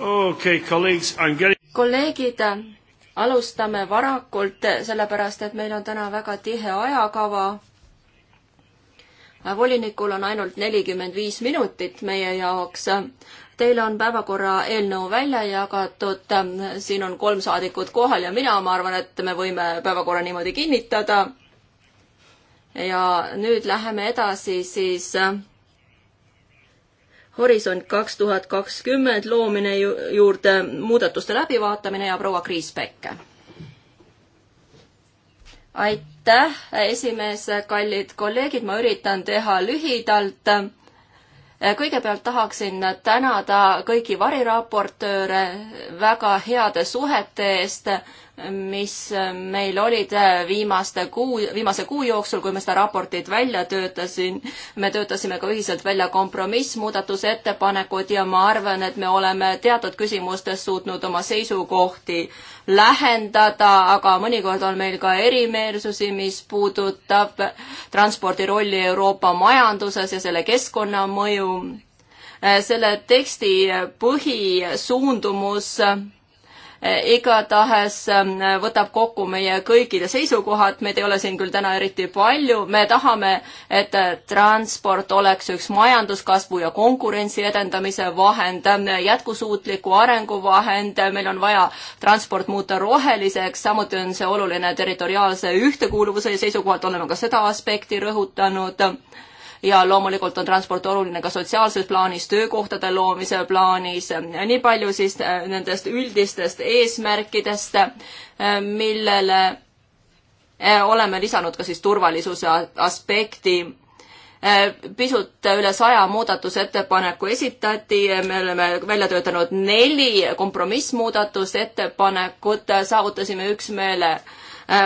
okay, getting... kolleegid, alustame varakult, sellepärast et meil on täna väga tihe ajakava. volinikul on ainult nelikümmend viis minutit meie jaoks. Teile on päevakorra eelnõu välja jagatud, siin on kolm saadikut kohal ja mina, ma arvan, et me võime päevakorra niimoodi kinnitada. ja nüüd läheme edasi siis äh, Horisont kaks tuhat kakskümmend loomine ju, juurde muudatuste läbivaatamine ja proua Kriisbeck. aitäh, esimees, kallid kolleegid, ma üritan teha lühidalt. kõigepealt tahaksin tänada kõiki variraportööre väga heade suhete eest mis meil olid viimaste kuu, viimase kuu jooksul, kui me seda raportit välja töötasin. me töötasime ka ühiselt välja kompromissmuudatusettepanekud ja ma arvan, et me oleme teatud küsimustes suutnud oma seisukohti lähendada, aga mõnikord on meil ka erimeelsusi, mis puudutab transpordi rolli Euroopa majanduses ja selle keskkonnamõju. selle teksti põhisuundumus Eh, igatahes ähm, võtab kokku meie kõikide seisukohad, meid ei ole siin küll täna eriti palju, me tahame, et äh, transport oleks üks majanduskasvu ja konkurentsi edendamise vahend, äh, jätkusuutliku arengu vahend, meil on vaja transport muuta roheliseks, samuti on see oluline territoriaalse ühtekuuluvuse seisukohalt, oleme ka seda aspekti rõhutanud ja loomulikult on transport oluline ka sotsiaalses plaanis, töökohtade loomise plaanis. nii palju siis äh, nendest üldistest eesmärkidest, äh, millele äh, oleme lisanud ka siis turvalisuse aspekti pisut üle saja muudatusettepaneku esitati, me oleme välja töötanud neli kompromissmuudatusettepanekut, saavutasime üksmeele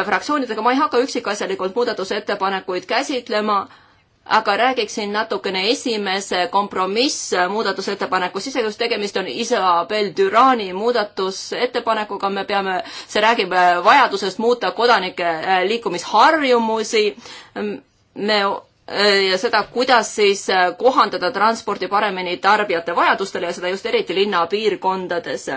fraktsioonidega, ma ei hakka üksikasjalikult muudatusettepanekuid käsitlema aga räägiksin natukene esimese kompromissmuudatusettepaneku sisust, tegemist on Isabel Dürani muudatusettepanekuga, me peame, see räägib vajadusest muuta kodanike äh, liikumisharjumusi, me äh, ja seda, kuidas siis äh, kohandada transporti paremini tarbijate vajadustele ja seda just eriti linnapiirkondades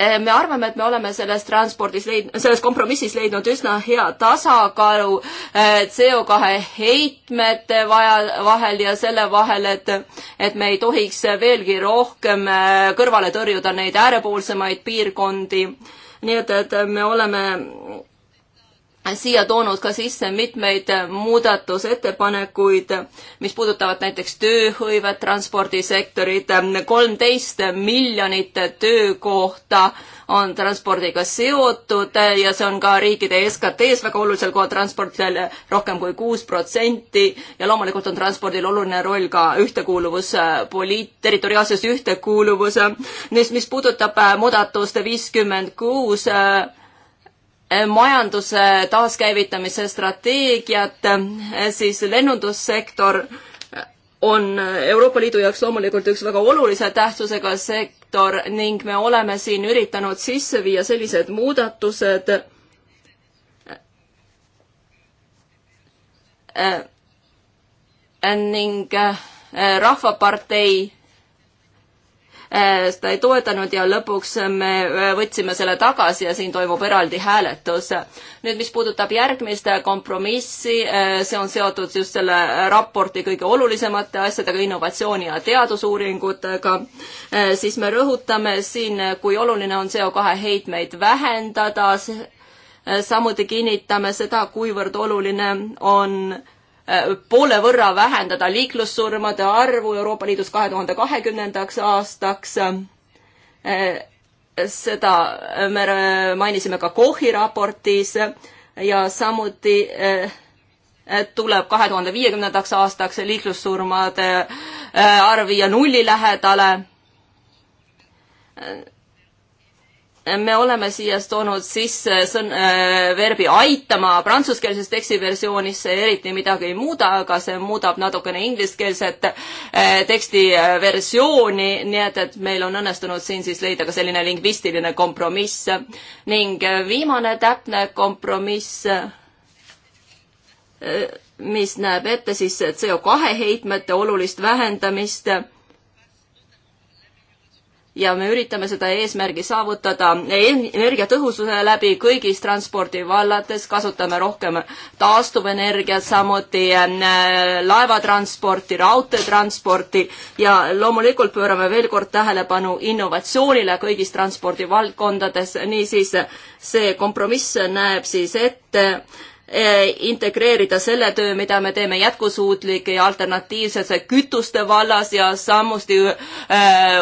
Eh, me arvame, et me oleme selles transpordis leidnud, selles kompromissis leidnud üsna hea tasakaalu eh, CO2 heitmete vaja, vahel ja selle vahel, et, et me ei tohiks veelgi rohkem eh, kõrvale tõrjuda neid äärepoolsemaid piirkondi. nii et, et me oleme siia toonud ka sisse mitmeid muudatusettepanekuid, mis puudutavad näiteks tööhõivet, transpordisektorit, kolmteist miljonit töökohta on transpordiga seotud ja see on ka riikide SKT-s väga olulisel kohal, transportil rohkem kui kuus protsenti ja loomulikult on transpordil oluline roll ka ühtekuuluvuspoliit-, territoriaalses ühtekuuluvus, mis, mis puudutab muudatust viiskümmend kuus, majanduse taaskäivitamise strateegiat, siis lennundussektor on Euroopa Liidu jaoks loomulikult üks väga olulise tähtsusega sektor ning me oleme siin üritanud sisse viia sellised muudatused, ning Rahvapartei Äh, seda ei toetanud ja lõpuks me äh, võtsime selle tagasi ja siin toimub eraldi hääletus. nüüd, mis puudutab järgmist kompromissi, äh, see on seotud just selle raporti kõige olulisemate asjadega, innovatsiooni ja teadusuuringutega, siis me rõhutame siin, kui oluline on CO2 heitmeid vähendada, samuti kinnitame seda, kuivõrd oluline on Äh, poole võrra vähendada liiklussurmade arvu Euroopa Liidus kahe tuhande kahekümnendaks aastaks. Äh, seda me mainisime ka Kohi raportis ja samuti äh, tuleb kahe tuhande viiekümnendaks aastaks liiklussurmade arv viia nulli lähedale me oleme siia toonud sisse sõn- äh,, verbi aitama prantsuskeelses tekstiversioonis, see eriti midagi ei muuda, aga see muudab natukene ingliskeelset äh, tekstiversiooni, äh, nii et, et meil on õnnestunud siin siis leida ka selline lingvistiline kompromiss. ning äh, viimane täpne kompromiss äh,, mis näeb ette siis CO kahe heitmete olulist vähendamist äh, ja me üritame seda eesmärgi saavutada energiatõhususe läbi kõigis transpordivallates, kasutame rohkem taastuvenergiat, samuti äh, laevatransporti, raudteetransporti ja loomulikult pöörame veel kord tähelepanu innovatsioonile kõigis transpordivaldkondades, niisiis see kompromiss näeb siis ette Eh, integreerida selle töö, mida me teeme jätkusuutlike ja alternatiivsete kütuste vallas ja samuti äh,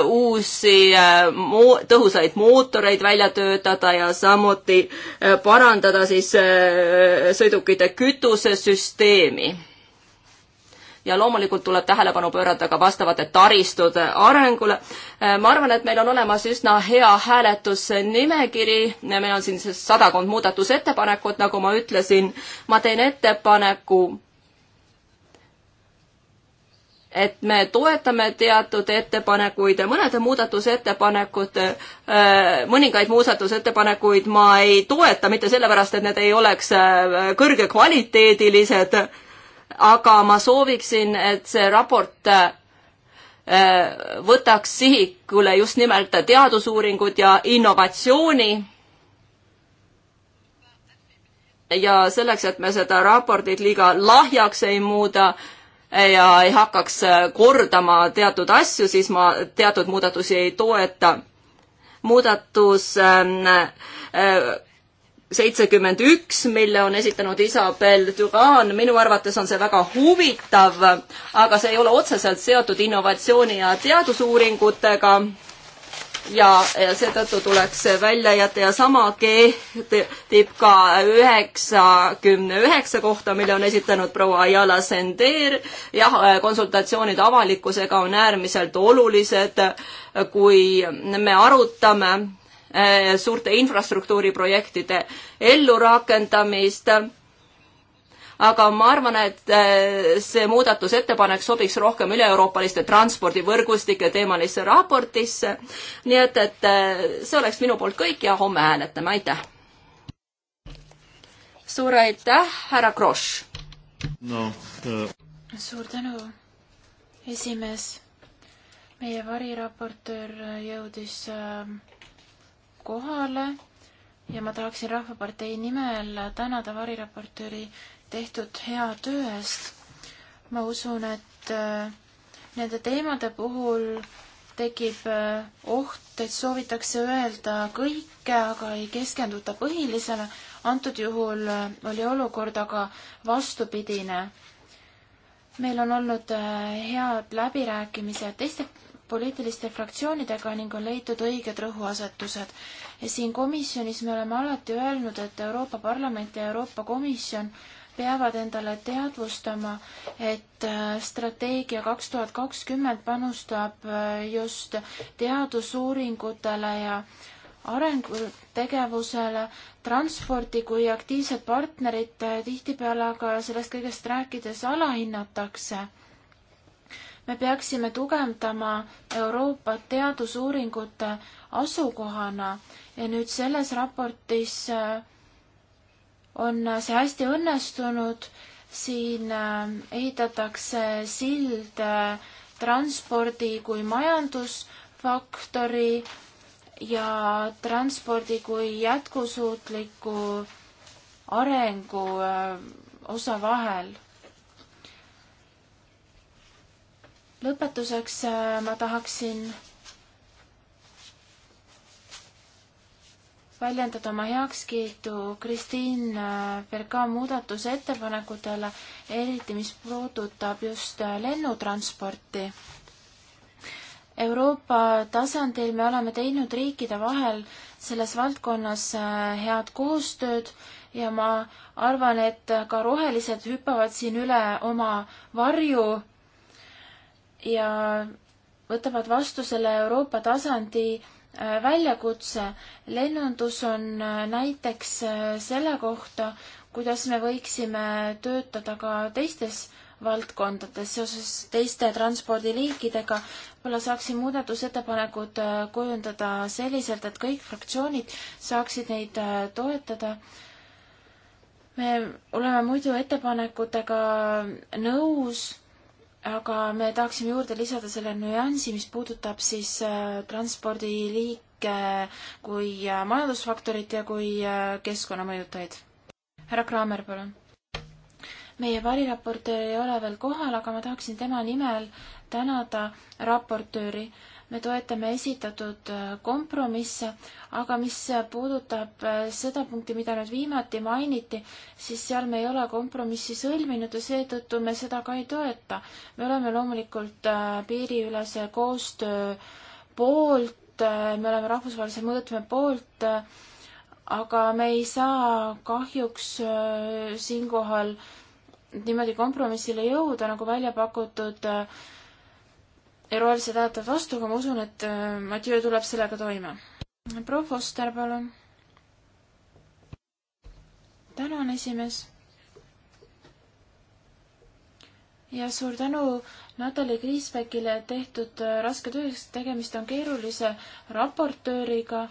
uusi äh, eh, mo tõhusaid mootoreid välja töötada ja samuti äh, parandada siis äh, sõidukite kütusesüsteemi ja loomulikult tuleb tähelepanu pöörata ka vastavate taristude arengule. Äh, ma arvan, et meil on olemas üsna hea hääletusnimekiri, meil on siin sadakond muudatusettepanekut, nagu ma ütlesin, ma teen ettepaneku et me toetame teatud ettepanekuid ja mõnede muudatusettepanekute, äh, mõningaid muudatusettepanekuid ma ei toeta mitte sellepärast, et need ei oleks äh, kõrgekvaliteedilised, aga ma sooviksin, et see raport äh, võtaks sihikule just nimelt teadusuuringud ja innovatsiooni. ja selleks, et me seda raportit liiga lahjaks ei muuda ja ei hakkaks äh, kordama teatud asju, siis ma teatud muudatusi ei toeta. muudatus ähm, äh, seitsekümmend üks, mille on esitanud Isabel Duran, minu arvates on see väga huvitav, aga see ei ole otseselt seotud innovatsiooni ja teadusuuringutega. ja, ja seetõttu tuleks see välja jätta ja sama kehtib ka üheksakümne üheksa kohta, mille on esitanud proua Ayala Sender. jah, konsultatsioonid avalikkusega on äärmiselt olulised, kui me arutame Äh, suurte infrastruktuuriprojektide ellurakendamist. aga ma arvan, et äh, see muudatusettepanek sobiks rohkem üle-euroopaliste transpordivõrgustike teemalisse raportisse. nii et, et äh, see oleks minu poolt kõik ja homme hääletame, aitäh! suur aitäh, härra Kross no,! suur tänu, esimees meie variraportöör jõudis äh, kohale ja ma tahaksin Rahvapartei nimel tänada variraportööri tehtud hea töö eest. ma usun, et äh, nende teemade puhul tekib äh, oht, et soovitakse öelda kõike, aga ei keskenduta põhilisele. antud juhul äh, oli olukord aga vastupidine. meil on olnud head läbirääkimised teiste poliitiliste fraktsioonidega ning on leitud õiged rõhuasetused. ja siin komisjonis me oleme alati öelnud, et Euroopa Parlament ja Euroopa Komisjon peavad endale teadvustama, et äh, strateegia kaks tuhat kakskümmend panustab äh, just teadusuuringutele ja arengutegevusele, transpordi kui aktiivsed partnerid äh, tihtipeale aga sellest kõigest rääkides alahinnatakse me peaksime tugevdama Euroopat teadusuuringute asukohana ja nüüd selles raportis äh, on see hästi õnnestunud, siin äh, ehitatakse sild äh, transpordi kui majandusfaktori ja transpordi kui jätkusuutliku arengu osa vahel lõpetuseks äh, ma tahaksin väljendada oma heakskiitu Kristiin äh, Verka muudatuse ettepanekutele, eriti mis puudutab just äh, lennutransporti. Euroopa tasandil me oleme teinud riikide vahel selles valdkonnas head koostööd ja ma arvan, et ka rohelised hüppavad siin üle oma varju ja võtavad vastu selle Euroopa tasandi äh, väljakutse. lennundus on äh, näiteks äh, selle kohta, kuidas me võiksime töötada ka teistes valdkondades seoses teiste transpordiliikidega. võib-olla saaksin muudatusettepanekud kujundada selliselt, et kõik fraktsioonid saaksid neid toetada. me oleme muidu ettepanekutega nõus aga me tahaksime juurde lisada selle nüansi, mis puudutab siis äh, transpordiliike kui äh, majandusfaktorit ja kui äh, keskkonnamõjutajaid. härra Kraamer, palun. meie variraportöör ei ole veel kohal, aga ma tahaksin tema nimel tänada raportööri äh, me toetame esitatud äh, kompromisse, aga mis puudutab äh, seda punkti, mida nüüd viimati mainiti, siis seal me ei ole kompromissi sõlminud ja seetõttu me seda ka ei toeta. me oleme loomulikult äh, piiriülese koostöö poolt, me oleme rahvusvahelise mõõtme poolt, aga me ei saa kahjuks siinkohal niimoodi kompromissile jõuda, nagu välja pakutud äh, Eroel seda vaatab vastu, aga ma usun, et äh, Mathieu tuleb sellega toime. proua Foster, palun. tänan, esimees. ja suur tänu Natalja Kriisbekile tehtud äh, raske töö eest, tegemist on keerulise raportööriga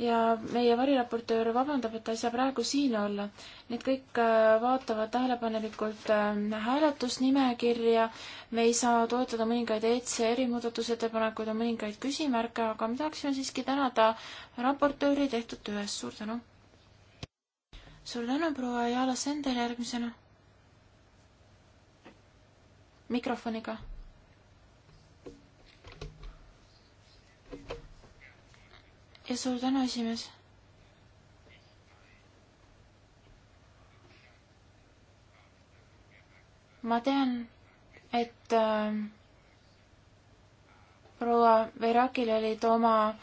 ja meie variraportöör vabandab, et ta ei saa praegu siin olla. Need kõik äh, vaatavad tähelepanelikult äh, hääletusnimekirja, me ei saa toetada mõningaid ECR-i muudatusettepanekuid ja mõningaid küsimärke, aga me tahaksime siiski tänada raportööri tehtud töö eest, suur tänu! suur tänu, proua Jaala Sender järgmisena. mikrofoniga ja suur tänu, esimees. ma tean, et äh, proua Verakil olid oma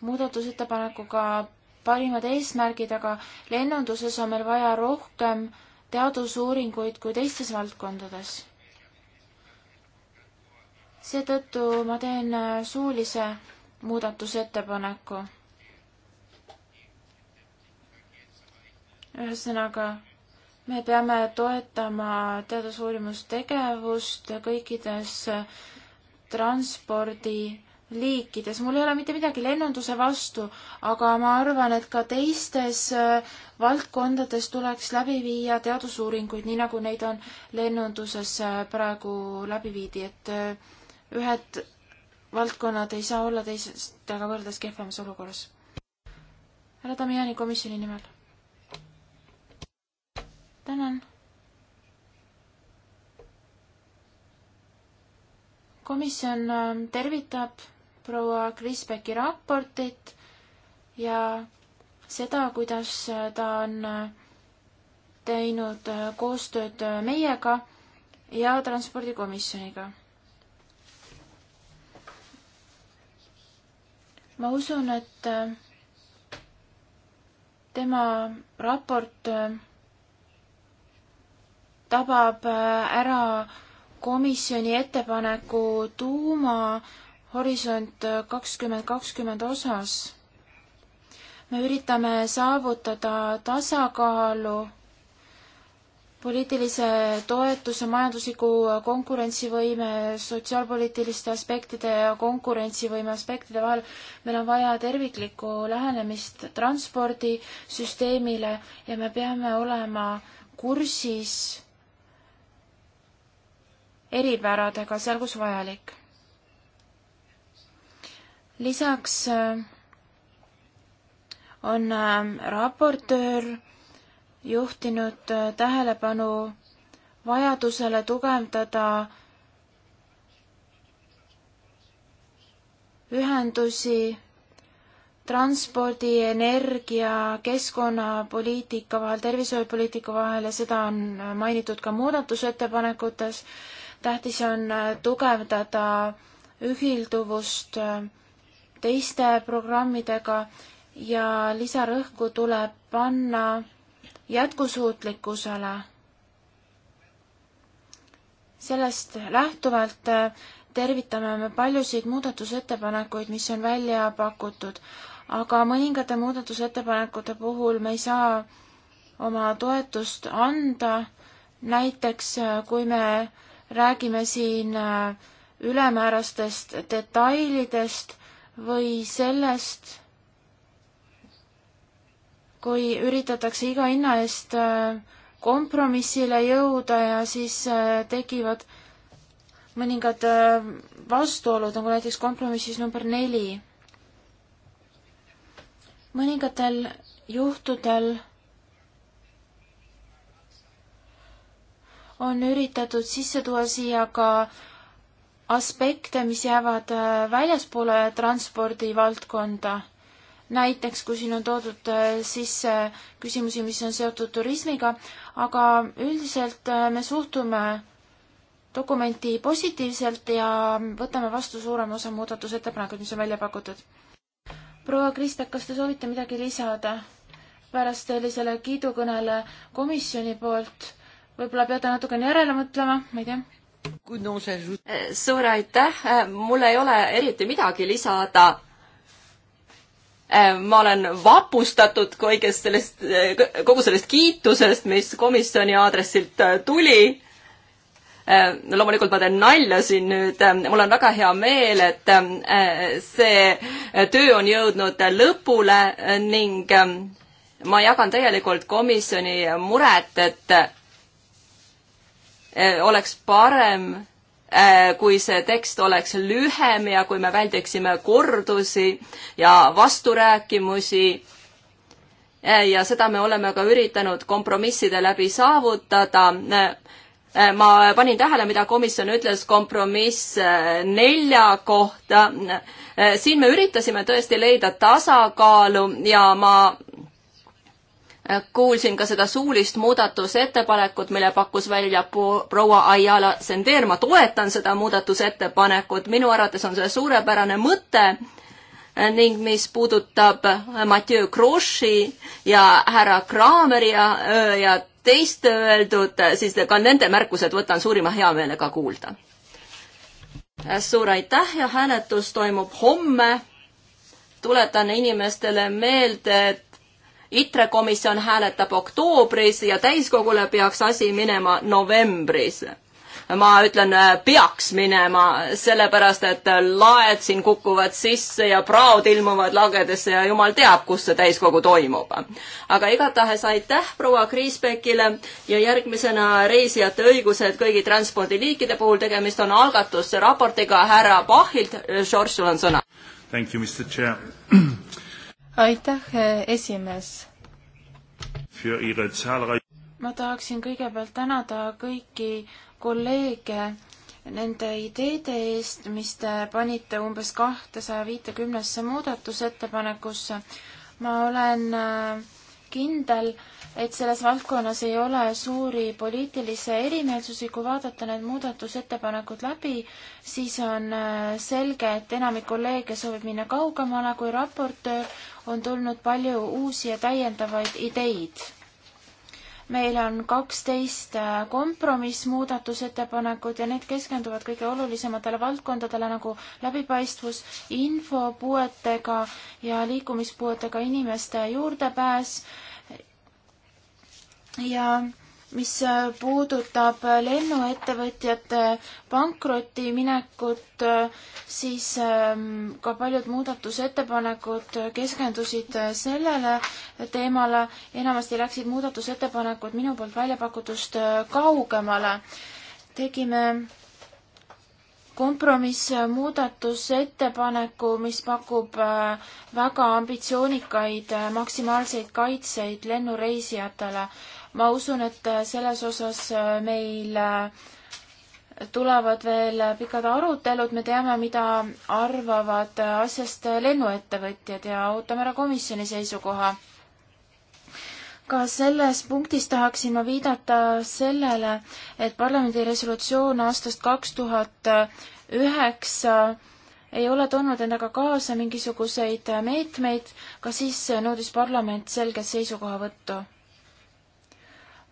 muudatusettepanekuga parimad eesmärgid, aga lennunduses on meil vaja rohkem teadusuuringuid kui teistes valdkondades. seetõttu ma teen äh, suulise muudatusettepaneku. ühesõnaga, me peame toetama teadusuurimustegevust kõikides transpordiliikides. mul ei ole mitte midagi lennunduse vastu, aga ma arvan, et ka teistes äh, valdkondades tuleks läbi viia teadusuuringuid, nii nagu neid on lennunduses äh, praegu läbi viidi, et äh, ühed valdkonnad ei saa olla teistega võrreldes kehvemas olukorras. härra Damiani komisjoni nimel. tänan. komisjon ähm, tervitab proua Krispeki raportit ja seda, kuidas äh, ta on äh, teinud äh, koostööd meiega ja transpordikomisjoniga ma usun, et äh, tema raport äh, tabab äh, ära komisjoni ettepaneku tuuma Horisont kakskümmend kakskümmend osas. me üritame saavutada tasakaalu poliitilise toetuse, majandusliku konkurentsivõime, sotsiaalpoliitiliste aspektide ja konkurentsivõime aspektide vahel. meil on vaja terviklikku lähenemist transpordisüsteemile ja me peame olema kursis eripäradega seal, kus vajalik. lisaks äh, on äh, raportöör juhtinud äh, tähelepanu vajadusele tugevdada ühendusi transpordi, energia, keskkonnapoliitika vahel, tervishoiupoliitika vahel ja seda on äh, mainitud ka muudatusettepanekutes. tähtis on äh, tugevdada ühilduvust teiste programmidega ja lisarõhku tuleb panna jätkusuutlikkusele. sellest lähtuvalt äh, tervitame me paljusid muudatusettepanekuid, mis on välja pakutud, aga mõningate muudatusettepanekute puhul me ei saa oma toetust anda. näiteks äh, kui me räägime siin äh, ülemäärastest detailidest või sellest, kui üritatakse iga hinna eest äh, kompromissile jõuda ja siis äh, tekivad mõningad äh, vastuolud, nagu näiteks kompromissis number neli. mõningatel juhtudel on üritatud sisse tuua siia ka aspekte, mis jäävad väljaspoole transpordivaldkonda näiteks kui siin on toodud äh, sisse küsimusi, mis on seotud turismiga, aga üldiselt äh, me suhtume dokumenti positiivselt ja võtame vastu suurema osa muudatusettepanekuid, mis on välja pakutud. proua Kristek, kas te soovite midagi lisada pärast sellisele kiidukõnele komisjoni poolt? võib-olla peate natukene järele mõtlema, ma ei tea suur aitäh, mul ei ole eriti midagi lisada. Äh, ma olen vapustatud kõigest sellest, äh, kogu sellest kiitusest, mis komisjoni aadressilt äh, tuli. loomulikult ma teen nalja siin nüüd, mul on väga hea meel, et see töö on jõudnud lõpule ning ma jagan täielikult komisjoni muret, et oleks parem Äh, kui see tekst oleks lühem ja kui me väldiksime kordusi ja vasturääkimusi. Äh, ja seda me oleme ka üritanud kompromisside läbi saavutada. Äh, ma panin tähele, mida komisjon ütles kompromiss nelja kohta. siin me üritasime tõesti leida tasakaalu ja ma kuulsin ka seda suulist muudatusettepanekut, mille pakkus välja proua Ayala Sender, ma toetan seda muudatusettepanekut, minu arvates on see suurepärane mõte ning mis puudutab Mathieu Grossi ja härra Krahmeri ja, ja teist öeldud, siis ka nende märkused võtan suurima heameelega kuulda. suur aitäh ja hääletus toimub homme. tuletan inimestele meelde, et ITRE komisjon hääletab oktoobris ja täiskogule peaks asi minema novembris ma ütlen, äh, peaks minema, sellepärast et äh, laed siin kukuvad sisse ja praod ilmuvad lagedesse ja jumal teab, kus see täiskogu toimub. aga igatahes aitäh proua Kriisbekile ja järgmisena reisijate õigused kõigi transpordiliikide puhul, tegemist on algatusraportiga härra Pahilt, George, sul on sõna. Thank you, Mr Chair aitäh, eh, esimees! ma tahaksin kõigepealt tänada kõiki kolleege nende ideede eest, mis te panite umbes kahtesaja viitekümnesse muudatusettepanekusse. ma olen eh, kindel, et selles valdkonnas ei ole suuri poliitilisi erimeelsusi, kui vaadata need muudatusettepanekud läbi, siis on eh, selge, et enamik kolleege soovib minna kaugemale kui raportöör, on tulnud palju uusi ja täiendavaid ideid. meil on kaksteist äh, kompromissmuudatusettepanekut ja need keskenduvad kõige olulisematele valdkondadele nagu läbipaistvus, info puuetega ja liikumispuuetega inimeste juurdepääs ja mis äh, puudutab lennuettevõtjate pankrotti minekut, äh, siis ähm, ka paljud muudatusettepanekud keskendusid äh, sellele teemale, enamasti läksid muudatusettepanekud minu poolt välja pakutust kaugemale. tegime kompromissmuudatusettepaneku, mis pakub väga ambitsioonikaid maksimaalseid kaitseid lennureisijatele ma usun, et äh, selles osas äh, meil äh, tulevad veel pikad arutelud, me teame, mida arvavad asjast lennuettevõtjad ja ootame ära komisjoni seisukoha. ka selles punktis tahaksin ma viidata sellele, et parlamendi resolutsioon aastast kaks tuhat üheksa ei ole toonud endaga kaasa mingisuguseid meetmeid, ka siis nõudis parlament selget seisukohavõttu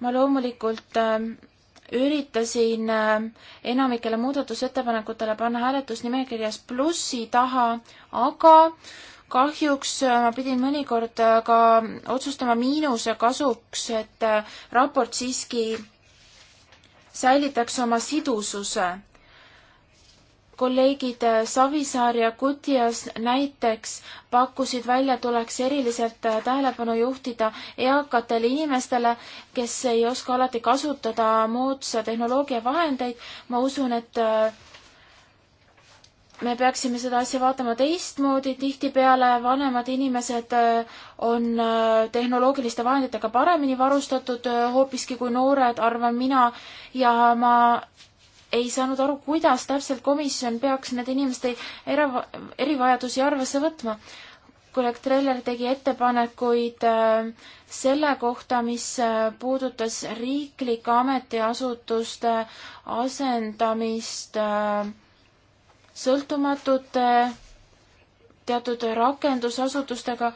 ma loomulikult ähm, üritasin ähm, enamikele muudatusettepanekutele panna hääletusnimekirjas plussi taha, aga kahjuks äh, ma pidin mõnikord äh, ka otsustama miinuse kasuks, et äh, raport siiski säilitaks oma sidususe kolleegid äh, Savisaar ja Kutjas näiteks pakkusid välja, tuleks eriliselt äh, tähelepanu juhtida eakatele inimestele, kes ei oska alati kasutada moodsa tehnoloogia vahendeid. ma usun, et äh, me peaksime seda asja vaatama teistmoodi, tihtipeale vanemad inimesed on tehnoloogiliste vahenditega paremini varustatud hoopiski kui noored, arvan mina, ja ma ei saanud aru, kuidas täpselt komisjon peaks nende inimeste era-, erivajadusi arvesse võtma. kolleeg Treller tegi ettepanekuid äh, selle kohta, mis äh, puudutas riiklike ametiasutuste äh, asendamist sõltumatute teatud rakendusasutustega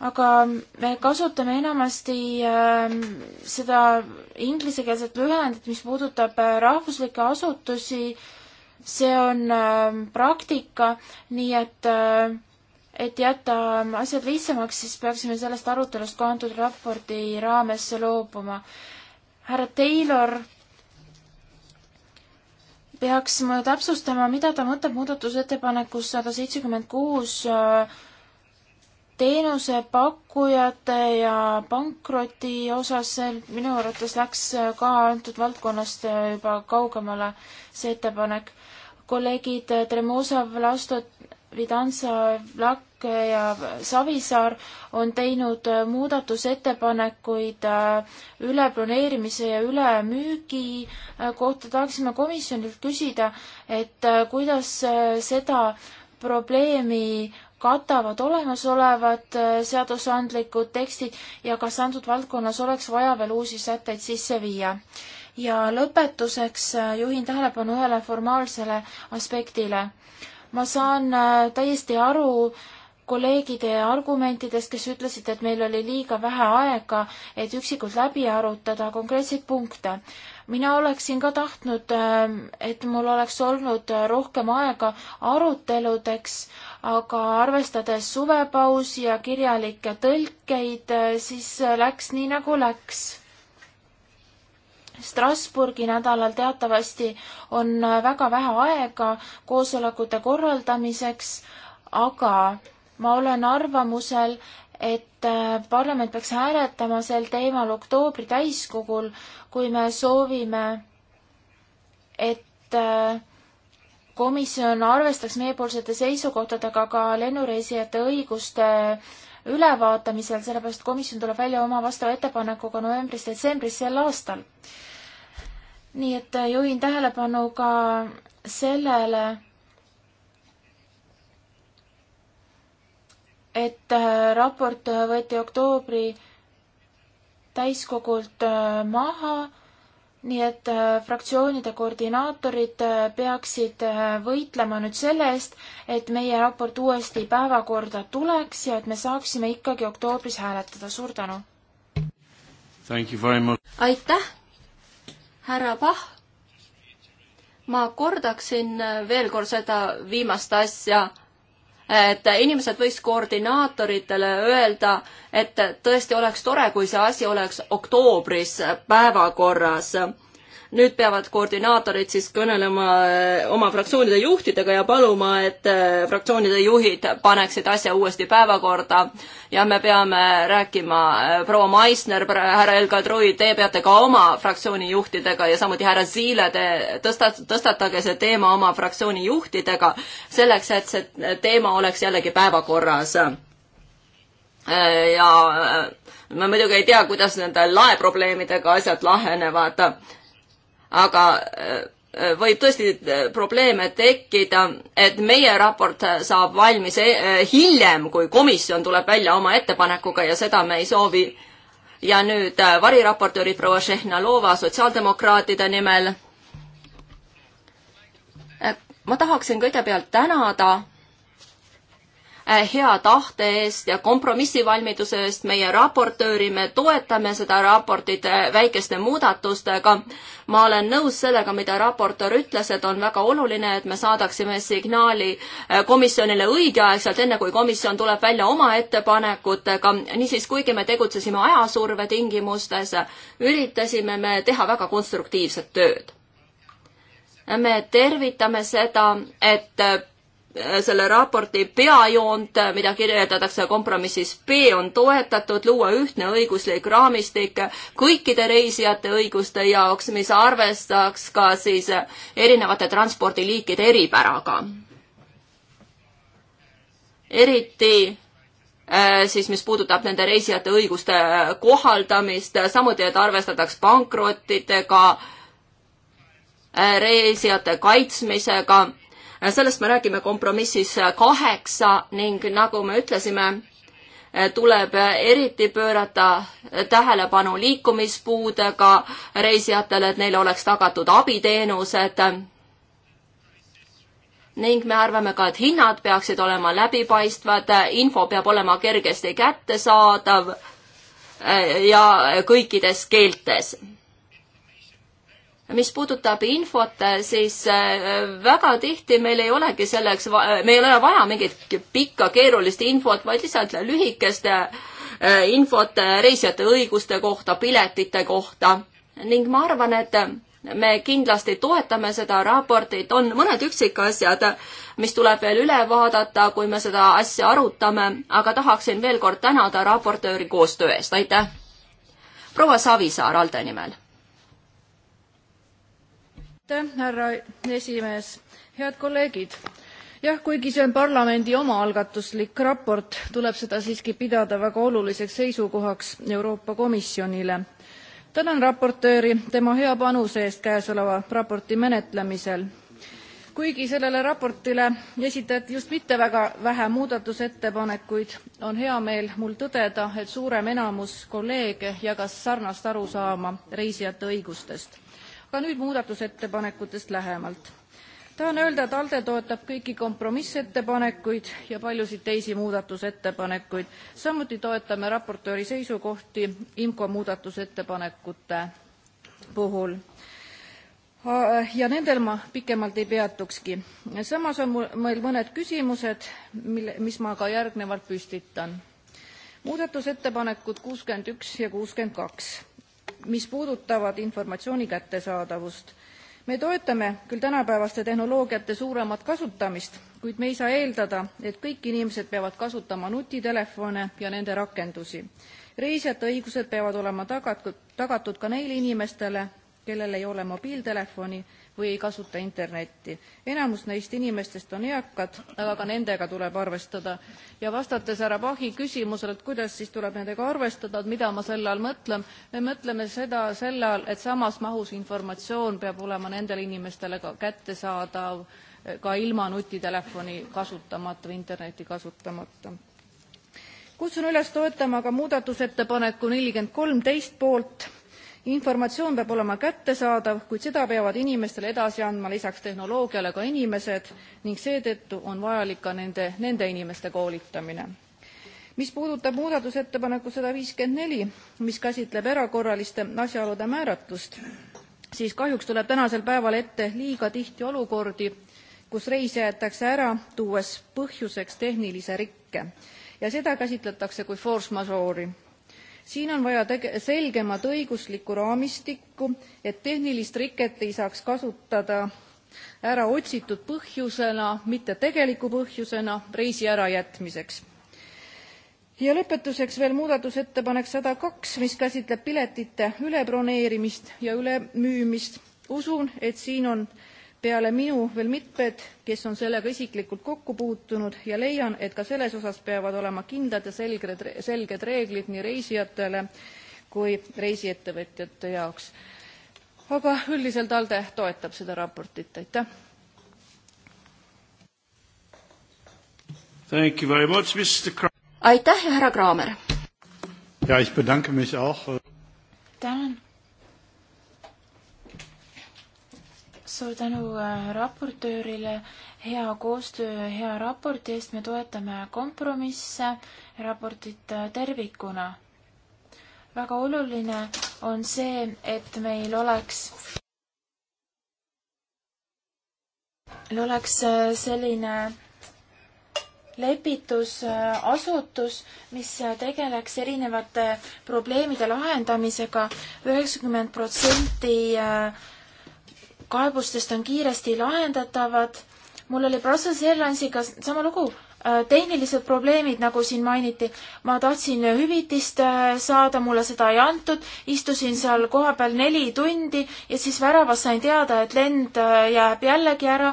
aga me kasutame enamasti äh, seda inglisekeelset lühendit, mis puudutab äh, rahvuslikke asutusi. see on äh, praktika, nii et äh,, et jätta ähm, asjad lihtsamaks, siis peaksime sellest arutelust ka antud raporti raames loobuma. härra Taylor peaks täpsustama, mida ta mõtleb muudatusettepanekus sada seitsekümmend kuus äh, teenusepakkujate ja pankroti osas minu arvates läks ka antud valdkonnast juba kaugemale see ettepanek. kolleegid Tremosov, Lasto, Vidansa, Lakk ja Savisaar on teinud muudatusettepanekuid äh, üleplaneerimise ja ülemüügi äh, kohta. tahaksime komisjonilt küsida, et äh, kuidas seda probleemi katavad olemasolevad äh, seadusandlikud tekstid ja kas antud valdkonnas oleks vaja veel uusi sätteid sisse viia. ja lõpetuseks äh, juhin tähelepanu ühele formaalsele aspektile. ma saan äh, täiesti aru kolleegide argumentidest, kes ütlesid, et meil oli liiga vähe aega, et üksikult läbi arutada konkreetseid punkte mina oleksin ka tahtnud, ähm, et mul oleks olnud rohkem aega aruteludeks, aga arvestades suvepausi ja kirjalikke tõlkeid, eh, siis eh, läks nii, nagu läks. Strasburgi nädalal teatavasti on eh, väga vähe aega koosolekute korraldamiseks, aga ma olen arvamusel, et parlament peaks hääletama sel teemal oktoobri täiskogul, kui me soovime, et komisjon arvestaks meiepoolsete seisukohtadega ka lennureisijate õiguste ülevaatamisel, sellepärast komisjon tuleb välja oma vastava ettepanekuga novembris-detsembris sel aastal. nii et äh, juhin tähelepanu ka sellele, et äh, raport äh, võeti oktoobri täiskogult maha nii et äh, fraktsioonide koordinaatorid äh, peaksid äh, võitlema nüüd selle eest, et meie raport uuesti päevakorda tuleks ja et me saaksime ikkagi oktoobris hääletada. suur tänu! aitäh, härra Pahv! ma kordaksin veel kord seda viimast asja et inimesed võiks koordinaatoritele öelda, et tõesti oleks tore, kui see asi oleks oktoobris päevakorras nüüd peavad koordinaatorid siis kõnelema eh, oma fraktsioonide juhtidega ja paluma, et eh, fraktsioonide juhid paneksid asja uuesti päevakorda ja me peame rääkima, eh, proua Maisner, härra Elgadroi, te peate ka oma fraktsiooni juhtidega ja samuti härra Ziile, te tõstat-, tõstatage see teema oma fraktsiooni juhtidega, selleks et see teema oleks jällegi päevakorras ja ma muidugi ei tea, kuidas nende laeprobleemidega asjad lahenevad aga äh, äh, võib tõesti äh, probleeme tekkida, et meie raport saab valmis hiljem, kui komisjon tuleb välja oma ettepanekuga ja seda me ei soovi. ja nüüd variraportööri proua Šehnalova sotsiaaldemokraatide nimel. ma tahaksin kõigepealt tänada Äh, hea tahte eest ja kompromissivalmiduse eest meie raportööri, me toetame seda raportit äh, väikeste muudatustega. ma olen nõus sellega, mida raportöör ütles, et on väga oluline, et me saadaksime signaali äh, komisjonile õigeaegselt, enne kui komisjon tuleb välja oma ettepanekutega. niisiis, kuigi me tegutsesime ajasurve tingimustes, üritasime me teha väga konstruktiivset tööd me tervitame seda, et selle raporti peajoont, mida kirjeldatakse kompromissis B, on toetatud luua ühtne õiguslik raamistik kõikide reisijate õiguste jaoks, mis arvestaks ka siis erinevate transpordiliikide eripäraga. eriti äh, siis mis puudutab nende reisijate õiguste kohaldamist, samuti, et arvestataks pankrottidega, äh, reisijate kaitsmisega Äh, sellest me räägime kompromissis äh, kaheksa ning nagu me ütlesime, äh, tuleb eriti pöörata tähelepanu liikumispuudega reisijatele, et neile oleks tagatud abiteenused. ning me arvame ka, et hinnad peaksid olema läbipaistvad, info peab olema kergesti kättesaadav ja kõikides keeltes mis puudutab infot, siis äh, väga tihti meil ei olegi selleks, meil ei ole vaja mingit pikka keerulist infot, vaid lihtsalt lühikest äh, infot reisijate õiguste kohta, piletite kohta ning ma arvan, et me kindlasti toetame seda raportit, on mõned üksikasjad, mis tuleb veel üle vaadata, kui me seda asja arutame, aga tahaksin veel kord tänada raportööri koostöö eest, aitäh! proua Savisaar ALDE nimel härra esimees head kolleegid jah kuigi see on parlamendi omaalgatuslik raport tuleb seda siiski pidada väga oluliseks seisukohaks euroopa komisjonile. tänan raportööri tema hea panuse eest käesoleva raporti menetlemisel. kuigi sellele raportile esitati just mitte väga vähe muudatusettepanekuid on hea meel mul tõdeda et suurem enamus kolleege jagas sarnast arusaama reisijate õigustest aga nüüd muudatusettepanekutest lähemalt. tahan öelda, et ALDE toetab kõiki kompromissettepanekuid ja paljusid teisi muudatusettepanekuid. samuti toetame raportööri seisukohti IMCO muudatusettepanekute puhul ja nendel ma pikemalt ei peatukski. samas on meil mõned küsimused, mille, mis ma ka järgnevalt püstitan. muudatusettepanekud kuuskümmend üks ja kuuskümmend kaks mis puudutavad informatsiooni kättesaadavust. me toetame küll tänapäevaste tehnoloogiate suuremat kasutamist, kuid me ei saa eeldada, et kõik inimesed peavad kasutama nutitelefone ja nende rakendusi. reisijate õigused peavad olema tagatud, tagatud ka neile inimestele, kellel ei ole mobiiltelefoni või ei kasuta internetti. enamus neist inimestest on eakad, aga ka nendega tuleb arvestada. ja vastates härra Pahi küsimusele, et kuidas siis tuleb nendega arvestada, et mida ma selle all mõtlen, me mõtleme seda selle all, et samas mahus informatsioon peab olema nendele inimestele ka kättesaadav ka ilma nutitelefoni kasutamata või interneti kasutamata kutsun üles toetama ka muudatusettepaneku 43 poolt informatsioon peab olema kättesaadav kuid seda peavad inimestele edasi andma lisaks tehnoloogiale ka inimesed ning seetõttu on vajalik ka nende nende inimeste koolitamine mis puudutab muudatusettepanekut 154 mis käsitleb erakorraliste asjaolude määratlust siis kahjuks tuleb tänasel päeval ette liiga tihti olukordi kus reis jäetakse ära tuues põhjuseks tehnilise rikke ja seda käsitletakse kui force majeure'i siin on vaja selgemat õiguslikku raamistikku et tehnilist riket ei saaks kasutada ära otsitud põhjusena mitte tegeliku põhjusena reisi ärajätmiseks. ja lõpetuseks veel muudatusettepanek 102 mis käsitleb piletite ülebroneerimist ja ülemüümist. usun et siin on peale minu veel mitmed kes on sellega isiklikult kokku puutunud ja leian et ka selles osas peavad olema kindlad ja selged, selged reeglid nii reisijatele kui reisiettevõtjate jaoks aga üldiselt alde toetab seda raportit aitäh Thank you very much, Mr. Kra aitäh ja härra Kraamer ja ich bedanke mich auch äh, tänan suur tänu äh, raportöörile hea koostöö, hea raporti eest, me toetame kompromisse, raportit äh, tervikuna. väga oluline on see, et meil oleks, meil oleks äh, selline lepitusasutus, mis tegeleks erinevate probleemide lahendamisega üheksakümmend protsenti kaebustest on kiiresti lahendatavad. mul oli Brussels Airlinesiga sama lugu, äh, tehnilised probleemid, nagu siin mainiti. ma tahtsin hüvitist äh, saada, mulle seda ei antud, istusin seal kohapeal neli tundi ja siis väravas sain teada, et lend äh, jääb jällegi ära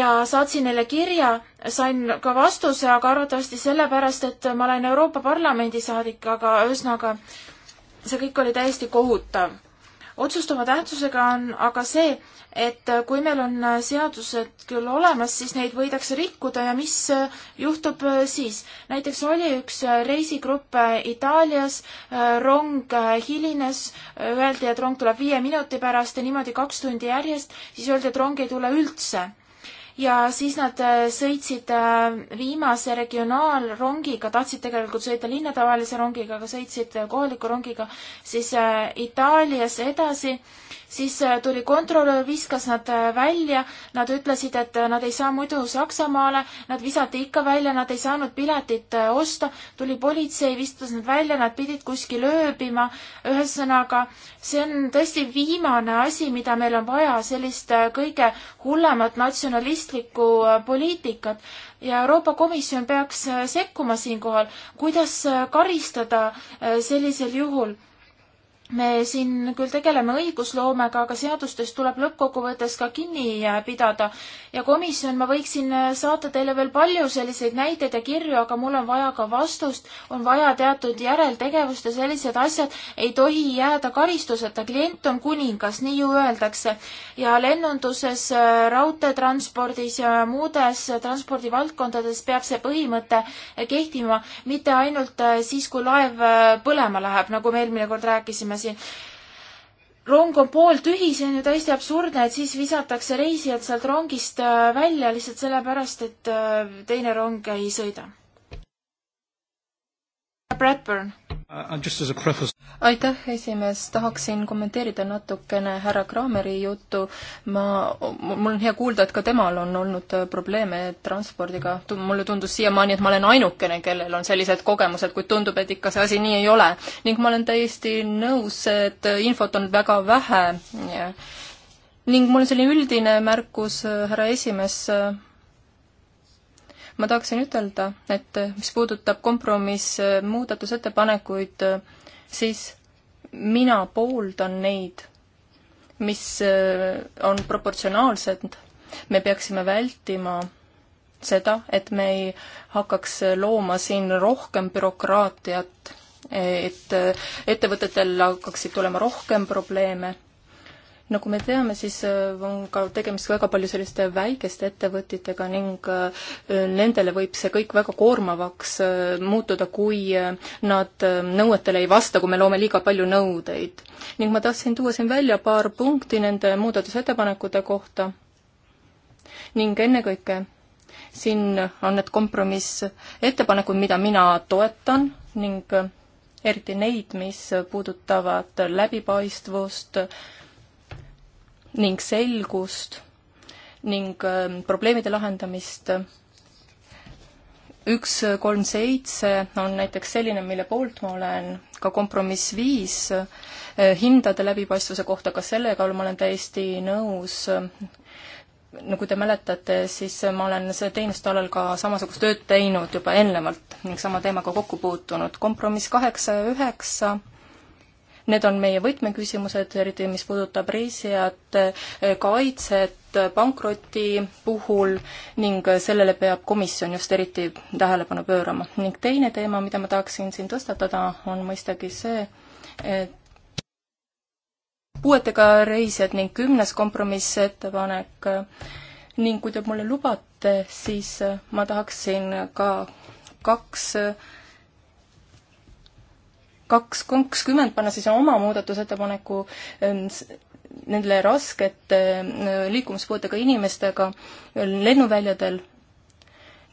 ja saatsin neile kirja, sain ka vastuse, aga arvatavasti sellepärast, et ma olen Euroopa Parlamendi saadik, aga ühesõnaga see kõik oli täiesti kohutav otsustava tähtsusega on aga see, et kui meil on seadused küll olemas, siis neid võidakse rikkuda ja mis juhtub äh, siis? näiteks oli üks äh, reisigrupp äh, Itaalias, rong hilines, öeldi, et rong tuleb viie minuti pärast ja niimoodi kaks tundi järjest, siis öeldi, et rong ei tule üldse ja siis nad äh, sõitsid äh, viimase regionaalrongiga, tahtsid tegelikult sõita linnatavalise rongiga, aga sõitsid äh, kohaliku rongiga siis Itaaliasse edasi siis äh, tuli kontrolör, viskas nad äh, välja, nad ütlesid, et äh, nad ei saa muidu Saksamaale, nad visati ikka välja, nad ei saanud piletit osta, tuli politsei, viskas nad välja, nad pidid kuskil ööbima, ühesõnaga, see on tõesti viimane asi, mida meil on vaja, sellist kõige hullemat natsionalistlikku poliitikat ja Euroopa Komisjon peaks sekkuma siinkohal, kuidas karistada sellisel juhul me siin küll tegeleme õigusloomega, aga seadustest tuleb lõppkokkuvõttes ka kinni pidada. ja komisjon, ma võiksin saata teile veel palju selliseid näiteid ja kirju, aga mul on vaja ka vastust, on vaja teatud järeltegevust ja sellised asjad ei tohi jääda karistuseta. klient on kuningas, nii ju öeldakse. ja lennunduses, raudteetranspordis ja muudes transpordivaldkondades peab see põhimõte kehtima mitte ainult siis, kui laev põlema läheb, nagu me eelmine kord rääkisime, räägime siin. rong on pooltühi, see on ju täiesti absurdne, et siis visatakse reisijad sealt rongist äh, välja lihtsalt sellepärast, et äh, teine rong ei sõida. Bradburn Uh, uh, aitäh, esimees, tahaksin kommenteerida natukene härra Krahmeri juttu. ma, mul on hea kuulda, et ka temal on olnud äh, probleeme transpordiga. mulle tundus siiamaani, et ma olen ainukene, kellel on sellised kogemused, kuid tundub, et ikka see asi nii ei ole. ning ma olen täiesti nõus, et äh, infot on väga vähe. ning mul on selline üldine märkus, äh, härra esimees ma tahaksin ütelda, et mis puudutab kompromiss eh, muudatusettepanekuid, eh, siis mina pooldan neid, mis eh, on proportsionaalsed, me peaksime vältima seda, et me ei hakkaks looma siin rohkem bürokraatiat, et ettevõtetel hakkaksid tulema rohkem probleeme nagu me teame, siis äh, on ka tegemist väga palju selliste väikeste ettevõtetega ning äh, nendele võib see kõik väga koormavaks äh, muutuda, kui nad nõuetele ei vasta, kui me loome liiga palju nõudeid. ning ma tahtsin tuua siin välja paar punkti nende muudatusettepanekute kohta ning ennekõike siin on need kompromissettepanekud, mida mina toetan ning eriti neid, mis puudutavad läbipaistvust, ning selgust ning ähm, probleemide lahendamist. üks, kolm, seitse on näiteks selline, mille poolt ma olen, ka kompromiss viis äh, hindade läbipaistvuse kohta, ka sellega ma olen täiesti nõus. nagu te mäletate, siis ma olen selle teenuste alal ka samasugust tööd teinud juba eelnevalt ning sama teemaga kokku puutunud. kompromiss kaheksa ja üheksa Need on meie võtmeküsimused, eriti mis puudutab reisijate eh, kaitset eh, pankroti puhul ning eh, sellele peab komisjon just eriti tähelepanu pöörama. ning teine teema, mida ma tahaksin siin tõstatada, on mõistagi see, et puuetega reisijad ning kümnes kompromissettepanek ning kui te mulle lubate, siis ma tahaksin ka kaks kaks kakskümmend panna siis oma muudatusettepaneku ähm, nendele raskete äh, liikumispuudega inimestega äh, lennuväljadel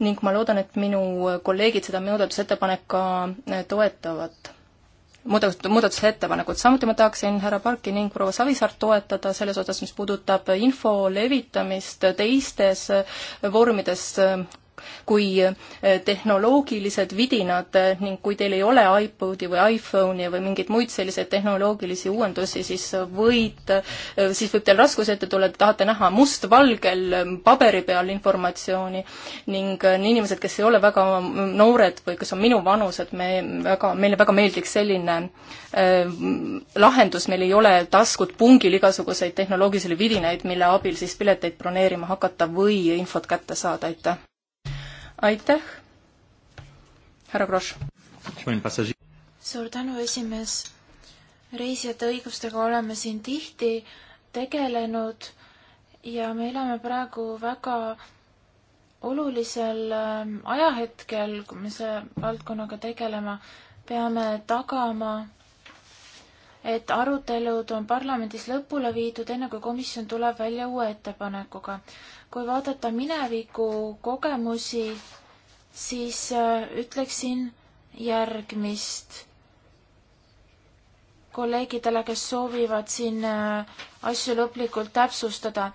ning ma loodan, et minu kolleegid seda muudatusettepanek ka äh, toetavad muudatus, muudatusettepanekut, samuti ma tahaksin härra Parki ning proua Savisaart toetada selles osas, mis puudutab info levitamist teistes vormides kui eh, tehnoloogilised vidinad eh, ning kui teil ei ole iPodi või iPhone'i või mingeid muid selliseid tehnoloogilisi uuendusi, siis eh, võid, siis võib teil raskus ette tulla, te tahate näha mustvalgel paberi peal informatsiooni ning inimesed, kes ei ole väga noored või kes on minuvanused, me väga, meile väga meeldiks selline äh, lahendus, meil ei ole taskud pungil igasuguseid tehnoloogilisi vidinaid, mille abil siis pileteid broneerima hakata või infot kätte saada, aitäh! aitäh, härra Grosch. suur tänu, esimees. reisijate õigustega oleme siin tihti tegelenud ja me elame praegu väga olulisel ähm, ajahetkel, kui me selle valdkonnaga tegeleme, peame tagama, et arutelud on parlamendis lõpule viidud, enne kui komisjon tuleb välja uue ettepanekuga kui vaadata mineviku kogemusi, siis äh, ütleksin järgmist kolleegidele, kes soovivad siin äh, asju lõplikult täpsustada.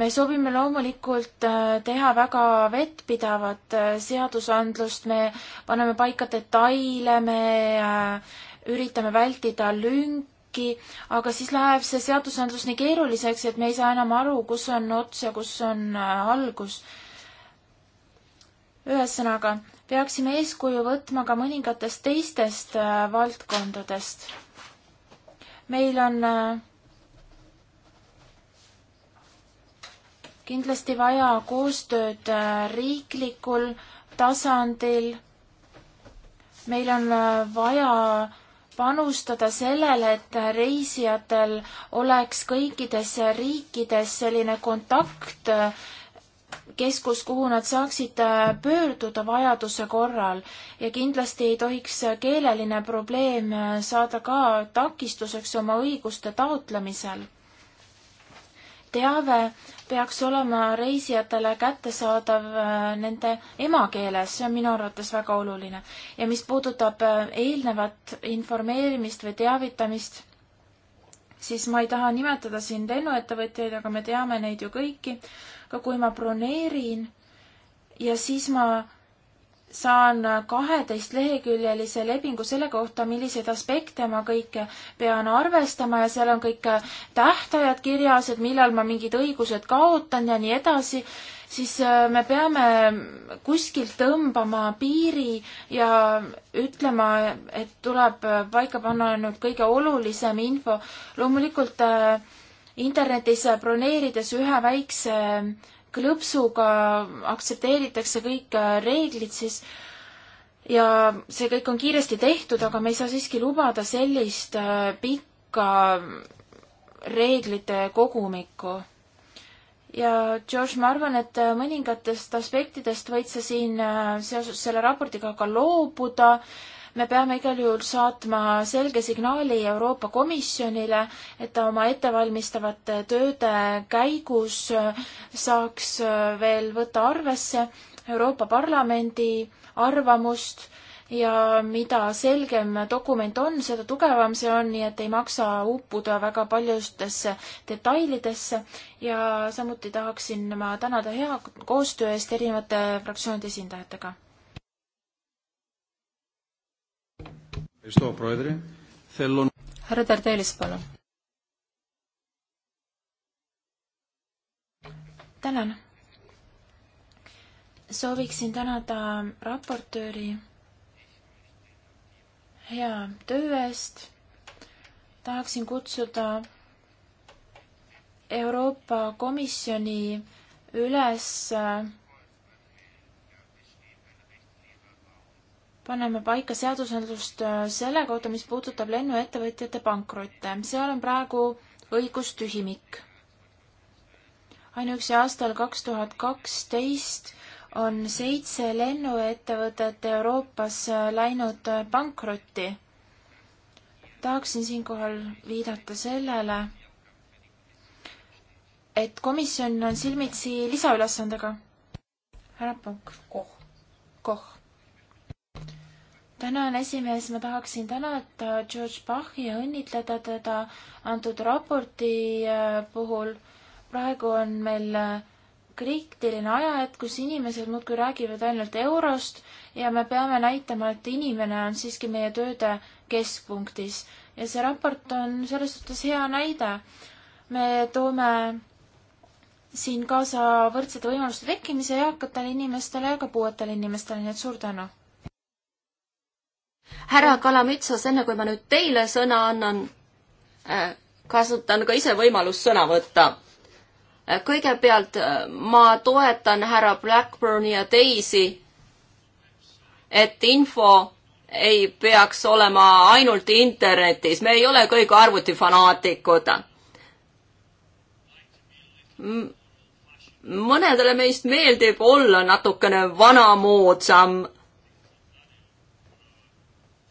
me soovime loomulikult äh, teha väga vettpidavat seadusandlust, me paneme paika detaile, me üritame vältida lünki, äkki, aga siis läheb see seadusandlus nii keeruliseks, et me ei saa enam aru, kus on ots ja kus on äh, algus. ühesõnaga, peaksime eeskuju võtma ka mõningatest teistest äh, valdkondadest. meil on äh, kindlasti vaja koostööd riiklikul tasandil. meil on vaja panustada sellele, et reisijatel oleks kõikides riikides selline kontakt, keskus, kuhu nad saaksid äh, pöörduda vajaduse korral ja kindlasti ei tohiks keeleline probleem äh, saada ka takistuseks oma õiguste taotlemisel teave peaks olema reisijatele kättesaadav äh, nende emakeeles, see on minu arvates väga oluline. ja mis puudutab äh, eelnevat informeerimist või teavitamist, siis ma ei taha nimetada siin lennuettevõtjaid, aga me teame neid ju kõiki, ka kui ma broneerin ja siis ma saan kaheteistleheküljelise lepingu selle kohta, milliseid aspekte ma kõike pean arvestama ja seal on kõik tähtajad kirjas, et millal ma mingid õigused kaotan ja nii edasi, siis äh, me peame kuskilt tõmbama piiri ja ütlema, et tuleb paika panna ainult kõige olulisem info. loomulikult äh, internetis broneerides ühe väikse äh, klõpsuga aktsepteeritakse kõik äh, reeglid, siis ja see kõik on kiiresti tehtud, aga me ei saa siiski lubada sellist äh, pikka reeglite kogumikku. ja George, ma arvan, et äh, mõningatest aspektidest võid sa siin seoses selle raportiga ka loobuda me peame igal juhul saatma selge signaali Euroopa Komisjonile, et ta oma ettevalmistavate tööde käigus saaks veel võtta arvesse Euroopa Parlamendi arvamust ja mida selgem dokument on, seda tugevam see on, nii et ei maksa uppuda väga paljustesse detailidesse ja samuti tahaksin ma tänada hea koostöö eest erinevate fraktsioonide esindajatega. härra Tardelis, palun. tänan. sooviksin tänada raportööri hea töö eest. tahaksin kutsuda Euroopa Komisjoni üles äh, paneme paika seadusandlust äh, selle kohta, mis puudutab lennuettevõtjate pankrotte. seal on praegu õigustühimik. ainuüksi aastal kaks tuhat kaksteist on seitse lennuettevõtet Euroopas äh, läinud äh, pankrotti. tahaksin siinkohal viidata sellele, et komisjon on silmitsi lisaülesandega. härra Pank, Koh, Koh tänan, esimees, ma tahaksin tänada George Bachi ja õnnitleda teda antud raporti äh, puhul. praegu on meil äh, kriitiline ajahetk, kus inimesed muudkui räägivad ainult eurost ja me peame näitama, et inimene on siiski meie tööde keskpunktis ja see raport on selles suhtes hea näide. me toome siin kaasa võrdsete võimaluste tekkimise eakatele inimestele ja ka puuetele inimestele, nii et suur tänu! härra Kalamitsas, enne kui ma nüüd teile sõna annan, äh, kasutan ka ise võimalust sõna võtta. Äh, kõigepealt äh, ma toetan härra Blackburni ja teisi, et info ei peaks olema ainult internetis, me ei ole kõik arvutifanaatikud mõnedele meist meeldib olla natukene vanamoodsam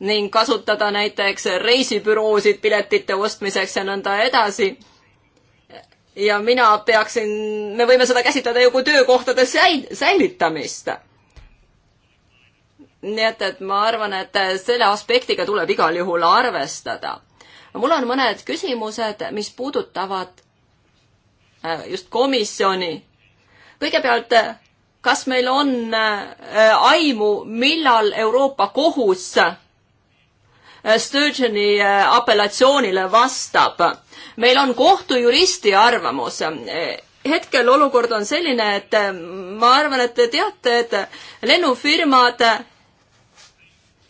ning kasutada näiteks reisibüroosid piletite ostmiseks ja nõnda edasi. ja mina peaksin, me võime seda käsitleda ju kui töökohtade säil-, säilitamist. nii et, et ma arvan, et selle aspektiga tuleb igal juhul arvestada. mul on mõned küsimused, mis puudutavad äh, just komisjoni. kõigepealt kas meil on äh, aimu, millal Euroopa Kohus Eh, Sturgeoni eh, apellatsioonile vastab. meil on kohtujuristi arvamus eh, hetkel olukord on selline, et ma arvan, et te teate, et lennufirmad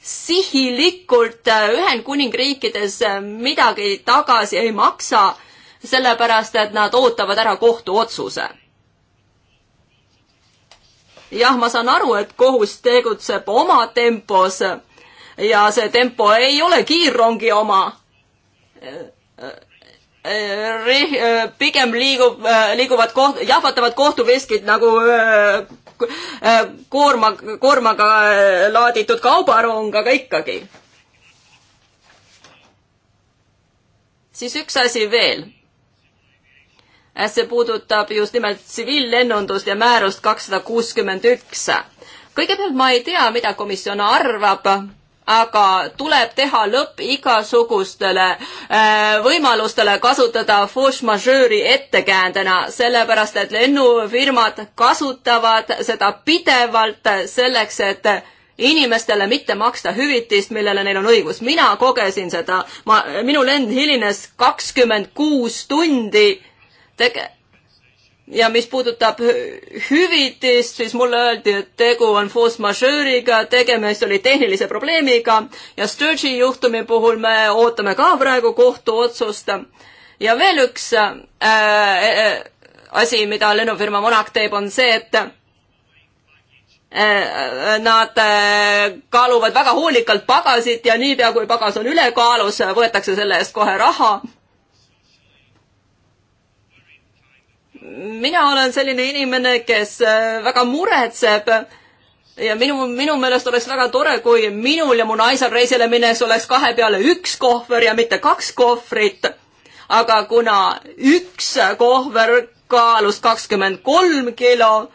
sihilikult Ühendkuningriikides midagi tagasi ei maksa, sellepärast et nad ootavad ära kohtuotsuse. jah, ma saan aru, et kohus tegutseb oma tempos ja see tempo ei ole kiirrongi oma. pigem liigub, liiguvad koht-, jahvatavad kohtuveskid nagu äh, äh, koorma, koormaga laaditud kaubarong, aga ikkagi. siis üks asi veel. see puudutab just nimelt tsiviillennundust ja määrust kakssada kuuskümmend üks. kõigepealt ma ei tea, mida komisjon arvab aga tuleb teha lõpp igasugustele äh, võimalustele kasutada force majeure'i ettekäändena, sellepärast et lennufirmad kasutavad seda pidevalt selleks, et inimestele mitte maksta hüvitist, millele neil on õigus. mina kogesin seda, ma, minu lend hilines kakskümmend kuus tundi tege-, ja mis puudutab hüvitist, siis mulle öeldi, et tegu on force majeure'iga, tegemist oli tehnilise probleemiga ja Sturgi juhtumi puhul me ootame ka praegu kohtuotsust. ja veel üks äh, äh, äh asi, mida lennufirma Monarch teeb, on see, et äh, äh Nad äh, kaaluvad väga hoolikalt pagasit ja niipea, kui pagas on ülekaalus, võetakse selle eest kohe raha mina olen selline inimene, kes äh, väga muretseb ja minu, minu meelest oleks väga tore, kui minul ja mu naisel reisile minnes oleks kahe peale üks kohver ja mitte kaks kohvrit. aga kuna üks kohver kaalus kakskümmend kolm kilo,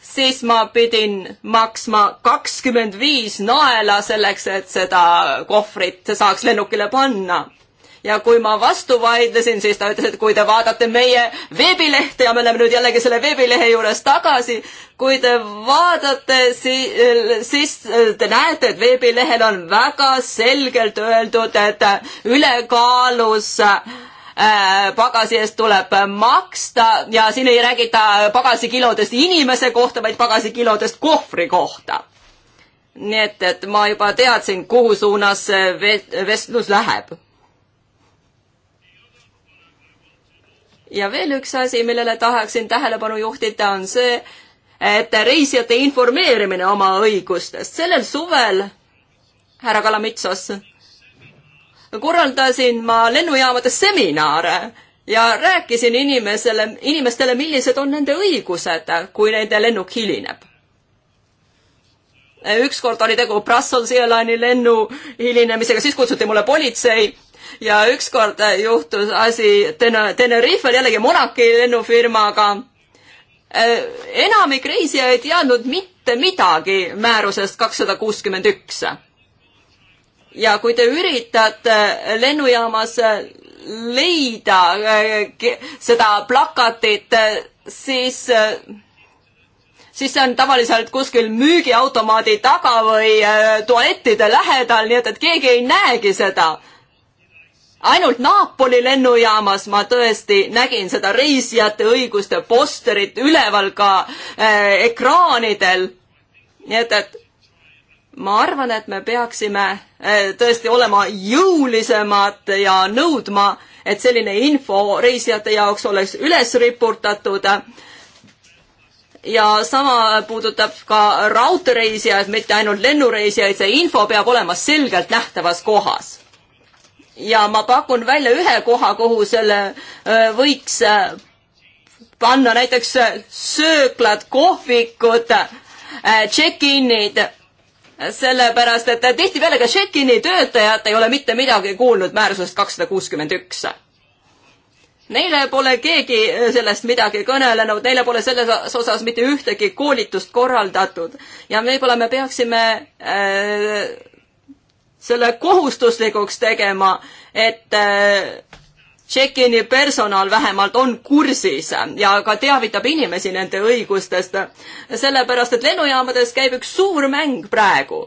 siis ma pidin maksma kakskümmend viis naela selleks, et seda kohvrit saaks lennukile panna ja kui ma vastu vaidlesin, siis ta ütles, et kui te vaatate meie veebilehte ja me oleme nüüd jällegi selle veebilehe juures tagasi, kui te vaatate, siis te näete, et veebilehel on väga selgelt öeldud, et ülekaalus äh, pagasi eest tuleb maksta ja siin ei räägita pagasikilodest inimese kohta, vaid pagasikilodest kohvri kohta. nii et, et ma juba teadsin, kuhu suunas vestlus läheb ja veel üks asi, millele tahaksin tähelepanu juhtida, on see, et reisijate informeerimine oma õigustest. sellel suvel, härra Kalamitsas, korraldasin ma lennujaamades seminare ja rääkisin inimesele, inimestele, millised on nende õigused, kui nende lennuk hilineb. ükskord oli tegu Brussels Airline'i lennu hilinemisega, siis kutsuti mulle politsei ja ükskord juhtus asi Tenerifel jällegi Monaco lennufirmaga. Äh, enamik reisijaid ei teadnud mitte midagi määrusest kakssada kuuskümmend üks. ja kui te üritate lennujaamas leida äh, seda plakatit, äh, siis siis see on tavaliselt kuskil müügiautomaadi taga või tualettide lähedal, nii et, et keegi ei näegi seda ainult Napoli lennujaamas ma tõesti nägin seda reisijate õiguste posterit üleval ka äh, ekraanidel. nii et, et ma arvan, et me peaksime äh, tõesti olema jõulisemad ja nõudma, et selline info reisijate jaoks oleks üles riputatud. ja sama puudutab ka raudteereisijaid, mitte ainult lennureisijaid, see info peab olema selgelt nähtavas kohas ja ma pakun välja ühe koha, kuhu selle võiks panna näiteks sööklad, kohvikud, check-in'id, sellepärast et tihtipeale ka check-in'i töötajad ei ole mitte midagi kuulnud määrusest kakssada kuuskümmend üks. Neile pole keegi sellest midagi kõnelenud, neile pole selles osas mitte ühtegi koolitust korraldatud ja võib-olla me peaksime äh, selle kohustuslikuks tegema, et check-in'i äh, personal vähemalt on kursis ja ka teavitab inimesi nende õigustest, sellepärast et lennujaamades käib üks suur mäng praegu.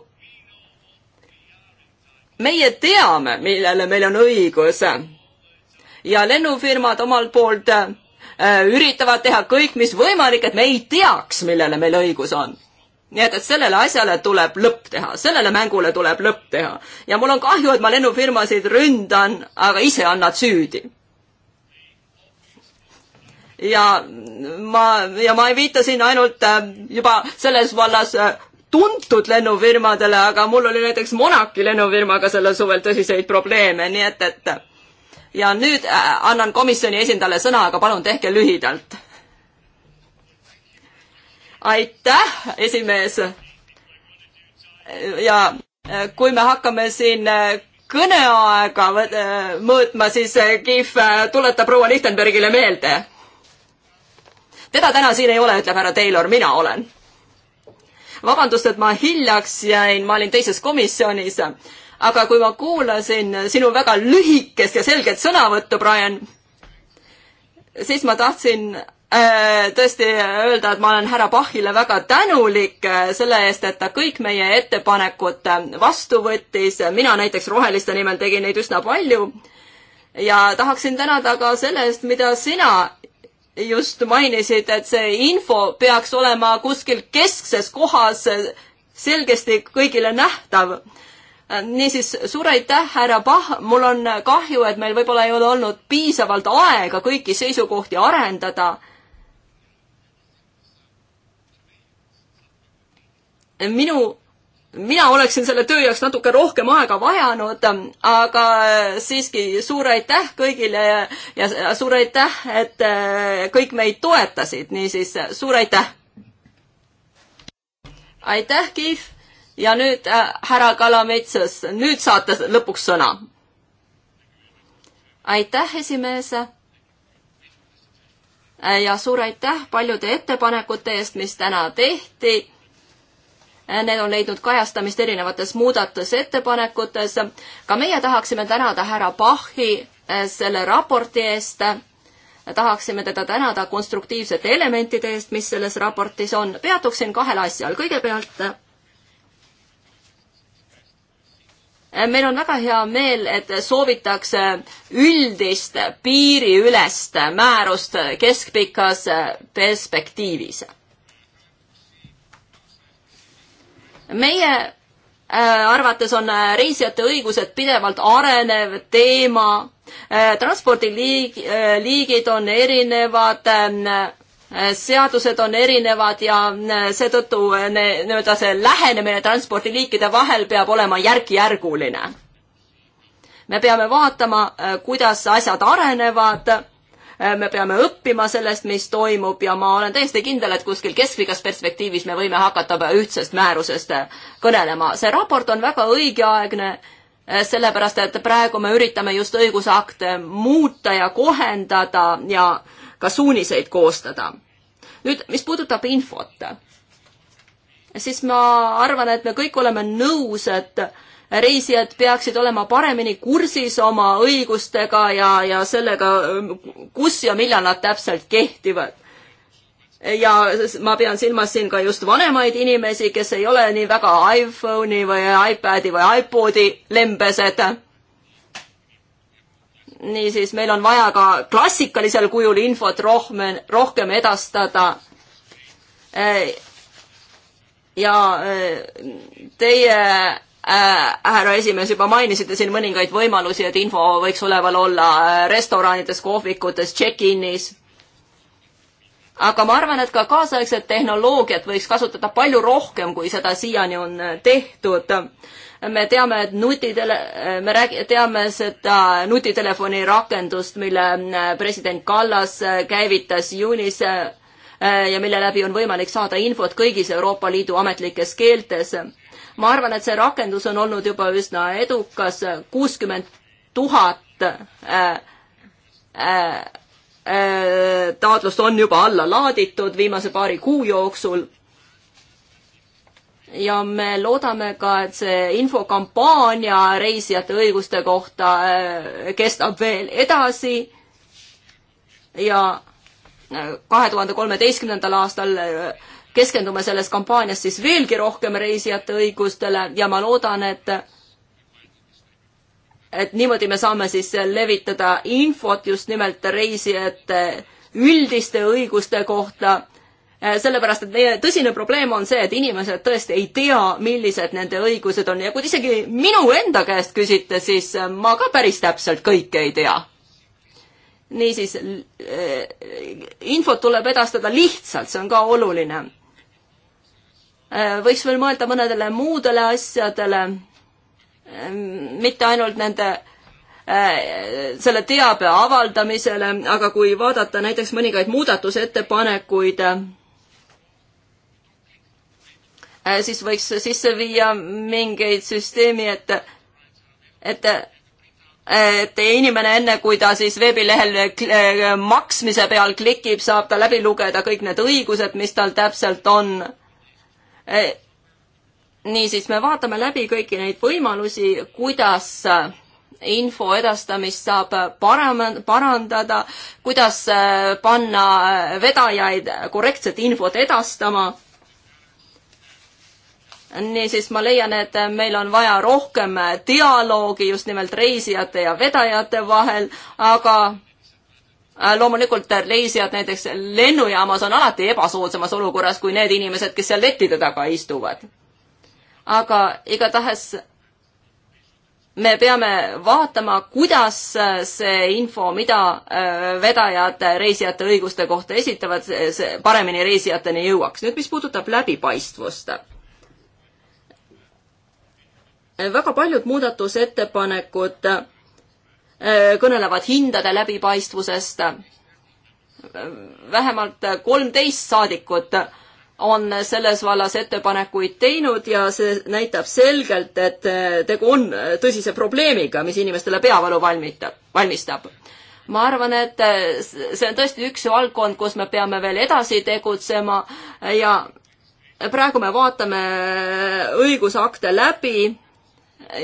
meie teame, millele meil on õigus ja lennufirmad omalt poolt äh, üritavad teha kõik, mis võimalik, et me ei teaks, millele meil õigus on nii et, et sellele asjale tuleb lõpp teha, sellele mängule tuleb lõpp teha. ja mul on kahju, et ma lennufirmasid ründan, aga ise on nad süüdi. ja ma, ja ma ei viita siin ainult äh, juba selles vallas äh, tuntud lennufirmadele, aga mul oli näiteks Monaki lennufirmaga sellel suvel tõsiseid probleeme, nii et, et ja nüüd äh, annan komisjoni esindajale sõna, aga palun tehke lühidalt aitäh, esimees. ja äh, kui me hakkame siin äh, kõneaega äh, mõõtma, siis Kihv tuleta proua Lichtenbergile meelde. teda täna siin ei ole, ütleb härra Taylor, mina olen. vabandust, et ma hiljaks jäin, ma olin teises komisjonis, aga kui ma kuulasin sinu väga lühikest ja selget sõnavõttu, Brian, siis ma tahtsin Äh, tõesti äh, öelda, et ma olen härra Pahile väga tänulik äh, selle eest, et ta kõik meie ettepanekud vastu võttis. mina näiteks Roheliste nimel tegin neid üsna palju. ja tahaksin tänada ka selle eest, mida sina just mainisid, et see info peaks olema kuskil keskses kohas selgesti kõigile nähtav niisiis, suur aitäh, härra Pah, mul on kahju, et meil võib-olla ei ole olnud piisavalt aega kõiki seisukohti arendada minu mina oleksin selle töö jaoks natuke rohkem aega vajanud, aga siiski suur aitäh kõigile ja, ja suur aitäh, et äh, kõik meid toetasid, niisiis suur aitäh! aitäh, Kiiv! ja nüüd äh, härra Kalametsas, nüüd saate lõpuks sõna. aitäh, esimees! Äh, ja suur aitäh paljude ettepanekute eest, mis täna tehti Need on leidnud kajastamist erinevates muudatusettepanekutes. ka meie tahaksime tänada härra Bachi eh, selle raporti eest. tahaksime teda tänada konstruktiivsete elementide eest, mis selles raportis on. peatuksin kahel asjal. kõigepealt eh, meil on väga hea meel, et soovitakse üldist piiriülest määrust keskpikas perspektiivis meie äh, arvates on äh, reisijate õigused pidevalt arenev teema, äh, transpordiliig-, liigid on erinevad, seadused on erinevad ja seetõttu nii-öelda see lähenemine transpordiliikide vahel peab olema järk-järguline. me peame vaatama, kuidas asjad arenevad me peame õppima sellest, mis toimub ja ma olen täiesti kindel, et kuskil keskpikas perspektiivis me võime hakata ühtsest määrusest kõnelema. see raport on väga õigeaegne, eh, sellepärast et praegu me üritame just õigusakte muuta ja kohendada ja ka suuniseid koostada. nüüd, mis puudutab infot, siis ma arvan, et me kõik oleme nõus, et reisijad peaksid olema paremini kursis oma õigustega ja, ja sellega, kus ja millal nad täpselt kehtivad ja ma pean silmas siin ka just vanemaid inimesi, kes ei ole nii väga iPhone'i või iPad'i või iPod'i lembesed. niisiis, meil on vaja ka klassikalisel kujul infot rohkem, rohkem edastada. Äh, ja äh, teie Äh, härra esimees, juba mainisite siin mõningaid võimalusi, et info võiks üleval olla äh, restoranides, kohvikutes, check-in'is. aga ma arvan, et ka kaasaegset tehnoloogiat võiks kasutada palju rohkem, kui seda siiani on äh, tehtud. me teame, et nutitele-, me räägi-, teame seda nutitelefoni rakendust, mille president Kallas käivitas juunis ja mille läbi on võimalik saada infot kõigis Euroopa Liidu ametlikes keeltes ma arvan, et see rakendus on olnud juba üsna edukas, kuuskümmend tuhat äh, äh, äh, taotlust on juba alla laaditud viimase paari kuu jooksul. ja me loodame ka, et see infokampaania reisijate õiguste kohta kestab veel edasi ja kahe tuhande kolmeteistkümnendal aastal keskendume selles kampaanias siis veelgi rohkem reisijate õigustele ja ma loodan, et et niimoodi me saame siis levitada infot just nimelt reisijate üldiste õiguste kohta, eh, sellepärast et meie tõsine probleem on see, et inimesed tõesti ei tea, millised nende õigused on ja kui te isegi minu enda käest küsite, siis eh, ma ka päris täpselt kõike ei tea niisiis eh, infot tuleb edastada lihtsalt, see on ka oluline. Äh, võiks veel mõelda mõnedele muudele asjadele, ähm, mitte ainult nende äh, selle teabe avaldamisele, aga kui vaadata näiteks mõningaid muudatusettepanekuid, äh, siis võiks sisse viia mingeid süsteemi, et, et, et inimene enne, kui ta siis veebilehel maksmise peal klikib, saab ta läbi lugeda kõik need õigused, mis tal täpselt on Äh, niisiis, me vaatame läbi kõiki neid võimalusi, kuidas äh, info edastamist saab äh, parem-, parandada, kuidas panna vedajaid korrektset infot edastama. niisiis, ma leian, et meil on vaja rohkem dialoogi just nimelt reisijate ja vedajate vahel, aga Äh, loomulikult äh, reisijad näiteks lennujaamas on alati ebasoodsamas olukorras kui need inimesed, kes seal lettide taga istuvad. aga igatahes me peame vaatama, kuidas äh, see info, mida vedajad reisijate õiguste kohta esitavad, see paremini reisijateni jõuaks. nüüd, mis puudutab läbipaistvust. väga paljud muudatusettepanekud Äh, kõnelevad hindade läbipaistvusest. vähemalt kolmteist saadikut on selles vallas ettepanekuid teinud ja see näitab selgelt, et äh, tegu on äh, tõsise probleemiga, mis inimestele peavalu valmitab, valmistab. ma arvan, et see on tõesti üks valdkond, kus me peame veel edasi tegutsema ja praegu me vaatame õigusakte läbi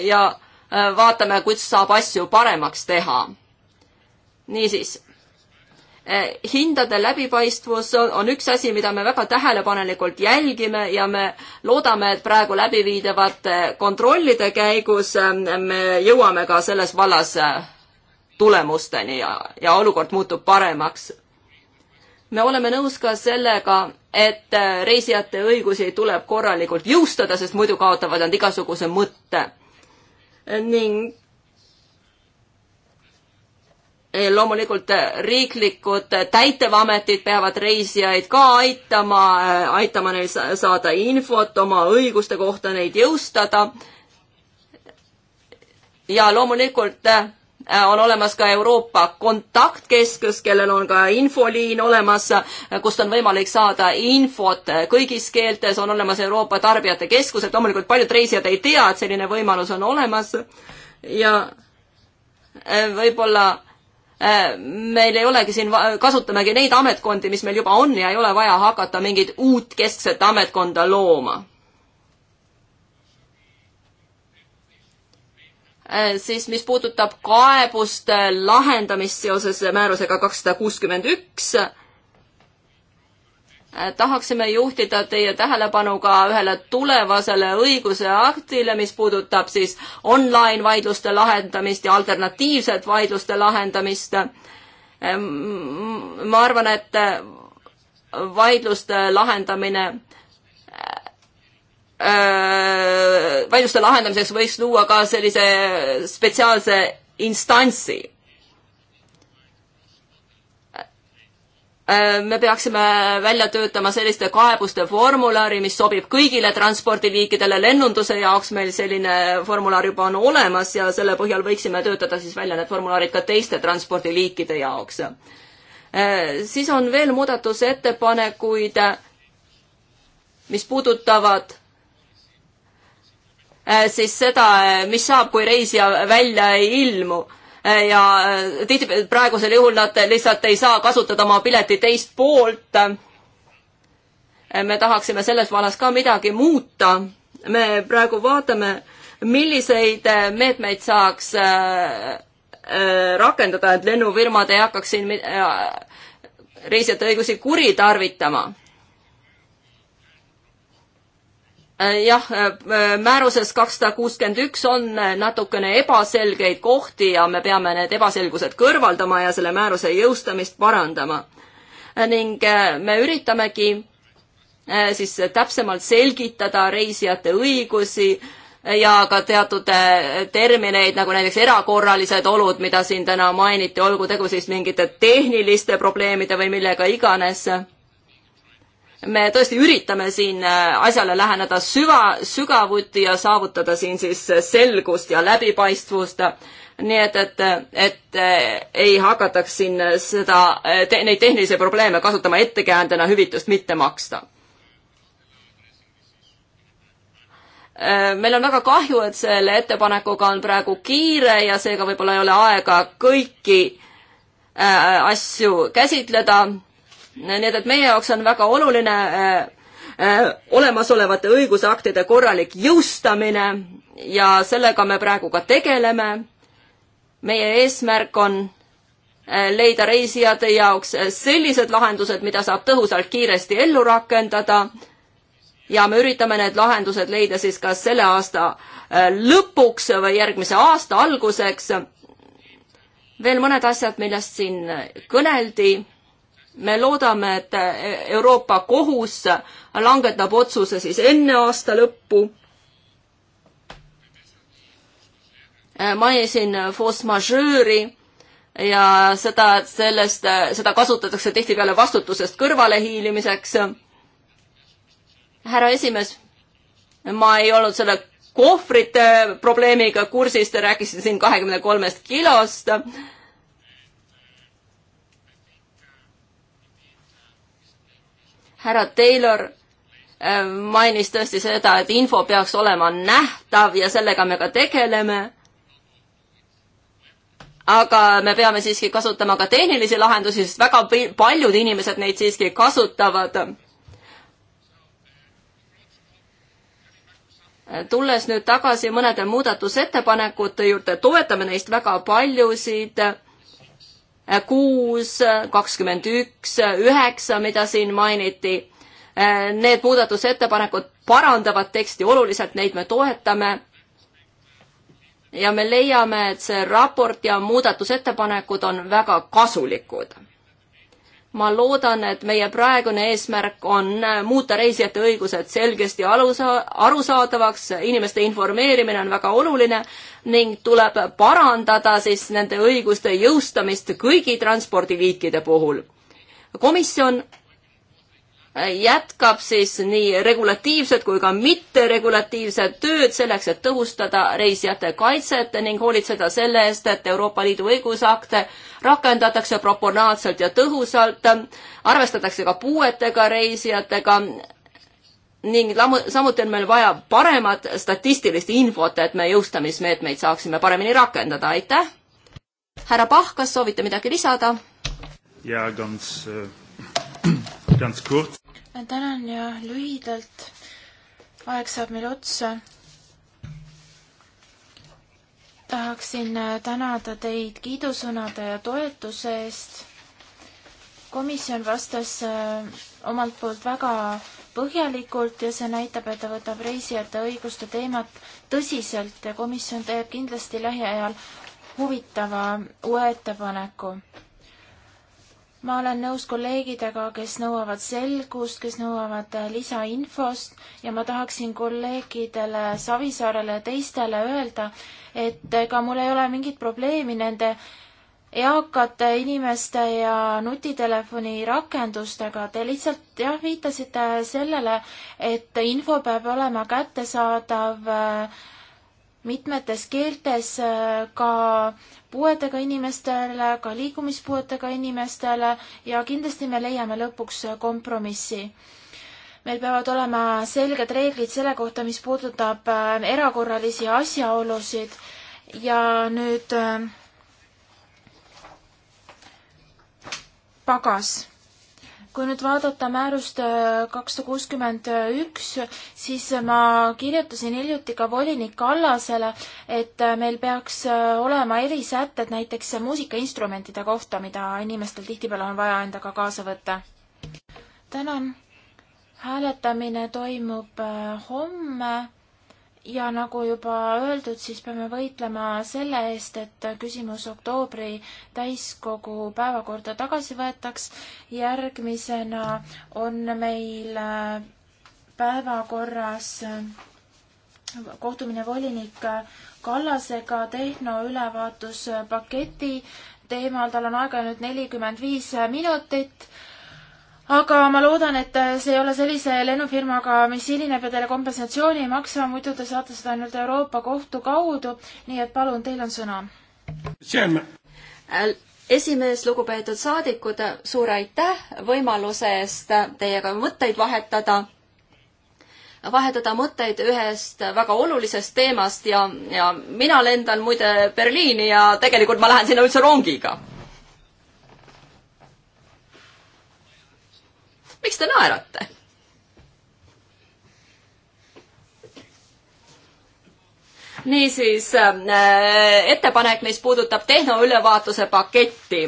ja Äh, vaatame, kuidas saab asju paremaks teha. niisiis, äh, hindade läbipaistvus on, on üks asi, mida me väga tähelepanelikult jälgime ja me loodame, et praegu läbiviidavate kontrollide käigus äh, me jõuame ka selles vallas tulemusteni ja, ja olukord muutub paremaks. me oleme nõus ka sellega, et reisijate õigusi tuleb korralikult jõustada, sest muidu kaotavad nad igasuguse mõtte ning eh, loomulikult eh, riiklikud eh, täitevametid peavad reisijaid ka aitama, aitama neil saada infot oma õiguste kohta, neid jõustada. ja loomulikult Äh, on olemas ka Euroopa kontaktkeskus, kellel on ka infoliin olemas, äh, kust on võimalik saada infot kõigis keeltes, on olemas Euroopa Tarbijate Keskused, loomulikult paljud reisijad ei tea, et selline võimalus on olemas ja äh, võib-olla meil ei olegi siin, kasutamegi neid ametkondi, mis meil juba on ja ei ole vaja hakata mingit uut keskset ametkonda looma Äh, siis mis puudutab kaebuste lahendamist seoses määrusega kakssada kuuskümmend üks, äh, tahaksime juhtida teie tähelepanu ka ühele tulevasele õiguseaktile, mis puudutab siis online vaidluste lahendamist ja alternatiivset vaidluste lahendamist. Äh, ma arvan, et vaidluste lahendamine Äh, vaidluste lahendamiseks võiks luua ka sellise spetsiaalse instantsi. Äh, me peaksime välja töötama selliste kaebuste formulari, mis sobib kõigile transpordiliikidele, lennunduse jaoks meil selline formulaar juba on olemas ja selle põhjal võiksime töötada siis välja need formulaarid ka teiste transpordiliikide jaoks. Äh, siis on veel muudatusettepanekuid, mis puudutavad Äh, siis seda, äh, mis saab, kui reisija välja ei ilmu äh, ja tihti praegusel juhul nad lihtsalt ei saa kasutada oma pileti teist poolt. me tahaksime selles vallas ka midagi muuta. me praegu vaatame, milliseid meetmeid saaks rakendada, et lennufirmad ei hakkaks siin reisijate õigusi kuritarvitama Äh, jah, äh, määruses kakssada kuuskümmend üks on äh, natukene ebaselgeid kohti ja me peame need ebaselgused kõrvaldama ja selle määruse jõustamist parandama. ning me üritamegi siis täpsemalt selgitada reisijate õigusi ja ka teatud termineid, nagu näiteks erakorralised olud, mida siin täna mainiti, olgu tegu siis mingite tehniliste probleemide või millega iganes me tõesti üritame siin äh, asjale läheneda süva, sügavuti ja saavutada siin siis äh, selgust ja läbipaistvust. nii et, et, et äh, ei hakataks siin seda te,, neid tehnilisi probleeme kasutama ettekäändena hüvitust mitte maksta. meil on väga kahju, et selle ettepanekuga on praegu kiire ja seega võib-olla ei ole aega kõiki asju käsitleda nii et, et meie jaoks on väga oluline äh, äh, olemasolevate õigusaktide korralik jõustamine ja sellega me praegu ka tegeleme. meie eesmärk on äh, leida reisijate jaoks sellised lahendused, mida saab tõhusalt kiiresti ellu rakendada. ja me üritame need lahendused leida siis kas selle aasta lõpuks või järgmise aasta alguseks. veel mõned asjad, millest siin kõneldi me loodame, et Euroopa Kohus langetab otsuse siis enne aasta lõppu. mainisin force majeure'i ja seda, et sellest, seda kasutatakse tihtipeale vastutusest kõrvalehiilimiseks. härra esimees, ma ei olnud selle kohvrite probleemiga kursis, te rääkisite siin kahekümne kolmest kilost härra Taylor ähm, mainis tõesti seda, et info peaks olema nähtav ja sellega me ka tegeleme. aga me peame siiski kasutama ka tehnilisi lahendusi, sest väga paljud inimesed neid siiski kasutavad. tulles nüüd tagasi mõnede muudatusettepanekute juurde, toetame neist väga paljusid kuus, kakskümmend üks, üheksa, mida siin mainiti. Need muudatusettepanekud parandavad teksti oluliselt, neid me toetame. ja me leiame, et see raport ja muudatusettepanekud on väga kasulikud ma loodan, et meie praegune eesmärk on äh, muuta reisijate õigused selgesti alusa-, arusaadavaks, inimeste informeerimine on väga oluline ning tuleb parandada siis nende õiguste jõustamist kõigi transpordiliikide puhul. komisjon jätkab siis nii regulatiivset kui ka mitteregulatiivset tööd selleks, et tõhustada reisijate kaitset ning hoolitseda selle eest, et Euroopa Liidu õigusakte rakendatakse proportsionaalselt ja tõhusalt, arvestatakse ka puuetega reisijatega ning lamu-, samuti on meil vaja paremat statistilist infot, et me jõustamismeetmeid saaksime paremini rakendada, aitäh! härra Pahk, kas soovite midagi lisada? jaa, ganz äh,, ganz kurz tänan ja lühidalt, aeg saab meil otsa. tahaksin äh, tänada teid kiidusõnade ja toetuse eest. komisjon vastas äh, omalt poolt väga põhjalikult ja see näitab, et ta võtab reisijate õiguste teemat tõsiselt ja komisjon teeb kindlasti lähiajal huvitava uue ettepaneku ma olen nõus kolleegidega, kes nõuavad selgust, kes nõuavad äh, lisainfost ja ma tahaksin kolleegidele Savisaarele ja teistele öelda, et ega mul ei ole mingit probleemi nende eakate inimeste ja nutitelefoni rakendustega, te lihtsalt jah, viitasite sellele, et info peab olema kättesaadav äh, mitmetes keeltes äh, ka puuetega inimestele, ka liikumispuuetega inimestele ja kindlasti me leiame lõpuks äh, kompromissi. meil peavad olema selged reeglid selle kohta, mis puudutab äh, erakorralisi asjaolusid ja nüüd pagas kui nüüd vaadata määrust äh, kakssada kuuskümmend üks, siis ma kirjutasin hiljuti ka volinik Allasele, et äh, meil peaks äh, olema erisätted näiteks muusikainstrumentide kohta, mida inimestel tihtipeale on vaja endaga kaasa võtta. tänan. hääletamine toimub homme ja nagu juba öeldud, siis peame võitlema selle eest, et küsimus oktoobri täiskogu päevakorda tagasi võetaks. järgmisena on meil äh, päevakorras äh, kohtumine volinik Kallasega tehnoülevaatus paketi teemal, tal on aega nüüd nelikümmend viis minutit aga ma loodan, et see ei ole sellise lennufirmaga, mis hilineb ja teile kompensatsiooni ei maksa, muidu te saate seda ainult Euroopa Kohtu kaudu, nii et palun, teil on sõna. Äh, esimees, lugupeetud saadikud, suur aitäh võimaluse eest teiega mõtteid vahetada, vahetada mõtteid ühest väga olulisest teemast ja, ja mina lendan muide Berliini ja tegelikult ma lähen sinna üldse rongiga miks te naerate? niisiis äh, ettepanek, mis puudutab tehnoülevaatuse paketti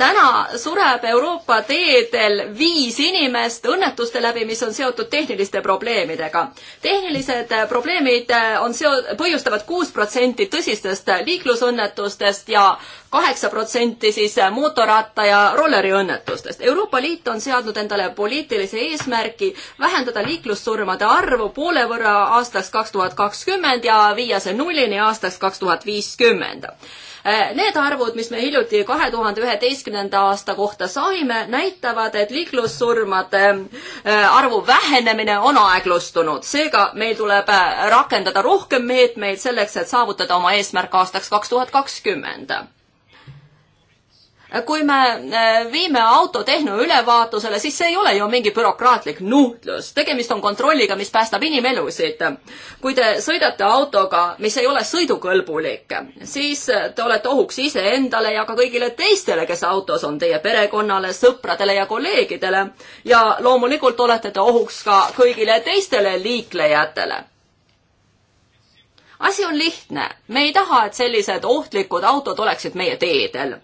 täna sureb Euroopa teedel viis inimest õnnetuste läbi, mis on seotud tehniliste probleemidega. tehnilised probleemid äh, on seo-, põhjustavad kuus protsenti tõsistest liiklusõnnetustest ja kaheksa protsenti siis mootorratta ja rolleri õnnetustest. Euroopa Liit on seadnud endale poliitilise eesmärgi vähendada liiklussurmade arvu poole võrra aastaks kaks tuhat kakskümmend ja viia see nullini aastaks kaks tuhat viiskümmend Äh, need arvud, mis me hiljuti kahe tuhande üheteistkümnenda aasta kohta saime, näitavad, et liiklussurmade äh, arvu vähenemine on aeglustunud. seega meil tuleb äh, rakendada rohkem meetmeid selleks, et saavutada oma eesmärk aastaks kaks tuhat kakskümmend kui me äh, viime auto tehnoülevaatusele, siis see ei ole ju mingi bürokraatlik nuhtlus, tegemist on kontrolliga, mis päästab inimelusid. kui te sõidate autoga, mis ei ole sõidukõlbulik, siis te olete ohuks iseendale ja ka kõigile teistele, kes autos on, teie perekonnale, sõpradele ja kolleegidele. ja loomulikult olete te ohuks ka kõigile teistele liiklejatele asi on lihtne, me ei taha, et sellised ohtlikud autod oleksid meie teedel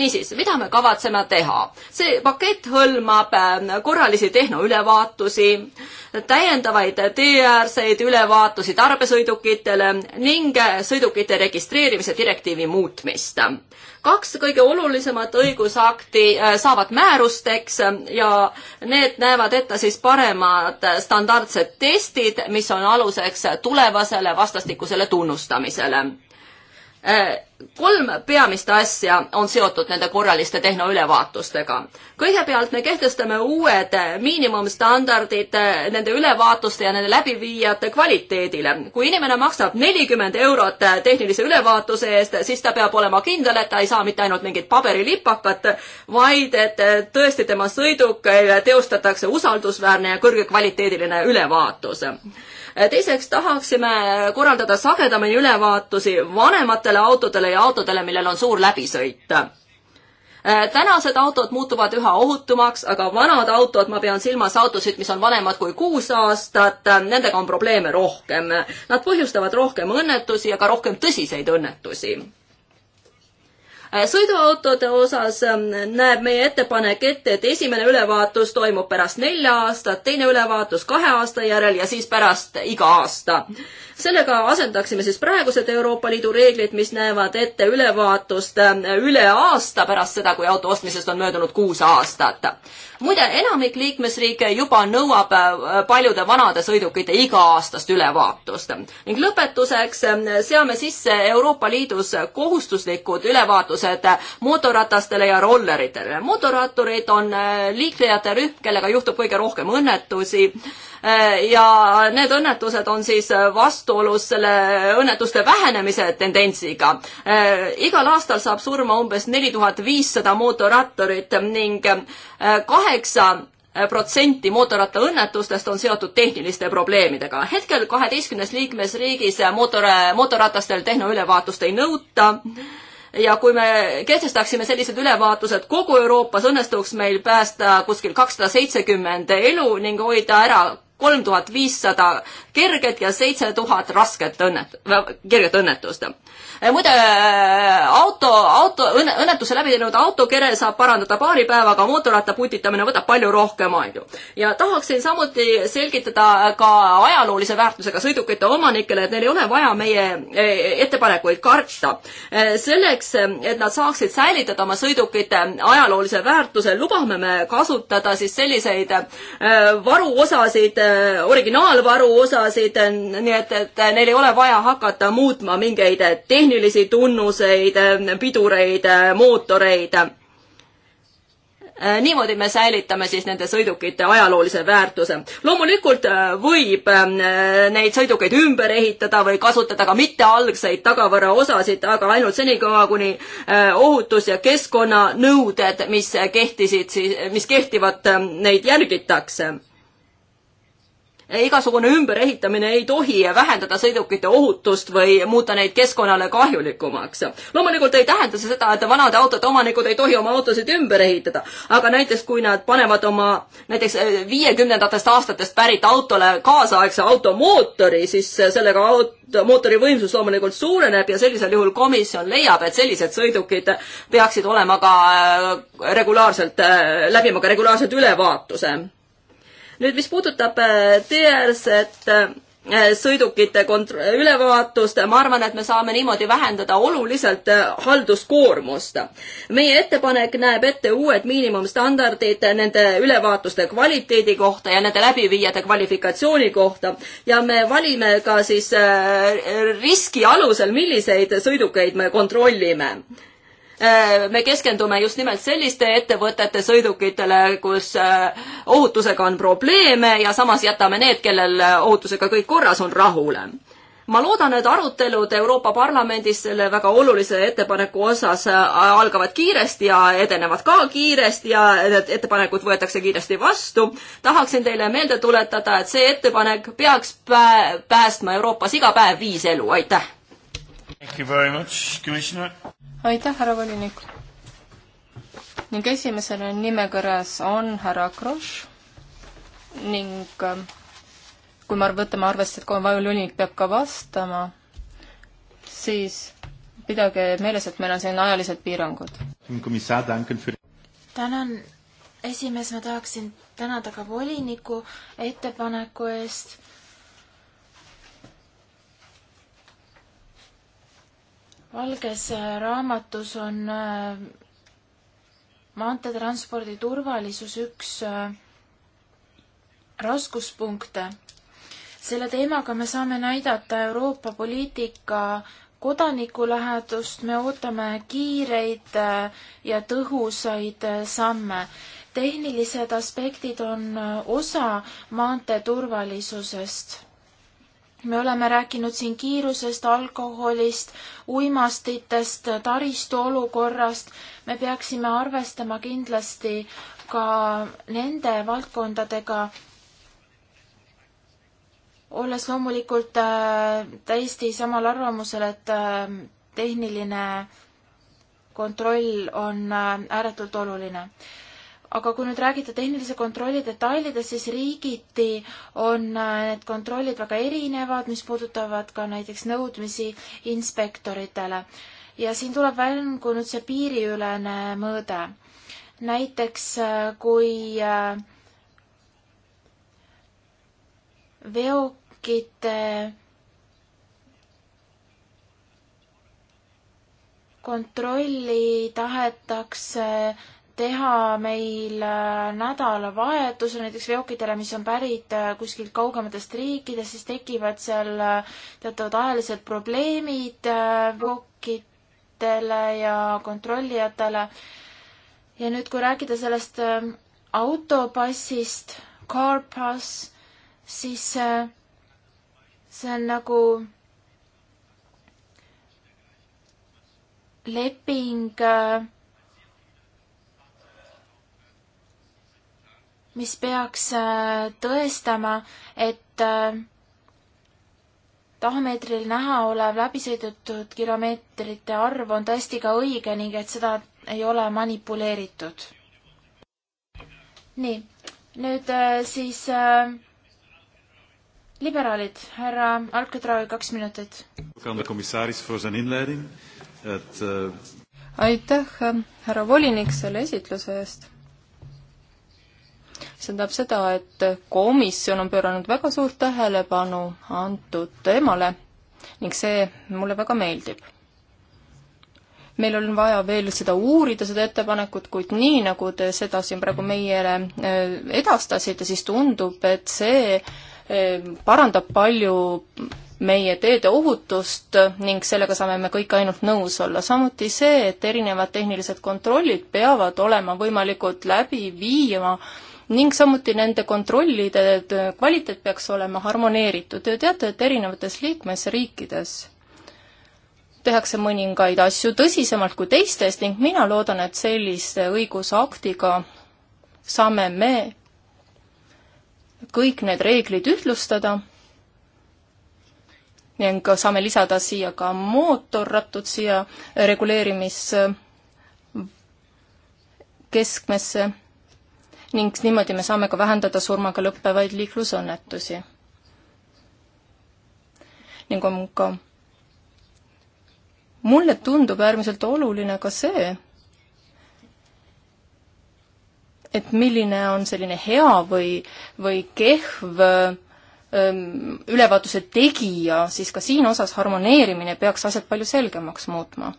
niisiis, mida me kavatseme teha? see pakett hõlmab ähm, korralisi tehnoülevaatusi, täiendavaid teeäärseid ülevaatusi tarbesõidukitele ning äh, sõidukite registreerimise direktiivi muutmist. kaks kõige olulisemat õigusakti äh, saavad määrusteks ja need näevad ette siis paremad standardsed testid, mis on aluseks tulevasele vastastikusele tunnustamisele Äh, kolm peamist asja on seotud nende korraliste tehnoülevaatustega. kõigepealt me kehtestame uued miinimumstandardid äh, nende ülevaatuste ja nende läbiviijate kvaliteedile. kui inimene maksab nelikümmend eurot äh, tehnilise ülevaatuse eest, siis ta peab olema kindel, et ta ei saa mitte ainult mingit paberilipakat, vaid et tõesti tema sõidukil teostatakse usaldusväärne ja kõrgekvaliteediline ülevaatus Äh, teiseks tahaksime korraldada sagedamini ülevaatusi vanematele autodele ja autodele, millel on suur läbisõit äh, tänased autod muutuvad üha ohutumaks, aga vanad autod, ma pean silmas autosid, mis on vanemad kui kuus aastat, äh, nendega on probleeme rohkem. Nad põhjustavad rohkem õnnetusi ja ka rohkem tõsiseid õnnetusi Äh, sõiduautode osas ähm, näeb meie ettepanek ette, et esimene ülevaatus toimub pärast nelja aastat, teine ülevaatus kahe aasta järel ja siis pärast iga aasta sellega asendaksime siis praegused Euroopa Liidu reeglid, mis näevad ette ülevaatust äh, üle aasta pärast seda, kui auto ostmisest on möödunud kuus aastat. muide, enamik liikmesriike juba nõuab äh, paljude vanade sõidukite iga-aastast ülevaatust. ning lõpetuseks äh, seame sisse Euroopa Liidus kohustuslikud ülevaatused mootorratastele ja rolleritele. mootorratturid on liiklejate rühm, kellega juhtub kõige rohkem õnnetusi Äh, ja need õnnetused on siis vastuolus selle õnnetuste vähenemise tendentsiga. Äh, igal aastal saab surma umbes neli tuhat viissada mootorratturit ning äh, kaheksa protsenti mootorrattaõnnetustest on seotud tehniliste probleemidega. hetkel kaheteistkümnes liikmesriigis mootor, mootorratastel tehnoülevaatust ei nõuta ja kui me kehtestaksime sellised ülevaatused kogu Euroopas, õnnestuks meil päästa kuskil kakssada seitsekümmend elu ning hoida ära kolm tuhat viissada kerget ja seitse tuhat rasket õnnet-, kerget õnnetust. muide, auto, auto, õnnetuse läbi teinud autokere saab parandada paari päevaga, mootorratta putitamine võtab palju rohkem aega. ja tahaksin samuti selgitada ka ajaloolise väärtusega sõidukite omanikele, et neil ei ole vaja meie e, ettepanekuid karta. E, selleks, et nad saaksid säilitada oma sõidukite ajaloolise väärtuse, lubame me kasutada siis selliseid e, varuosasid, originaalvaruosa, osasid, nii et, et neil ei ole vaja hakata muutma mingeid tehnilisi tunnuseid, pidureid, mootoreid. niimoodi me säilitame siis nende sõidukite ajaloolise väärtuse. loomulikult äh, võib äh, neid sõidukeid ümber ehitada või kasutada ka mitte algseid tagavaraosasid, aga ainult senikaua, kuni äh, ohutus- ja keskkonnanõuded, mis kehtisid siis, mis kehtivad, neid järgitakse igasugune ümberehitamine ei tohi vähendada sõidukite ohutust või muuta neid keskkonnale kahjulikumaks. loomulikult ei tähenda see seda, et vanade autode omanikud ei tohi oma autosid ümber ehitada, aga näiteks kui nad panevad oma näiteks eh, viiekümnendatest aastatest pärit autole kaasaegse automootori, siis sellega auto mootori võimsus loomulikult suureneb ja sellisel juhul komisjon leiab, et sellised sõidukid peaksid olema ka eh, regulaarselt, eh, läbima ka regulaarselt ülevaatuse nüüd, mis puudutab äh, teeäärset äh, sõidukite kont-, ülevaatust, ma arvan, et me saame niimoodi vähendada oluliselt äh, halduskoormust. meie ettepanek näeb ette uued miinimumstandardid nende ülevaatuste kvaliteedi kohta ja nende läbiviijate kvalifikatsiooni kohta ja me valime ka siis riski alusel, milliseid sõidukeid me kontrollime Äh, me keskendume just nimelt selliste ettevõtete sõidukitele, kus äh, ohutusega on probleeme ja samas jätame need, kellel äh, ohutusega kõik korras on, rahule. ma loodan, et arutelud Euroopa Parlamendis selle väga olulise ettepaneku osas algavad kiiresti ja edenevad ka kiiresti ja need ettepanekud võetakse kiiresti vastu. tahaksin teile meelde tuletada, et see ettepanek peaks pää päästma Euroopas iga päev viis elu, aitäh! Thank you very much, Commissioner aitäh, härra volinik. ning esimesena nimekõrras on härra Kross ning ähm, kui me võtame arvesse, et kui volinik peab ka vastama, siis pidage meeles, et meil on siin ajalised piirangud. tänan, esimees, ma tahaksin tänada ka voliniku ettepaneku eest valges äh, raamatus on äh, maanteetranspordi turvalisus üks äh, raskuspunkte. selle teemaga me saame näidata Euroopa poliitika kodanikulähedust, me ootame kiireid ja tõhusaid samme. tehnilised aspektid on osa maanteeturvalisusest me oleme rääkinud siin kiirusest, alkoholist, uimastitest, taristu olukorrast. me peaksime arvestama kindlasti ka nende valdkondadega, olles loomulikult äh, täiesti samal arvamusel, et äh, tehniline kontroll on äh, ääretult oluline aga kui nüüd räägida tehnilise kontrolli detailidest, siis riigiti on äh, need kontrollid väga erinevad, mis puudutavad ka näiteks nõudmisi inspektoritele. ja siin tuleb välja nüüd see piiriülene mõõde. näiteks äh, kui äh, veokite kontrolli tahetakse äh, teha meil äh, nädalavahetusel näiteks veokitele, mis on pärit äh, kuskilt kaugematest riikidest, siis tekivad seal äh, teatavad ajalised probleemid veokitele ja kontrollijatele. ja nüüd, kui rääkida sellest ähm, autopassist, car pass, siis see on nagu leping äh, mis peaks äh, tõestama, et äh, tahomeetril näha olev läbisõidetud kilomeetrite arv on tõesti ka õige ning et seda ei ole manipuleeritud. nii, nüüd äh, siis äh, liberaalid, härra Alcatraui, kaks minutit. Eh, aitäh, härra volinik, selle esitluse eest see tähendab seda, et komisjon on pööranud väga suurt tähelepanu antud teemale ning see mulle väga meeldib. meil on vaja veel seda uurida, seda ettepanekut, kuid nii, nagu te seda siin praegu meile äh, edastasite, siis tundub, et see äh, parandab palju meie teede ohutust ning sellega saame me kõik ainult nõus olla. samuti see, et erinevad tehnilised kontrollid peavad olema võimalikud läbi viima äh, ning samuti nende kontrollide kvaliteet peaks olema harmoneeritud. Te teate, et erinevates liikmesriikides tehakse mõningaid asju tõsisemalt kui teistes ning mina loodan, et sellise õigusaktiga saame me kõik need reeglid ühtlustada ning saame lisada siia ka mootorratud siia reguleerimis keskmesse ning niimoodi me saame ka vähendada surmaga lõppevaid liiklusõnnetusi. ning on ka mulle tundub äärmiselt oluline ka see, et milline on selline hea või, või kehv ähm, ülevaatuse tegija, siis ka siin osas harmoneerimine peaks asjad palju selgemaks muutma.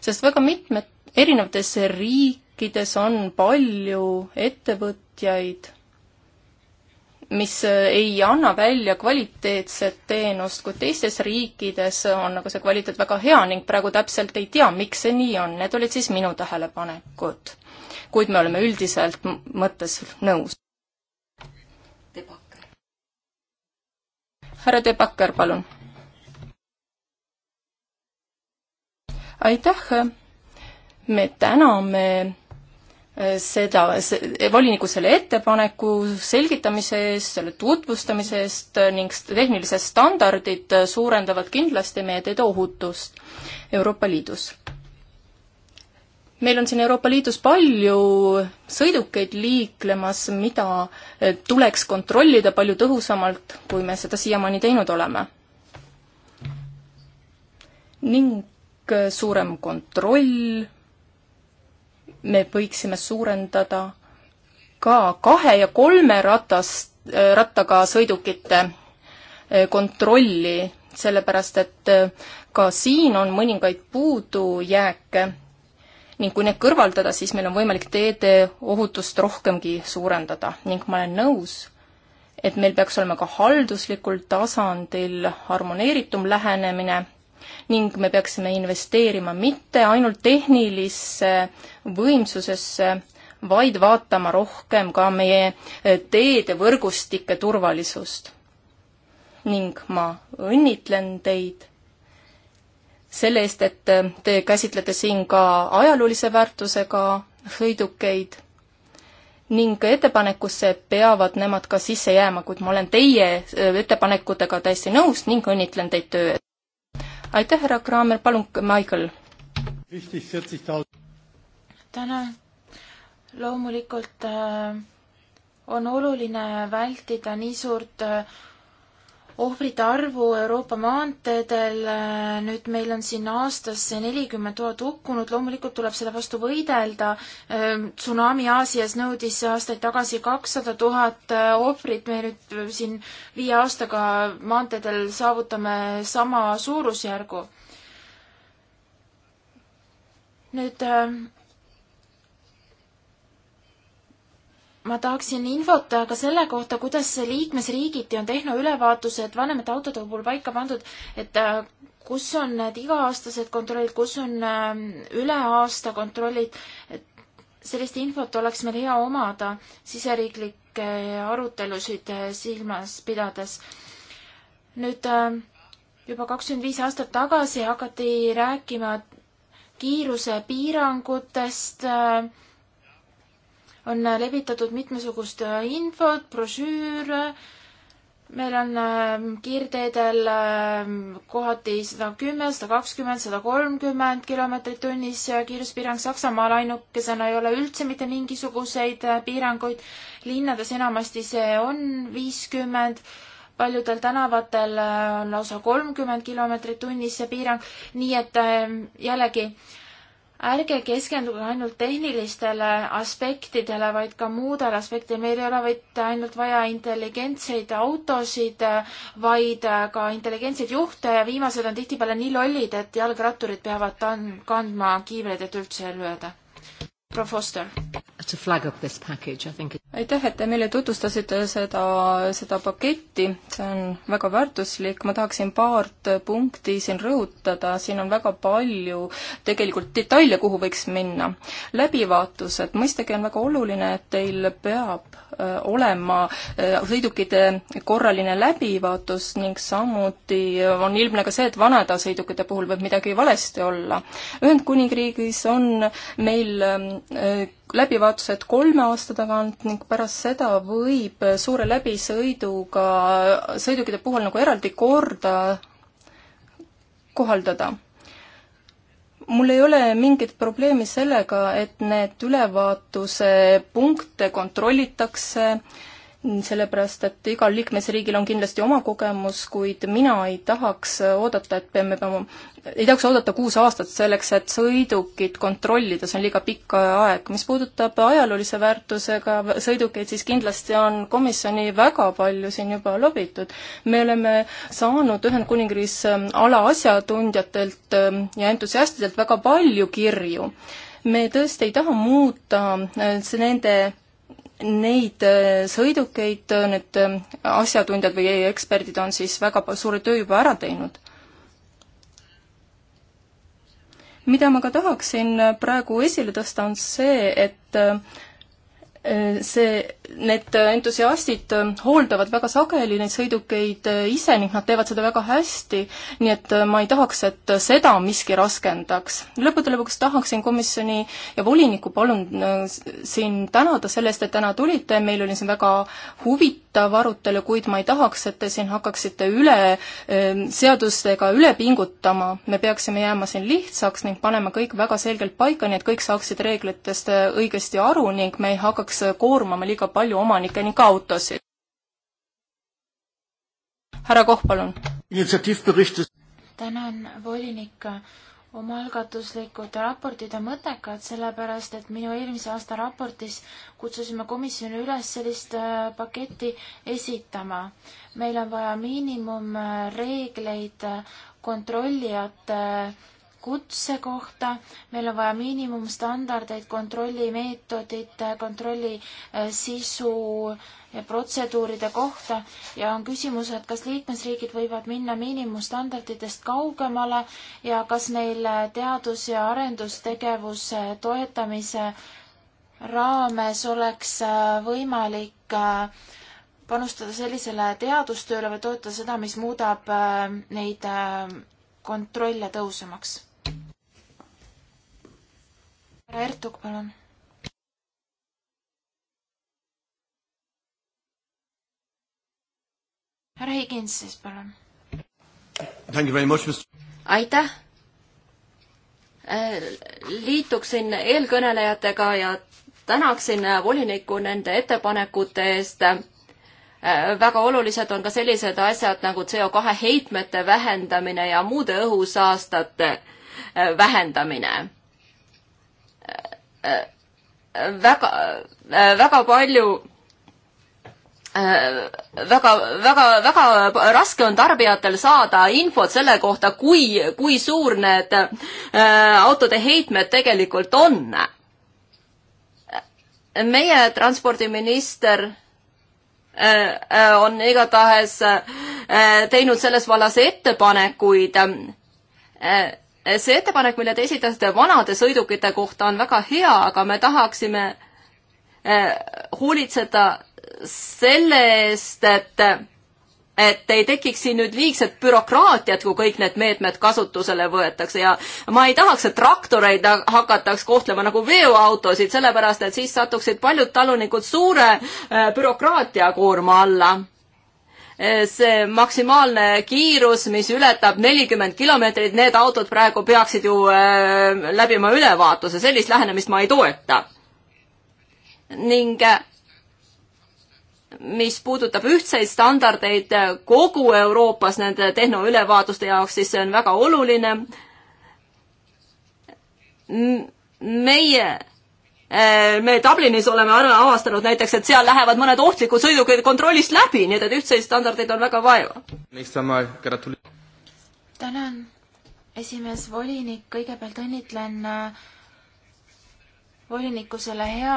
sest väga mitmed erinevates riik-, riikides on palju ettevõtjaid, mis ei anna välja kvaliteetset teenust, kuid teistes riikides on nagu see kvaliteet väga hea ning praegu täpselt ei tea, miks see nii on, need olid siis minu tähelepanekud. kuid me oleme üldiselt mõttes nõus. härra De Backer, palun. aitäh, me täname seda, voliniku selle ettepaneku selgitamise eest, selle tutvustamise eest ning tehnilised standardid suurendavad kindlasti meie teede ohutust Euroopa Liidus. meil on siin Euroopa Liidus palju sõidukeid liiklemas, mida tuleks kontrollida palju tõhusamalt, kui me seda siiamaani teinud oleme. ning suurem kontroll me võiksime suurendada ka kahe ja kolme ratast, äh, rattaga sõidukite äh, kontrolli, sellepärast et äh, ka siin on mõningaid puudujääke ning kui need kõrvaldada, siis meil on võimalik teede ohutust rohkemgi suurendada ning ma olen nõus, et meil peaks olema ka halduslikul tasandil harmoneeritum lähenemine ning me peaksime investeerima mitte ainult tehnilisse võimsusesse, vaid vaatama rohkem ka meie eh, teedevõrgustike turvalisust. ning ma õnnitlen teid selle eest, et eh, te käsitlete siin ka ajaloolise väärtusega sõidukeid ning ettepanekusse peavad nemad ka sisse jääma, kuid ma olen teie eh, ettepanekutega täiesti nõus ning õnnitlen teid töö eest aitäh, härra Kraamer, palun, Michael. tänan. loomulikult äh, on oluline vältida nii suurt äh, ohvrite arvu Euroopa maanteedel, nüüd meil on siin aastas nelikümmend tuhat hukkunut, loomulikult tuleb selle vastu võidelda. Ehm, tsunami Aasias nõudis aastaid tagasi kakssada tuhat eh, ohvrit, me nüüd eh, siin viie aastaga maanteedel saavutame sama suurusjärgu. nüüd ehm, ma tahaksin infot ka selle kohta, kuidas liikmesriigiti on tehnoülevaatused vanemate autode puhul paika pandud, et äh, kus on need iga-aastased kontrollid, kus on ähm, üle aasta kontrollid, et sellist infot oleks meil hea omada siseriiklikke arutelusid äh, silmas pidades. nüüd ähm, juba kakskümmend viis aastat tagasi hakati rääkima kiiruse piirangutest äh, on levitatud mitmesugust äh, infot, brošüüre, meil on äh, kiirteedel äh, kohati sada kümme, sada kakskümmend, sada kolmkümmend kilomeetrit tunnis kiiruspiirang, Saksamaal ainukesena ei ole üldse mitte mingisuguseid piiranguid, linnades enamasti see on viiskümmend, paljudel tänavatel on lausa kolmkümmend kilomeetrit tunnis see piirang, nii et jällegi äh, ärge keskenduge ainult tehnilistele aspektidele, vaid ka muudele aspektidele. meil ei ole vaid ainult vaja intelligentseid autosid, vaid ka intelligentseid juhte ja viimased on tihtipeale nii lollid, et jalgratturid peavad kandma kiivreid, et üldse lööda. proua Foster aitäh, et te meile tutvustasite seda, seda paketti, see on väga väärtuslik, ma tahaksin paart punkti siin rõhutada, siin on väga palju tegelikult detaile, kuhu võiks minna. läbivaatused, mõistagi on väga oluline, et teil peab äh, olema äh, sõidukite korraline läbivaatus ning samuti on ilmne ka see, et vanade sõidukite puhul võib midagi valesti olla. Ühendkuningriigis on meil äh, läbivaatused kolme aasta tagant ning pärast seda võib suure läbisõiduga, sõidukite puhul nagu eraldi korda kohaldada. mul ei ole mingit probleemi sellega, et need ülevaatuse punkte kontrollitakse äh, sellepärast et igal liikmesriigil on kindlasti oma kogemus, kuid mina ei tahaks oodata, et me peame, ei tahaks oodata kuus aastat selleks, et sõidukit kontrollida, see on liiga pikk aeg. mis puudutab ajaloolise väärtusega sõidukeid, siis kindlasti on komisjoni väga palju siin juba lobitud. me oleme saanud Ühendkuningriigis ähm, ala asjatundjatelt ähm, ja entusiastidelt väga palju kirju me tõesti ei taha muuta äh, nende neid äh, sõidukeid äh, need äh, asjatundjad või eksperdid on siis väga suure töö juba ära teinud. mida ma ka tahaksin praegu esile tõsta, on see, et see, need entusiastid hooldavad väga sageli neid sõidukeid ise ning nad teevad seda väga hästi, nii et ma ei tahaks, et seda miski raskendaks. lõppude lõpuks tahaksin komisjoni ja volinikku palun äh, siin tänada selle eest, et täna tulite, meil oli siin väga huvitav arutelu, kuid ma ei tahaks, et te siin hakkaksite üle, äh, seadustega üle pingutama. me peaksime jääma siin lihtsaks ning panema kõik väga selgelt paika, nii et kõik saaksid reeglitest äh, õigesti aru ning me ei hakkaks peaks äh, koormama liiga palju omanikke ning autosid. härra Koh, palun. tänan, volinik. omaalgatuslikud raportid on mõttekad, sellepärast et minu eelmise aasta raportis kutsusime komisjoni üles sellist äh, paketti esitama. meil on vaja miinimumreegleid äh, kontrollijate äh, kutse kohta, meil on vaja miinimumstandardeid kontrollimeetodite, kontrolli äh, sisu ja protseduuride kohta ja on küsimus, et kas liikmesriigid võivad minna miinimumstandarditest kaugemale ja kas neil äh, teadus- ja arendustegevuse toetamise raames oleks äh, võimalik panustada sellisele teadustööle või toetada seda, mis muudab neid kontrolle tõhusamaks? härra Ertug, palun. härra Higins siis, palun. aitäh äh, liituksin eelkõnelejatega ja tänaksin äh, volinikku nende ettepanekute eest. Äh, väga olulised on ka sellised asjad nagu CO2 heitmete vähendamine ja muude õhusaastate vähendamine. Äh, väga, äh, väga palju äh, väga, väga, väga raske on tarbijatel saada infot selle kohta, kui, kui suur need autode heitmed tegelikult on. meie transpordiminister on igatahes teinud selles vallas ettepanekuid see ettepanek, mille te esitasite vanade sõidukite kohta, on väga hea, aga me tahaksime eh, hoolitseda selle eest, et et ei tekiks siin nüüd liigset bürokraatiat, kui kõik need meetmed kasutusele võetakse ja ma ei tahaks, et traktoreid hakataks kohtlema nagu veoautosid, sellepärast et siis satuksid paljud talunikud suure eh, bürokraatiakoorma alla Eh, see maksimaalne kiirus, mis ületab nelikümmend kilomeetrit, need autod praegu peaksid ju eh, läbima ülevaatuse, sellist lähenemist ma ei toeta. ning eh, mis puudutab ühtseid standardeid kogu Euroopas nende tehnoülevaatuste jaoks, siis see on väga oluline. meie Äh, me Dublinis oleme avastanud näiteks, et seal lähevad mõned ohtlikud sõidukid kontrollist läbi, nii et, et ühtseid standardeid on väga vaja. tänan, esimees volinik, kõigepealt õnnitlen äh, voliniku selle hea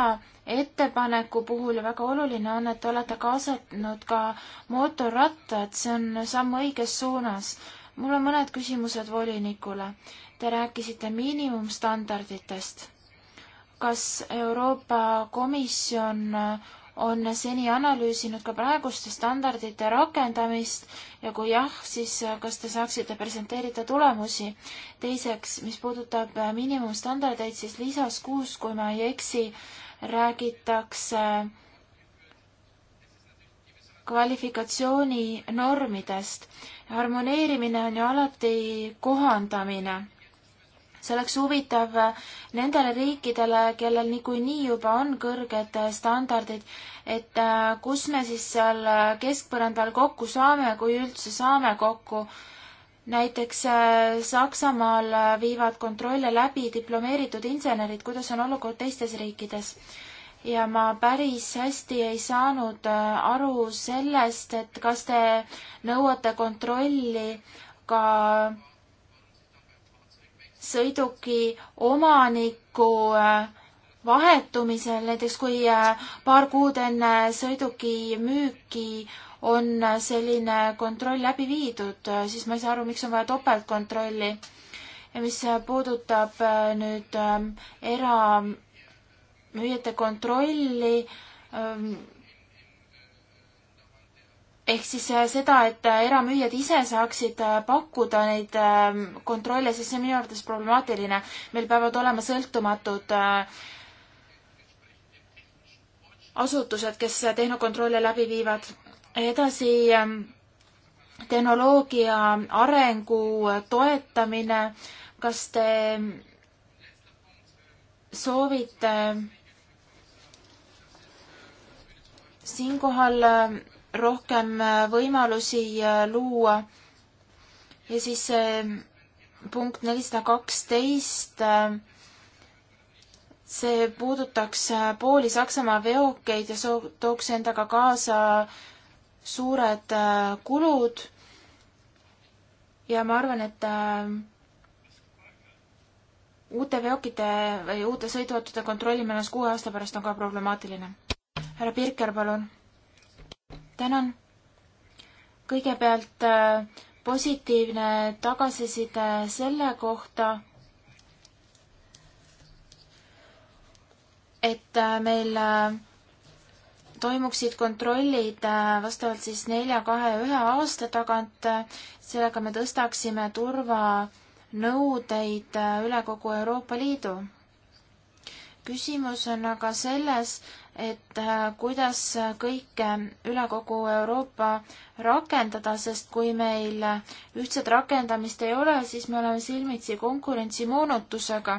ettepaneku puhul ja väga oluline on, et te olete kaasatanud ka mootorrattad, see on samm õiges suunas. mul on mõned küsimused volinikule. Te rääkisite miinimumstandarditest kas Euroopa Komisjon on seni analüüsinud ka praeguste standardite rakendamist ja kui jah, siis kas te saaksite presenteerida tulemusi? teiseks, mis puudutab miinimumstandardeid, siis lisas kuus, kui ma ei eksi, räägitakse kvalifikatsiooninormidest. harmoneerimine on ju alati kohandamine see oleks huvitav nendele riikidele, kellel niikuinii juba on kõrged standardid, et äh, kus me siis seal keskpõrandal kokku saame, kui üldse saame kokku. näiteks äh, Saksamaal äh, viivad kontrolle läbi diplomeeritud insenerid, kuidas on olukord teistes riikides? ja ma päris hästi ei saanud aru sellest, et kas te nõuate kontrolli ka sõiduki omaniku äh, vahetumisel, näiteks kui äh, paar kuud enne sõiduki müüki on äh, selline kontroll läbi viidud, siis ma ei saa aru, miks on vaja topeltkontrolli. ja mis puudutab nüüd ähm, eramüüjate kontrolli, ähm, ehk siis äh, seda, et äh, eramüüjad ise saaksid äh, pakkuda neid ähm, kontrolle, siis see on minu arvates problemaatiline. meil peavad olema sõltumatud asutused, kes tehnokontrolle läbi viivad. edasi ähm, tehnoloogia arengu toetamine. kas te ähm, soovite siinkohal rohkem äh, võimalusi äh, luua. ja siis see äh, punkt nelisada kaksteist, see puudutaks pooli Saksamaa veokeid ja soo-, tooks endaga kaasa suured kulud. ja ma arvan, et uute veokite või uute sõiduautode kontrollimine alles kuue aasta pärast on ka problemaatiline. härra Pirker, palun tänan. kõigepealt äh, positiivne tagasiside selle kohta, et äh, meil äh, toimuksid kontrollid vastavalt siis nelja, kahe, ühe aasta tagant. sellega me tõstaksime turvanõudeid üle kogu Euroopa Liidu küsimus on aga selles, et äh, kuidas kõike üle kogu Euroopa rakendada, sest kui meil ühtset rakendamist ei ole, siis me oleme silmitsi konkurentsimoonutusega.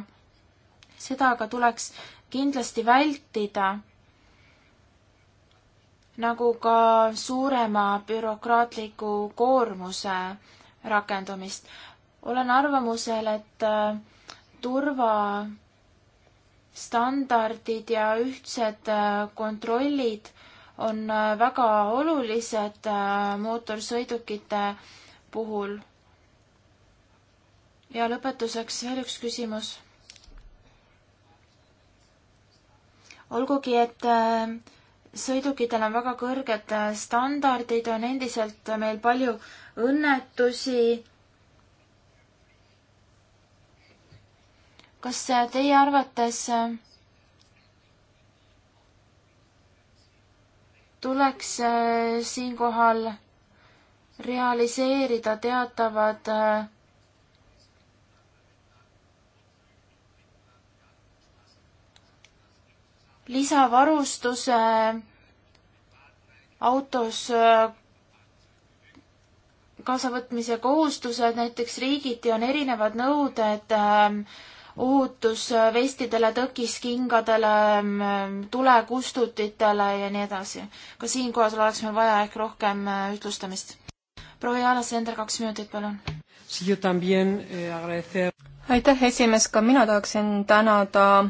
seda aga tuleks kindlasti vältida, nagu ka suurema bürokraatliku koormuse rakendamist. olen arvamusel, et äh, turva standardid ja ühtsed äh, kontrollid on äh, väga olulised äh, mootorsõidukite puhul. ja lõpetuseks veel üks küsimus. olgugi, et sõidukitel on väga kõrged standardid, on endiselt meil palju õnnetusi kas äh, teie arvates äh, tuleks äh, siinkohal realiseerida teatavad lisavarustuse autos kaasavõtmise kohustused, näiteks riigiti on erinevad nõuded äh, ohutusvestidele, tõkiskingadele, mm, tulekustutitele ja nii edasi. ka siinkohas oleks meil vaja ehk rohkem äh, ühtlustamist. proua Jaala Sender, kaks minutit, palun. Eh, aitäh, esimees, ka mina tahaksin tänada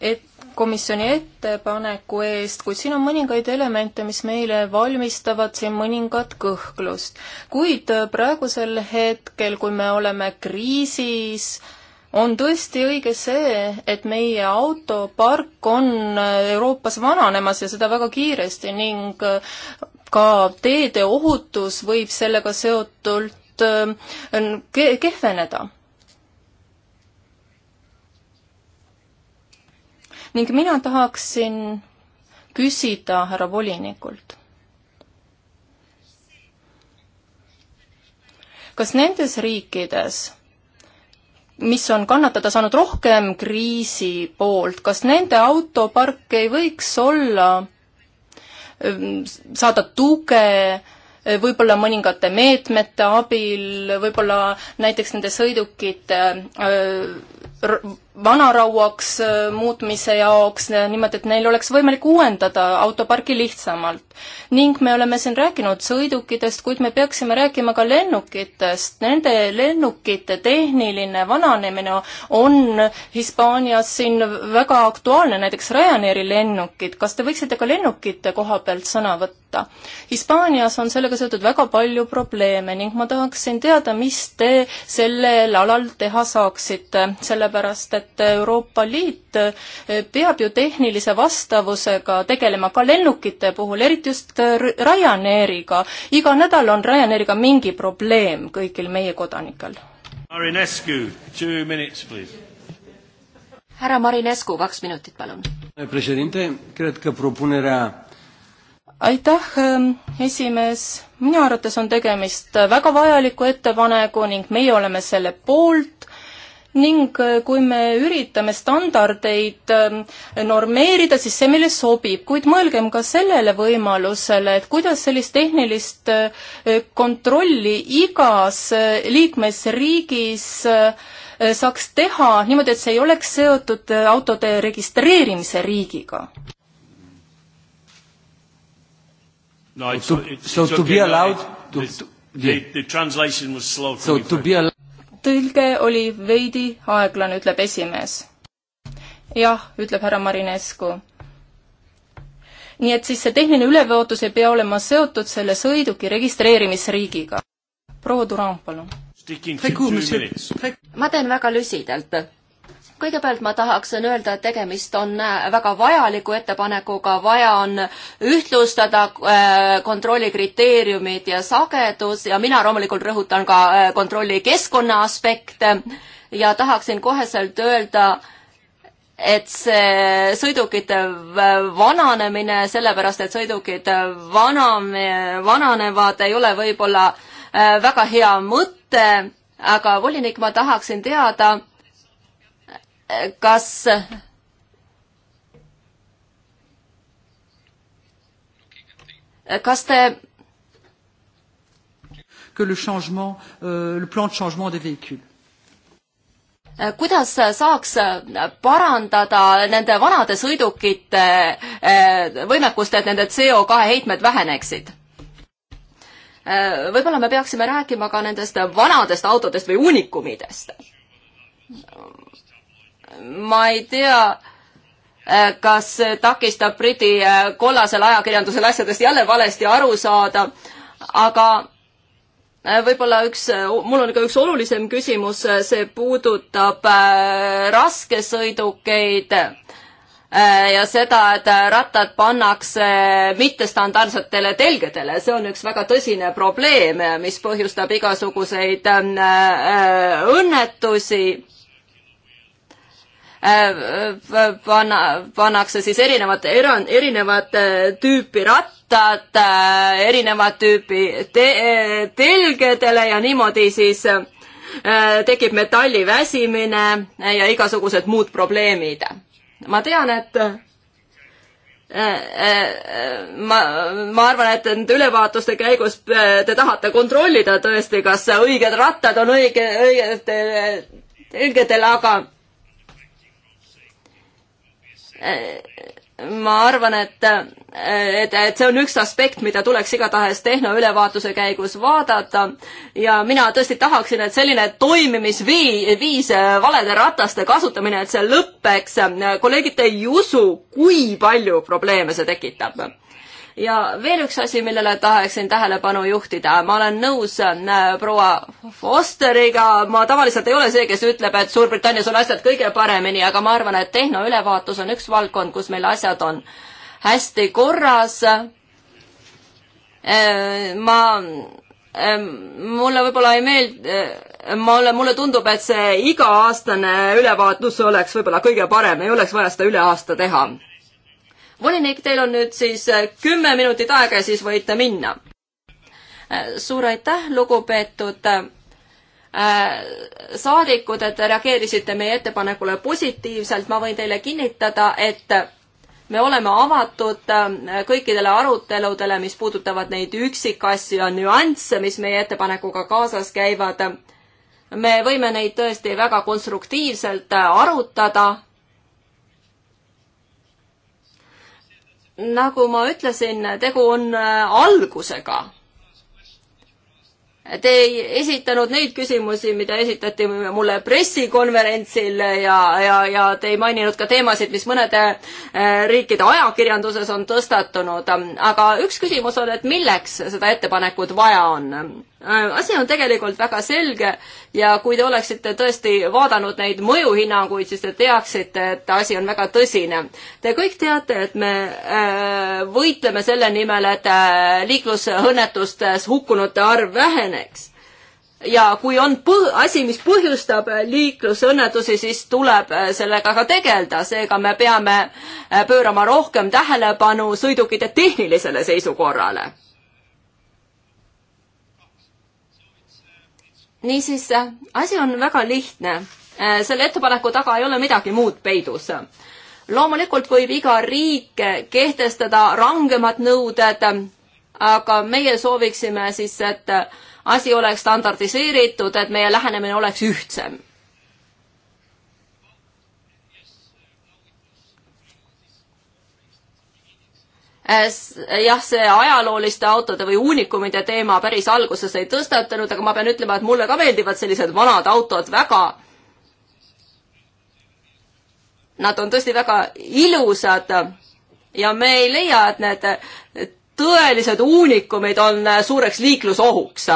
et komisjoni ettepaneku eest, kuid siin on mõningaid elemente, mis meile valmistavad siin mõningat kõhklust. kuid äh, praegusel hetkel, kui me oleme kriisis, on tõesti õige see, et meie autopark on äh, Euroopas vananemas ja seda väga kiiresti ning äh, ka teede ohutus võib sellega seotult äh, kehveneda. ning mina tahaksin küsida härra volinikult kas nendes riikides, mis on kannatada saanud rohkem kriisi poolt, kas nende autopark ei võiks olla, ähm, saada tuge äh, võib-olla mõningate meetmete abil, võib-olla näiteks nende sõidukite äh, vanarauaks äh, muutmise jaoks, niimoodi, et neil oleks võimalik uuendada autoparki lihtsamalt. ning me oleme siin rääkinud sõidukitest, kuid me peaksime rääkima ka lennukitest. Nende lennukite tehniline vananemine on Hispaanias siin väga aktuaalne, näiteks Ryanairi lennukid. kas te võiksite ka lennukite koha pealt sõna võtta? Hispaanias on sellega seotud väga palju probleeme ning ma tahaksin teada, mis te sellel alal teha saaksite, sellepärast et et Euroopa Liit peab ju tehnilise vastavusega tegelema ka lennukite puhul, eriti just Ryanairiga. iga nädal on Ryanairiga mingi probleem kõigil meie kodanikel. Marinescu, two minutes please. härra Marinescu, kaks minutit, palun. aitäh, ähm, esimees minu arvates on tegemist väga vajaliku ettepaneku ning meie oleme selle poolt ning äh, kui me üritame standardeid ähm, normeerida, siis see meile sobib, kuid mõelgem ka sellele võimalusele, et kuidas sellist tehnilist äh, kontrolli igas äh, liikmesriigis saaks teha niimoodi, et see ei oleks seotud autode registreerimise riigiga. No, it's, it's, it's, it's okay. To be allowed, to, to, the, the translation was slow. So to be allowed tõlge oli veidi aeglane, ütleb esimees. jah, ütleb härra Marinescu. nii et siis see tehniline ülevaatus ei pea olema seotud selle sõiduki registreerimisriigiga. proua Durand, palun. ma teen väga lüsidalt kõigepealt ma tahaksin öelda, et tegemist on äh, väga vajaliku ettepanekuga, vaja on ühtlustada äh, kontrolli kriteeriumid ja sagedus ja mina loomulikult rõhutan ka äh, kontrolli keskkonna aspekte ja tahaksin koheselt öelda, et see sõidukite vananemine, sellepärast et sõidukid vana, vananevad, ei ole võib-olla väga hea mõte, aga volinik, ma tahaksin teada, kas kas te que le changement, euh, le plan de changement des véhicules. kuidas saaks parandada nende vanade sõidukite äh, võimekust, et nende CO2 heitmed väheneksid? Äh, võib-olla me peaksime rääkima ka nendest vanadest autodest või unikumidest ma ei tea, äh, kas takistab Briti äh, kollasel ajakirjandusel asjadest jälle valesti aru saada, aga äh, võib-olla üks, mul on ka üks olulisem küsimus, see puudutab raskesõidukeid ja seda, et rattad pannakse mittestandardsetele telgedele, see on üks väga tõsine probleem, mis põhjustab igasuguseid õnnetusi Äh, äh, panna, pannakse siis erinevate, erinevat äh, tüüpi rattad erinevat tüüpi te, telgedele ja niimoodi siis tekib metalli väsimine ja igasugused muud probleemid. ma tean, et ma, ma arvan, et nende ülevaatuste käigus te tahate kontrollida tõesti, kas õiged rattad on õige, õigetel, õigetel, aga ma arvan, et, et, et see on üks aspekt, mida tuleks igatahes tehnoülevaatuse käigus vaadata ja mina tõesti tahaksin, et selline toimimisviis, valede rataste kasutamine, et see lõpeks. kolleegid, te ei usu, kui palju probleeme see tekitab ja veel üks asi, millele tahaksin tähelepanu juhtida, ma olen nõus äh, proua Fosteriga, ma tavaliselt ei ole see, kes ütleb, et Suurbritannias on asjad kõige paremini, aga ma arvan, et tehnoülevaatus on üks valdkond, kus meil asjad on hästi korras. Äh, ma äh, mulle võib-olla ei meeldi, mulle, mulle tundub, et see iga-aastane ülevaatus oleks võib-olla kõige parem, ei oleks vaja seda üle aasta teha volinik, teil on nüüd siis äh, kümme minutit aega ja siis võite minna. Äh, suur aitäh, lugupeetud äh, saadikud, et reageerisite meie ettepanekule positiivselt, ma võin teile kinnitada, et me oleme avatud kõikidele aruteludele, mis puudutavad neid üksikasju ja nüansse, mis meie ettepanekuga kaasas käivad. me võime neid tõesti väga konstruktiivselt arutada nagu ma ütlesin, tegu on äh, algusega. Te ei esitanud neid küsimusi, mida esitati mulle pressikonverentsil ja, ja, ja te ei maininud ka teemasid, mis mõnede äh, riikide ajakirjanduses on tõstatunud. aga üks küsimus on, et milleks seda ettepanekut vaja on? Äh, asi on tegelikult väga selge ja kui te oleksite tõesti vaadanud neid mõjuhinnanguid, siis te teaksite, et asi on väga tõsine. Te kõik teate, et me äh, võitleme selle nimel, et äh, liiklusõnnetustes hukkunute arv väheneks ja kui on põh-, asi, mis põhjustab liiklusõnnetusi, siis tuleb sellega ka tegeleda, seega me peame pöörama rohkem tähelepanu sõidukite tehnilisele seisukorrale niisiis, äh, asi on väga lihtne. Äh, selle ettepaneku taga ei ole midagi muud peidus loomulikult võib iga riik kehtestada rangemad nõuded, aga meie sooviksime siis, et asi oleks standardiseeritud, et meie lähenemine oleks ühtsem Äh, jah, see ajalooliste autode või uunikumide teema päris alguses ei tõstatanud, aga ma pean ütlema, et mulle ka meeldivad sellised vanad autod väga. Nad on tõesti väga ilusad ja me ei leia, et need tõelised uunikumid on suureks liiklusohuks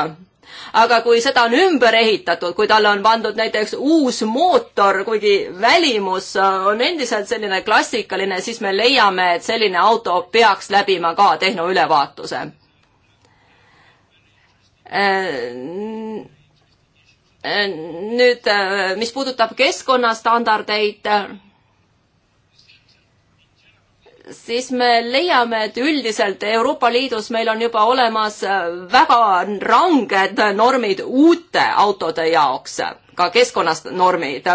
aga kui seda on ümber ehitatud, kui talle on pandud näiteks uus mootor, kuigi välimus äh, on endiselt selline klassikaline, siis me leiame, et selline auto peaks läbima ka tehnoülevaatuse äh, äh, nüüd, mis puudutab keskkonnastandardeid siis me leiame, et üldiselt Euroopa Liidus meil on juba olemas äh, väga ranged normid uute autode jaoks, ka keskkonnast normid.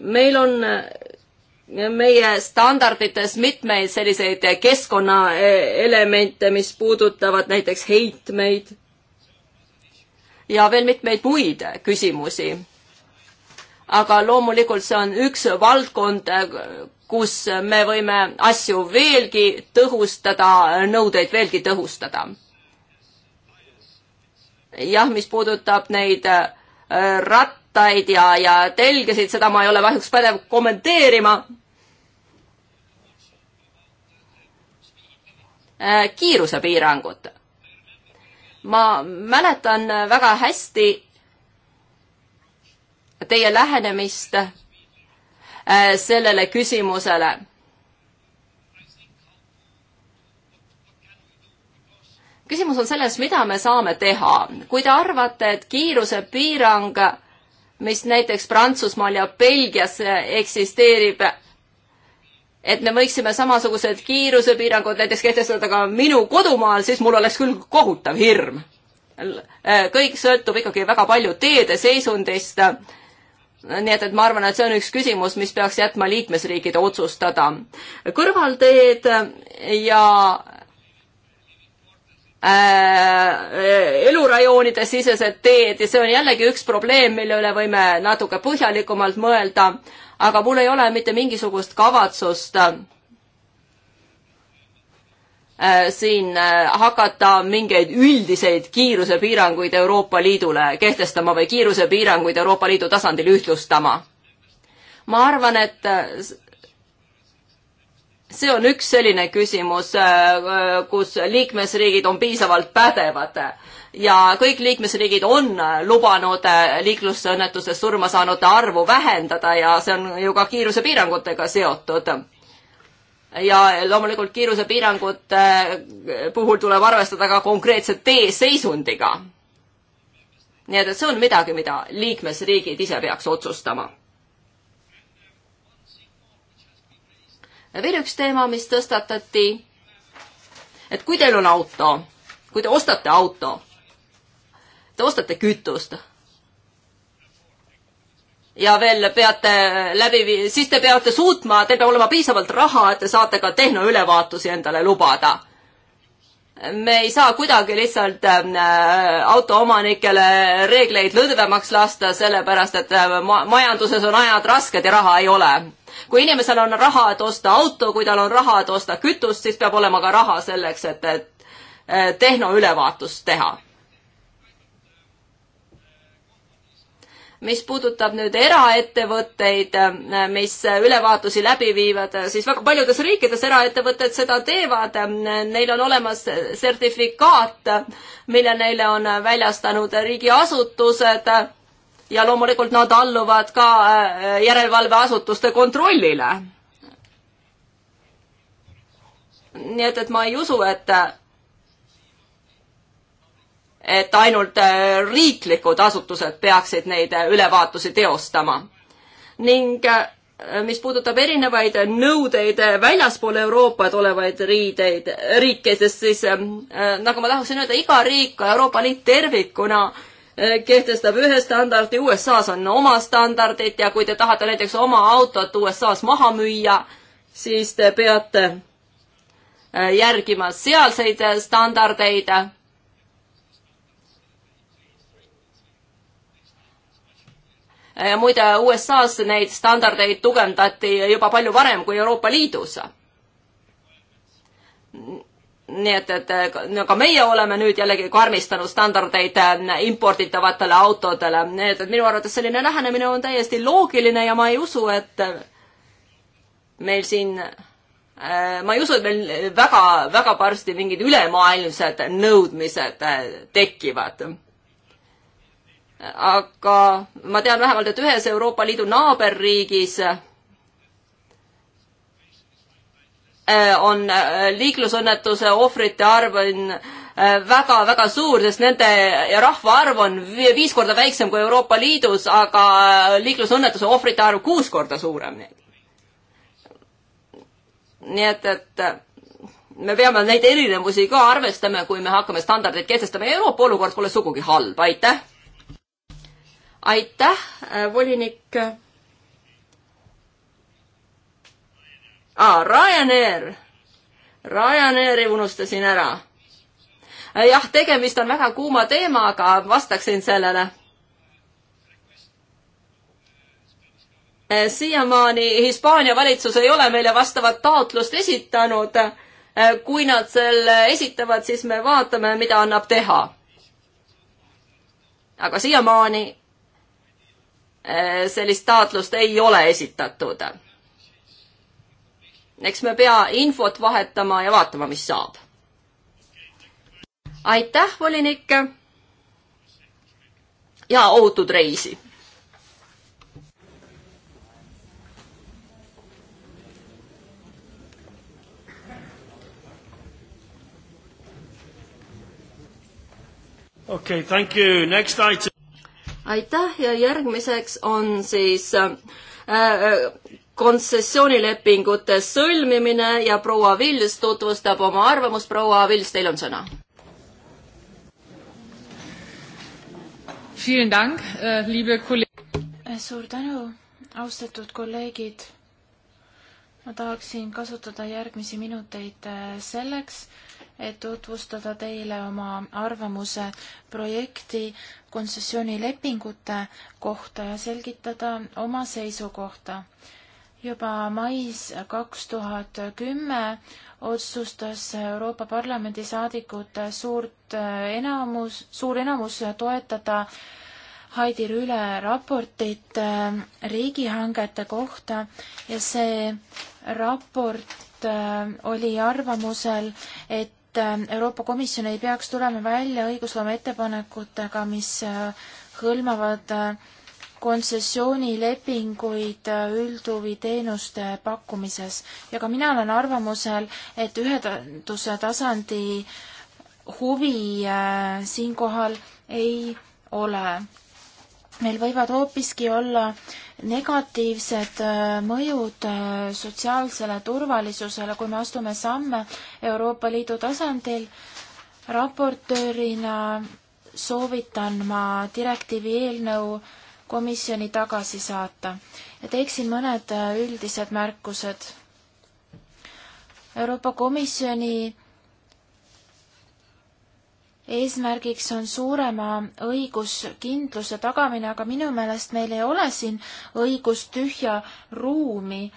meil on äh, meie standardites mitmeid selliseid keskkonnaelemente, mis puudutavad näiteks heitmeid ja veel mitmeid muid küsimusi. aga loomulikult see on üks valdkond, kus me võime asju veelgi tõhustada, nõudeid veelgi tõhustada. jah, mis puudutab neid äh, rattaid ja, ja telgesid, seda ma ei ole kahjuks pädev kommenteerima. Äh, kiirusepiirangud. ma mäletan väga hästi teie lähenemist Äh, sellele küsimusele. küsimus on selles, mida me saame teha. kui te arvate, et kiirusepiirang, mis näiteks Prantsusmaal ja Belgias äh, eksisteerib, et me võiksime samasugused kiirusepiirangud näiteks kehtestada ka minu kodumaal, siis mul oleks küll kohutav hirm. Äh, kõik sõltub ikkagi väga palju teede seisundist nii et, et ma arvan, et see on üks küsimus, mis peaks jätma liikmesriikide otsustada. kõrvalteed ja äh, elurajoonide sisesed teed ja see on jällegi üks probleem, mille üle võime natuke põhjalikumalt mõelda, aga mul ei ole mitte mingisugust kavatsust äh, Äh, siin äh, hakata mingeid üldiseid kiirusepiiranguid Euroopa Liidule kehtestama või kiirusepiiranguid Euroopa Liidu tasandil ühtlustama. ma arvan, et äh, see on üks selline küsimus, kus liikmesriigid on piisavalt pädevad ja kõik liikmesriigid on lubanud liiklusõnnetuses surma saanute arvu vähendada ja see on ju ka kiirusepiirangutega seotud ja loomulikult kiirusepiirangute eh, puhul tuleb arvestada ka konkreetse tee seisundiga. nii et, et see on midagi, mida liikmesriigid ise peaks otsustama. veel üks teema, mis tõstatati. et kui teil on auto, kui te ostate auto, te ostate kütust ja veel peate läbi, siis te peate suutma, teil peab olema piisavalt raha, et te saate ka tehnoülevaatusi endale lubada. me ei saa kuidagi lihtsalt äh, autoomanikele reegleid lõdvemaks lasta, sellepärast et äh, ma majanduses on ajad rasked ja raha ei ole kui inimesel on raha, et osta auto, kui tal on raha, et osta kütust, siis peab olema ka raha selleks, et, et äh, tehnoülevaatust teha mis puudutab nüüd eraettevõtteid, mis ülevaatusi läbi viivad, siis väga paljudes riikides eraettevõtted seda teevad. Neil on olemas sertifikaat, mille neile on väljastanud riigiasutused ja loomulikult nad alluvad ka äh, järelevalveasutuste kontrollile. nii et, et ma ei usu, et et ainult äh, riiklikud asutused peaksid neid äh, ülevaatusi teostama. ning äh, mis puudutab erinevaid nõudeid väljaspool Euroopat olevaid riideid, riike, sest siis nagu ma tahaksin öelda, iga riik, Euroopa Liit tervikuna kehtestab ühe standardi, USA-s on oma standardid ja kui te tahate näiteks oma autot USA-s maha müüa, siis te peate järgima sealseid standardeid Äh, muide, USA-s neid standardeid tugevdati juba palju varem kui Euroopa Liidus. nii et, et äh, ka meie oleme nüüd jällegi karmistanud standardeid äh, imporditavatele autodele, nii et, et minu arvates selline lähenemine on täiesti loogiline ja ma ei usu, et meil siin ma ei usu, et meil väga, väga varsti mingid ülemaailmsed nõudmised tekivad aga ma tean vähemalt, et ühes Euroopa Liidu naaberriigis äh, on äh, liiklusõnnetuse ohvrite arv on väga-väga äh, suur, sest nende rahvaarv on viis korda väiksem kui Euroopa Liidus, aga liiklusõnnetuse ohvrite arv kuus korda suurem. nii et, et me peame neid erinevusi ka arvestama, kui me hakkame standardeid kehtestama ja Euroopa olukord pole sugugi halb, aitäh! aitäh, äh, volinik ah,. Ryanair, Ryanairi unustasin ära. Äh, jah, tegemist on väga kuuma teemaga, vastaksin sellele. Äh, siiamaani Hispaania valitsus ei ole meile vastavat taotlust esitanud. kui nad selle esitavad, siis me vaatame, mida annab teha. aga siiamaani Äh, sellist taotlust ei ole esitatud. eks me pea infot vahetama ja vaatama, mis saab. aitäh, volinik. ja ohutud reisi Okay, thank you. Next item aitäh ja järgmiseks on siis äh, äh, kontsessioonilepingute sõlmimine ja proua Vils tutvustab oma arvamust. proua Vils, teil on sõna. Äh, suur tänu, austatud kolleegid. ma tahaksin kasutada järgmisi minuteid selleks, et tutvustada teile oma arvamuse projekti kontsessioonilepingute kohta ja selgitada oma seisukohta. juba mais kaks tuhat kümme otsustas Euroopa Parlamendi saadikute suurt enamus, suur enamus toetada Heidi Rüle raportit äh, riigihangete kohta ja see raport äh, oli arvamusel, et et äh, Euroopa Komisjon ei peaks tulema välja õigusloome ettepanekutega, mis äh, hõlmavad äh, kontsessioonilepinguid üldhuviteenuste pakkumises ja ka mina olen arvamusel, et ühenduse tasandi huvi siinkohal ei ole meil võivad hoopiski olla negatiivsed äh, mõjud äh, sotsiaalsele turvalisusele, kui me astume samme Euroopa Liidu tasandil. raportöörina soovitan ma direktiivi eelnõu komisjoni tagasi saata ja teeksin mõned äh, üldised märkused. Euroopa Komisjoni eesmärgiks on suurema õiguskindluse tagamine, aga minu meelest meil ei ole siin õigust tühja ruumi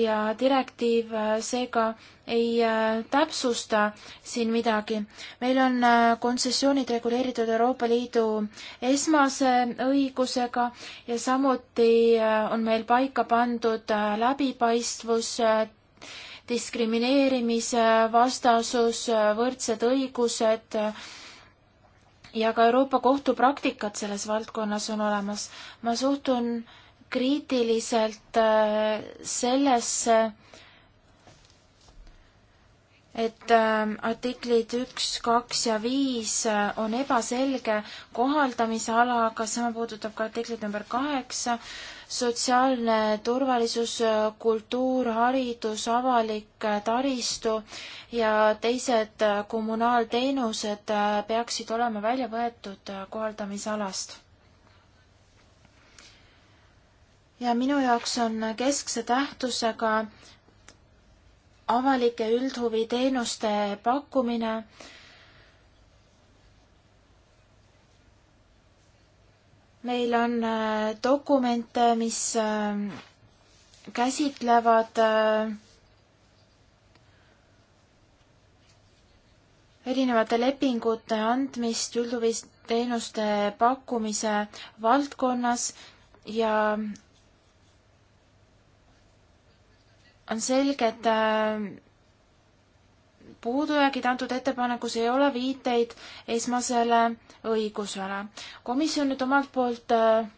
ja direktiiv äh, seega ei äh, täpsusta siin midagi. meil on äh, kontsessioonid reguleeritud Euroopa Liidu esmase õigusega ja samuti on meil paika pandud läbipaistvus diskrimineerimise vastasus, võrdsed õigused äh,, ja ka Euroopa Kohtu praktikat selles valdkonnas on olemas. ma suhtun kriitiliselt äh, sellesse, et ähm, artiklid üks, kaks ja viis äh, on ebaselge kohaldamise ala, aga sama puudutab ka artiklit number kaheksa, sotsiaalne turvalisus, kultuur, haridus, avalik äh, taristu ja teised äh, kommunaalteenused äh, peaksid olema välja võetud kohaldamisalast. ja minu jaoks on keskse tähtsusega avalike üldhuviteenuste pakkumine meil on äh, dokumente, mis äh, käsitlevad äh, erinevate lepingute andmist üldhuviteenuste pakkumise valdkonnas ja on selge, et puudujäägid antud ettepanekus ei ole viiteid esmasele õigusele. komisjon nüüd omalt poolt äh,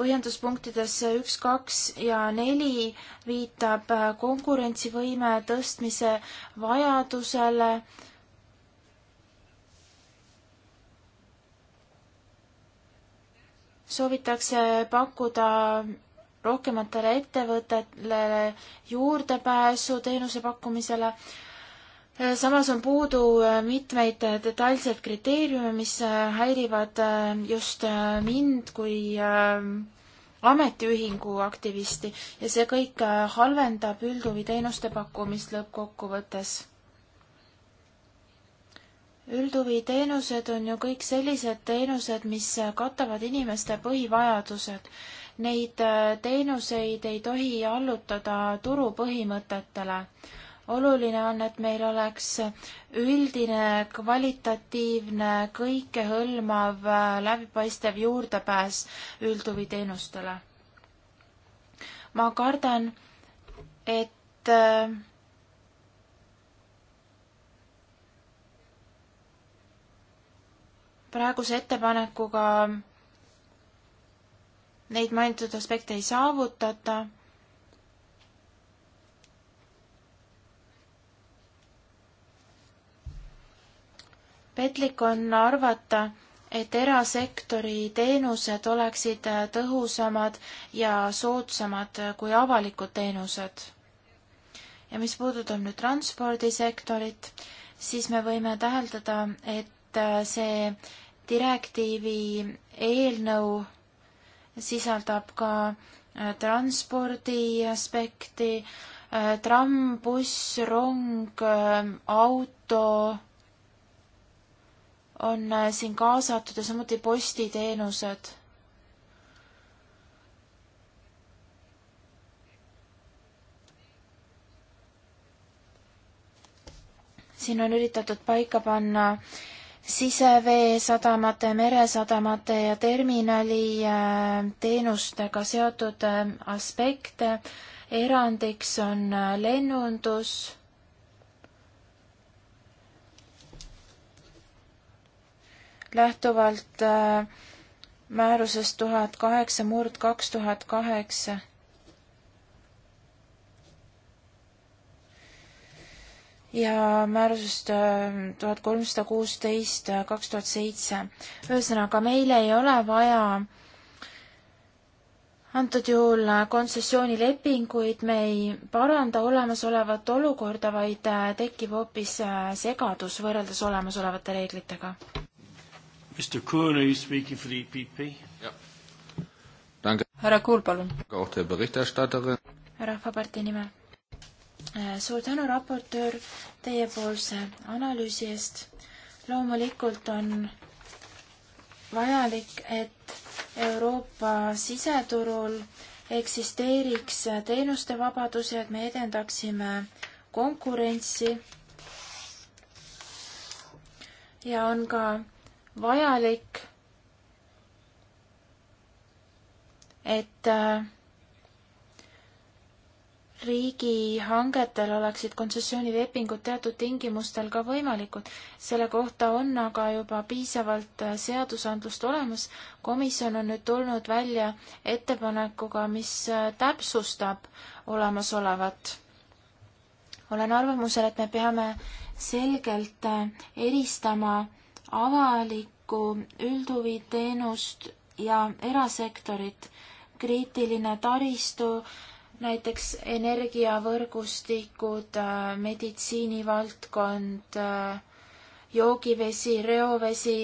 põhjenduspunktides üks, kaks ja neli viitab äh, konkurentsivõime tõstmise vajadusele. soovitakse pakkuda rohkematele ettevõtetele juurdepääsu teenuse pakkumisele. samas on puudu äh, mitmeid detailseid kriteeriume, mis äh, häirivad äh, just mind kui ametiühingu aktivisti ja see kõik halvendab üldhuvi teenuste pakkumist lõppkokkuvõttes. üldhuvi teenused on ju kõik sellised teenused, mis katavad inimeste põhivajadused Neid äh, teenuseid ei tohi allutada turupõhimõtetele. oluline on, et meil oleks üldine, kvalitatiivne, kõikehõlmav, äh, läbipaistev juurdepääs üldhuviteenustele. ma kardan, et äh, praeguse ettepanekuga neid mainitud aspekte ei saavutata, petlik on arvata, et erasektori teenused oleksid tõhusamad ja soodsamad kui avalikud teenused. ja mis puudutab nüüd transpordisektorit, siis me võime täheldada, et see direktiivi eelnõu sisaldab ka äh, transpordi aspekti, äh, tramm, buss, rong, äh, auto on siin kaasatud ja samuti postiteenused. siin on üritatud paika panna äh, siseveesadamate, meresadamate ja terminali äh, teenustega seotud äh, aspekte. erandiks on äh, lennundus. lähtuvalt määrusest tuhat kaheksa murd kaks tuhat kaheksa ja määrusest äh, tuhat kolmsada kuusteist äh, kaks tuhat seitse. ühesõnaga, meil ei ole vaja antud juhul äh, kontsessioonilepinguid, me ei paranda olemasolevat olukorda, vaid tekib hoopis segadus võrreldes olemasolevate reeglitega. Mr Kuhn, are you speaking for the EPP? härra Kuhl, palun. rahvapartei nimel Äh, suur tänu, raportöör, teiepoolse analüüsi eest. loomulikult on vajalik, et Euroopa siseturul eksisteeriks teenuste vabadus ja et me edendaksime konkurentsi. ja on ka vajalik, et äh, riigihangetel oleksid kontsessioonilepingud teatud tingimustel ka võimalikud. selle kohta on aga juba piisavalt äh, seadusandlust olemas. komisjon on nüüd tulnud välja ettepanekuga, mis äh, täpsustab olemasolevat. olen arvamusel, et me peame selgelt äh, eristama avalikku üldhuviteenust ja erasektorit, kriitiline taristu, näiteks energiavõrgustikud, äh, meditsiinivaldkond, äh, joogivesi, reovesi.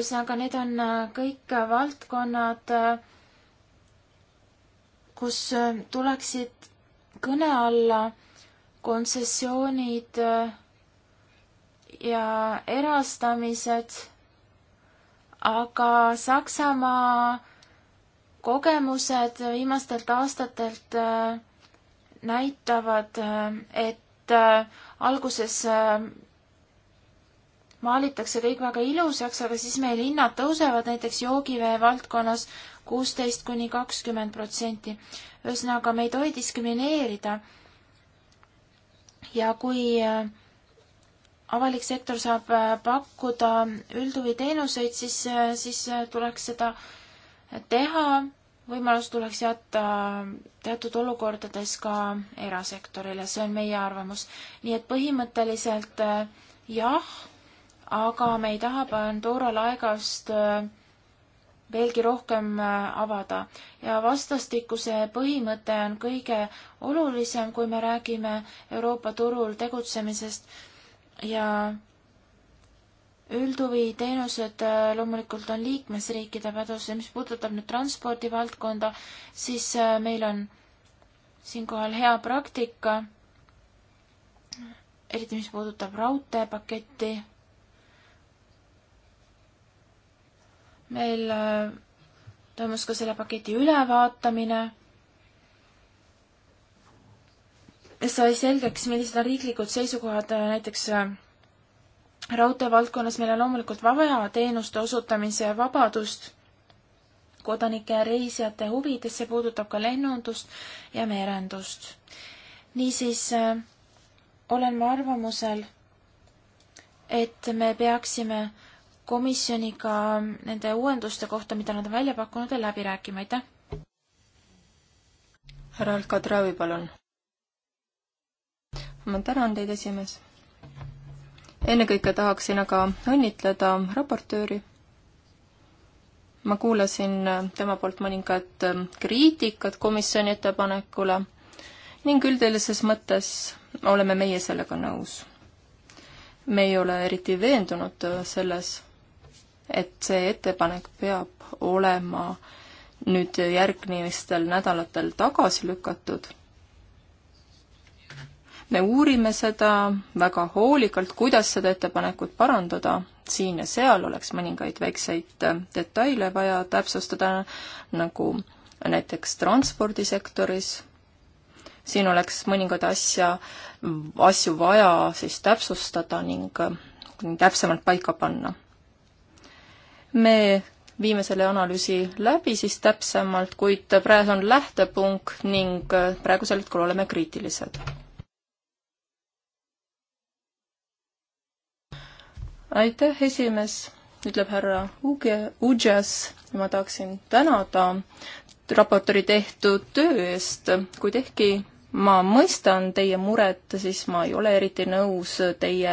ühesõnaga, need on äh, kõik valdkonnad, kus tuleksid kõne alla kontsessioonid ja erastamised, aga Saksamaa kogemused viimastelt aastatelt äh, näitavad, äh, et äh, alguses maalitakse kõik väga ilusaks, aga siis meil hinnad tõusevad näiteks joogivee valdkonnas kuusteist kuni kakskümmend protsenti. ühesõnaga, me ei tohi diskrimineerida. ja kui avalik sektor saab pakkuda üldhuviteenuseid, siis, siis tuleks seda teha, võimalus tuleks jätta teatud olukordades ka erasektorile, see on meie arvamus. nii et põhimõtteliselt eh, jah, aga me ei taha Pandora laegast eh, veelgi rohkem eh, avada ja vastastikuse põhimõte on kõige olulisem, kui me räägime Euroopa turul tegutsemisest ja üldhuviteenused äh, loomulikult on liikmesriikide pädevus ja mis puudutab nüüd transpordivaldkonda, siis äh, meil on siinkohal hea praktika, eriti mis puudutab raudteepaketti. meil äh, toimus ka selle paketi ülevaatamine sai selgeks, millised on riiklikud seisukohad näiteks raudtee valdkonnas meil on loomulikult vaja teenuste osutamise vabadust kodanike ja reisijate huvides, see puudutab ka lennundust ja merendust. niisiis äh, olen ma arvamusel, et me peaksime komisjoniga nende uuenduste kohta, mida nad on välja pakkunud, veel läbi rääkima, aitäh! härra Alkadravi, palun! ma tänan teid, esimees! ennekõike tahaksin aga õnnitleda raportööri. ma kuulasin tema poolt mõningat kriitikat komisjoni ettepanekule ning üldilises mõttes oleme meie sellega nõus. me ei ole eriti veendunud selles, et see ettepanek peab olema nüüd järgmistel nädalatel tagasi lükatud me uurime seda väga hoolikalt, kuidas seda ettepanekut parandada, siin ja seal oleks mõningaid väikseid äh, detaile vaja täpsustada, nagu näiteks transpordisektoris, siin oleks mõningaid asja, asju vaja siis täpsustada ning äh, täpsemalt paika panna. me viime selle analüüsi läbi siis täpsemalt, kuid praegu on lähtepunkt ning äh, praegusel hetkel oleme kriitilised aitäh, esimees, ütleb härra Uge-, Udžas ja ma tahaksin tänada raportööri tehtud töö eest, kuid ehkki ma mõistan teie muret, siis ma ei ole eriti nõus teie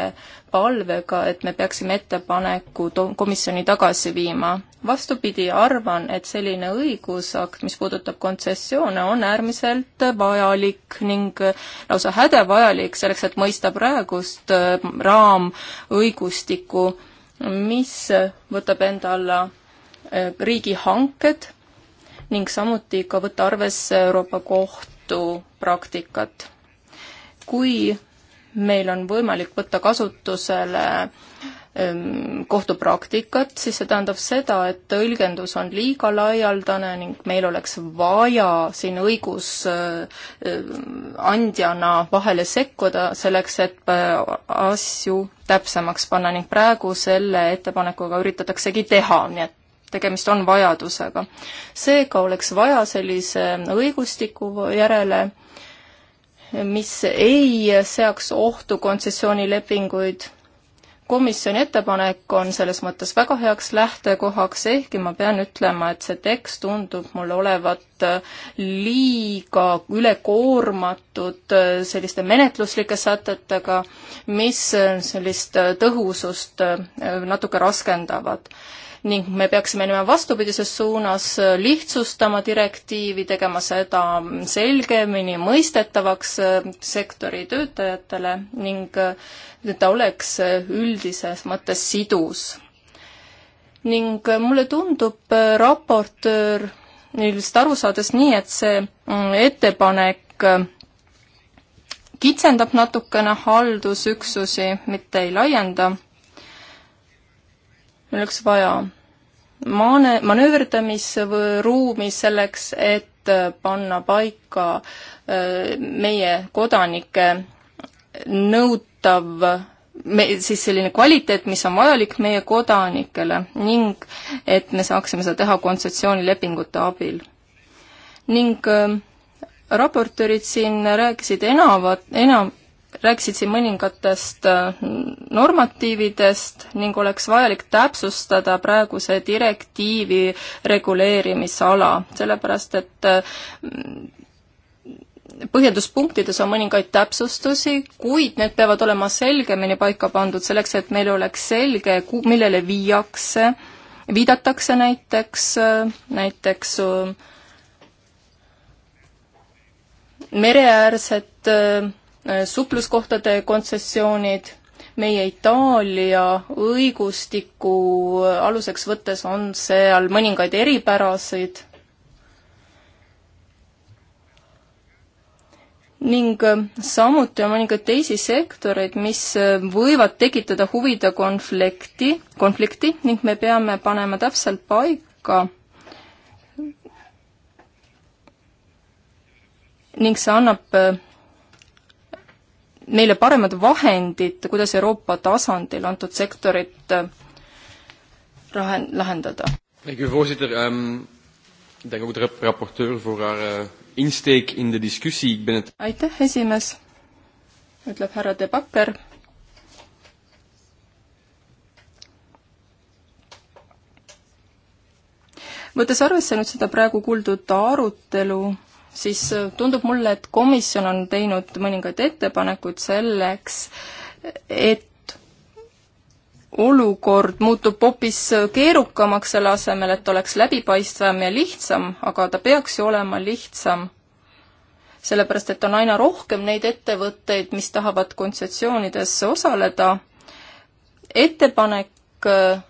palvega, et me peaksime ettepaneku to-, komisjoni tagasi viima. vastupidi, arvan, et selline õigusakt, mis puudutab kontsessioone, on äärmiselt vajalik ning lausa hädavajalik selleks, et mõista praegust äh, raamõigustikku, mis võtab enda alla äh, riigihanked ning samuti ka võtta arvesse Euroopa Kohtu mitu praktikat. kui meil on võimalik võtta kasutusele ähm, kohtupraktikat, siis see tähendab seda, et tõlgendus on liiga laialdane ning meil oleks vaja siin õigusandjana äh, vahele sekkuda, selleks et äh, asju täpsemaks panna ning praegu selle ettepanekuga üritataksegi teha, nii et tegemist on vajadusega. seega oleks vaja sellise õigustiku järele, mis ei seaks ohtu kontsessioonilepinguid. komisjoni ettepanek on selles mõttes väga heaks lähtekohaks, ehkki ma pean ütlema, et see tekst tundub mulle olevat liiga ülekoormatud selliste menetluslike sätetega, mis sellist tõhusust natuke raskendavad ning me peaksime minema vastupidises suunas, lihtsustama direktiivi, tegema seda selgemini mõistetavaks äh, sektori töötajatele ning äh, ta oleks äh, üldises mõttes sidus. ning mulle tundub raportöör neist aru saades nii, et see mm, ettepanek kitsendab natukene haldusüksusi, mitte ei laienda meil oleks vaja maane-, manööverdamisruumi selleks, et äh, panna paika äh, meie kodanike nõutav me, siis selline kvaliteet, mis on vajalik meie kodanikele ning et me saaksime seda teha kontsessioonilepingute abil. ning äh, raportöörid siin rääkisid enavat, enam, rääkisid siin mõningatest äh, normatiividest ning oleks vajalik täpsustada praeguse direktiivi reguleerimisala, sellepärast et äh, põhjenduspunktides on mõningaid täpsustusi, kuid need peavad olema selgemini paika pandud selleks, et meil oleks selge, millele viiakse, viidatakse näiteks, äh, näiteks mereäärsed Äh, supluskohtade kontsessioonid, meie Itaalia õigustiku aluseks võttes on seal mõningaid eripärasid ning äh, samuti on mõningaid teisi sektoreid, mis äh, võivad tekitada huvide konflikti, konflikti ning me peame panema täpselt paika ning see annab neile paremad vahendid, kuidas Euroopa tasandil antud sektorit lahen-, äh, lahendada. Ehm, eh, aitäh, esimees, ütleb härra De Backer. võttes arvesse nüüd seda praegu kuuldud arutelu, siis äh, tundub mulle, et komisjon on teinud mõningaid ettepanekuid selleks, et olukord muutub hoopis äh, keerukamaks selle asemel, et oleks läbipaistvam ja lihtsam, aga ta peaks ju olema lihtsam. sellepärast, et on aina rohkem neid ettevõtteid, mis tahavad kontsessioonides osaleda. ettepanek äh,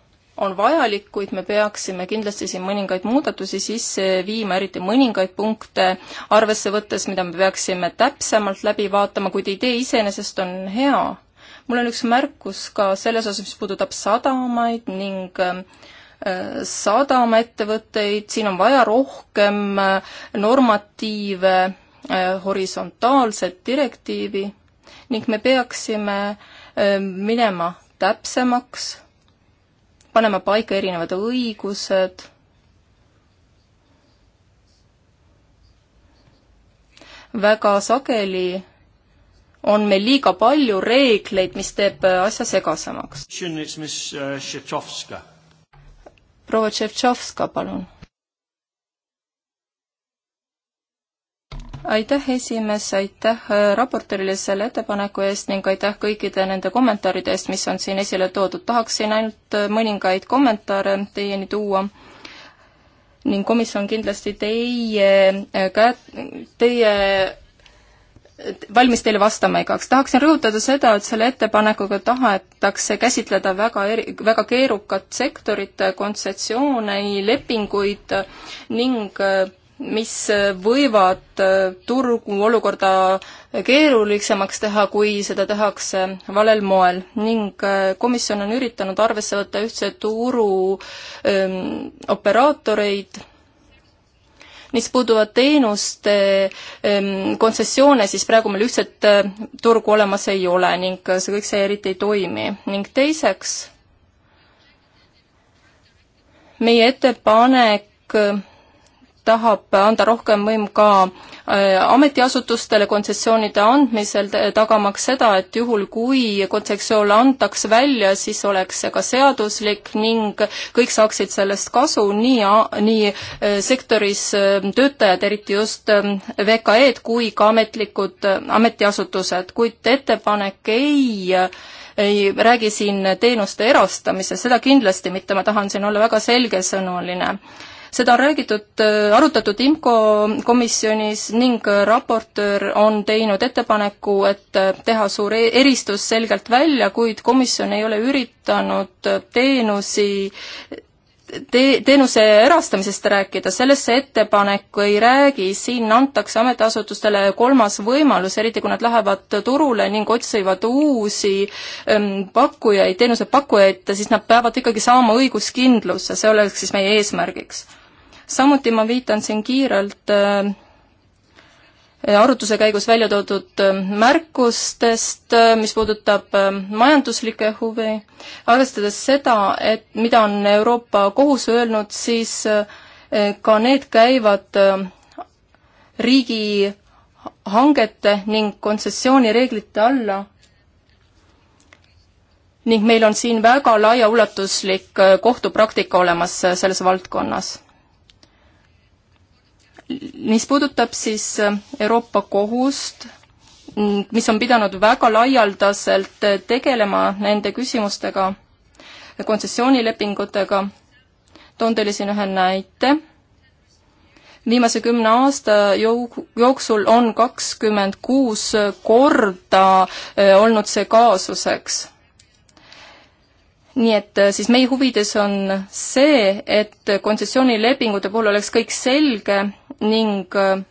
on vajalik, kuid me peaksime kindlasti siin mõningaid muudatusi sisse viima, eriti mõningaid punkte arvesse võttes, mida me peaksime täpsemalt läbi vaatama, kuid idee iseenesest on hea. mul on üks märkus ka selles osas, mis puudutab sadamaid ning äh, sadamaettevõtteid, siin on vaja rohkem äh, normatiive, äh, horisontaalset direktiivi ning me peaksime minema täpsemaks panema paika erinevad õigused, väga sageli on meil liiga palju reegleid, mis teeb asja segasemaks. Uh, proua Tšetšovska, palun aitäh, esimees, aitäh äh, raportöörile selle ettepaneku eest ning aitäh kõikide nende kommentaaride eest, mis on siin esile toodud. tahaksin ainult äh, mõningaid kommentaare teieni tuua ning komisjon kindlasti teie äh, käe, teie valmis teile vastama igaks. tahaksin rõhutada seda, et selle ettepanekuga tahetakse käsitleda väga eri, väga keerukat sektorit, kontsessioone, lepinguid ning mis äh, võivad äh, turgu olukorda keerulisemaks teha, kui seda tehakse valel moel ning äh, komisjon on üritanud arvesse võtta ühtse turu öö, ähm, operaatoreid mis puuduvad teenuste ähm, kontsessioone, siis praegu meil ühtset turgu olemas ei ole ning see kõik see eriti ei toimi. ning teiseks, meie ettepanek tahab anda rohkem võim ka äh, ametiasutustele kontsessioonide andmisel, tagamaks seda, et juhul, kui kontsessioon antakse välja, siis oleks see ka seaduslik ning kõik saaksid sellest kasu, nii, nii äh, sektoris äh, töötajad, eriti just ähm, VKE-d, kui ka ametlikud ametiasutused, kuid ettepanek ei ei räägi siin teenuste erastamisest, seda kindlasti mitte, ma tahan siin olla väga selgesõnuline seda on räägitud, äh, arutatud IMCO komisjonis ning raportöör on teinud ettepaneku, et äh, teha suur e-, eristus selgelt välja, kuid komisjon ei ole üritanud teenusi tee-, teenuse erastamisest rääkida, sellest see ettepanek ei räägi, siin antakse ametiasutustele kolmas võimalus, eriti kui nad lähevad turule ning otsivad uusi ähm, pakkujaid, teenusepakkujaid, siis nad peavad ikkagi saama õiguskindluse, see oleks siis meie eesmärgiks samuti ma viitan siin kiirelt äh, arutluse käigus välja toodud äh, märkustest, äh, mis puudutab majanduslikke huve, arvestades seda, et mida on Euroopa Kohus öelnud, siis ka need käivad riigihangete ning kontsessioonireeglite alla ning meil on siin väga laiaulatuslik kohtupraktika olemas selles valdkonnas mis puudutab siis äh, Euroopa Kohust, mm, mis on pidanud väga laialdaselt äh, tegelema nende küsimustega, kontsessioonilepingutega, toon teile siin ühe näite, viimase kümne aasta jooksul on kakskümmend kuus korda äh, olnud see kaasuseks nii et äh, siis meie huvides on see, et kontsessioonilepingute puhul oleks kõik selge ning äh,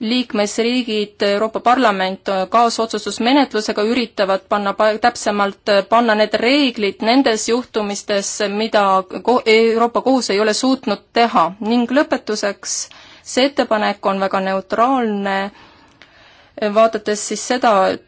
liikmesriigid, Euroopa Parlament äh, kaasotsustusmenetlusega üritavad panna pa-, täpsemalt panna need reeglid nendes juhtumistes, mida ko-, Euroopa Kohus ei ole suutnud teha ning lõpetuseks see ettepanek on väga neutraalne, vaadates siis seda, et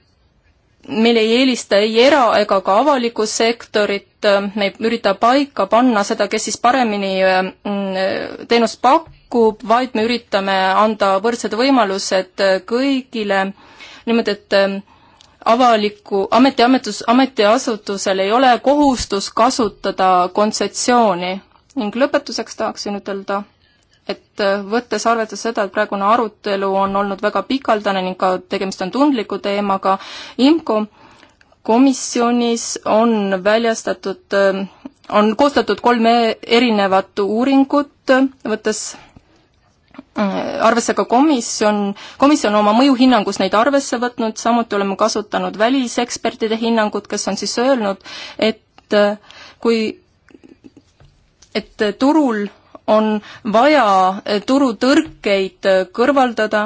meil ei eelista ei era- ega ka avalikku sektorit, me ei ürita paika panna seda, kes siis paremini mm, teenust pakub, vaid me üritame anda võrdsed võimalused kõigile, niimoodi et mm, avaliku, ametiametus, ametiasutusel ei ole kohustus kasutada kontsessiooni. ning lõpetuseks tahaksin ütelda et äh, võttes arvestades seda, et praegune arutelu on olnud väga pikaldane ning ka tegemist on tundliku teemaga, IMCO komisjonis on väljastatud, äh, on koostatud kolm e-, erinevat uuringut, võttes äh, arvesse ka komisjon, komisjon oma mõjuhinnangus neid arvesse võtnud, samuti oleme kasutanud välisekspertide hinnangut, kes on siis öelnud, et kui, et turul on vaja turutõrkeid kõrvaldada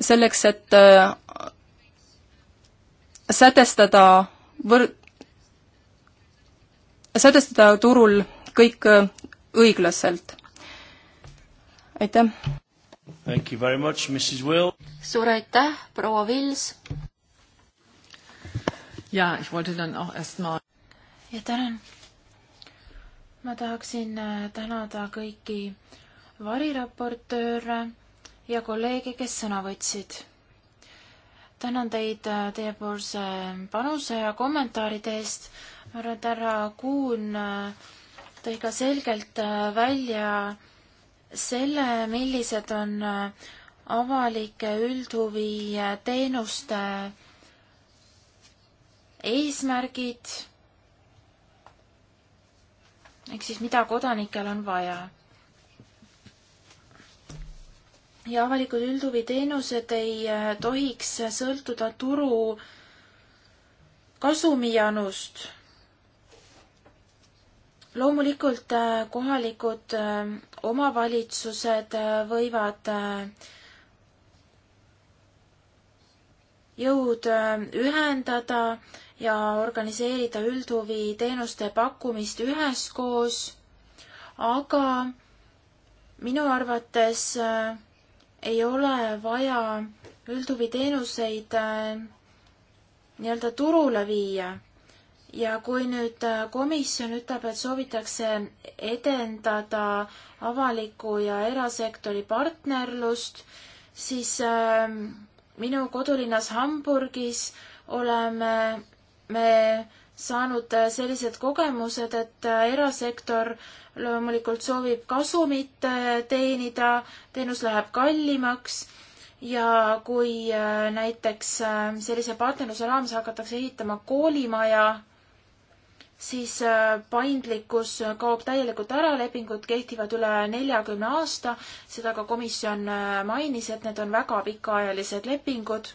selleks, et äh, sätestada võr-, sätestada turul kõik äh, õiglaselt. aitäh! Thank you very much, Mrs Will. suur aitäh, proua Vils! jaa, ich wollte dann auch erstmal ja tänan! ma tahaksin äh, tänada kõiki variraportööre ja kolleege, kes sõna võtsid. tänan teid äh, teiepoolse panuse ja kommentaaride eest. ma arvan, et härra Kuun äh, tõi ka selgelt välja selle, millised on avalike üldhuvi teenuste eesmärgid ehk siis mida kodanikel on vaja. ja avalikud üldhuviteenused ei äh, tohiks sõltuda turu kasumijanust. loomulikult äh, kohalikud äh, omavalitsused võivad jõud ühendada ja organiseerida üldhuviteenuste pakkumist üheskoos, aga minu arvates äh, ei ole vaja üldhuviteenuseid äh, nii-öelda turule viia ja kui nüüd äh, komisjon ütleb, et soovitakse edendada avaliku ja erasektori partnerlust, siis minu kodulinnas Hamburgis oleme me saanud sellised kogemused, et erasektor loomulikult soovib kasumit teenida, teenus läheb kallimaks ja kui äh, näiteks äh, sellise partnerluse raames hakatakse ehitama koolimaja, siis äh, paindlikkus kaob täielikult ära, lepingud kehtivad üle neljakümne aasta, seda ka komisjon mainis, et need on väga pikaajalised lepingud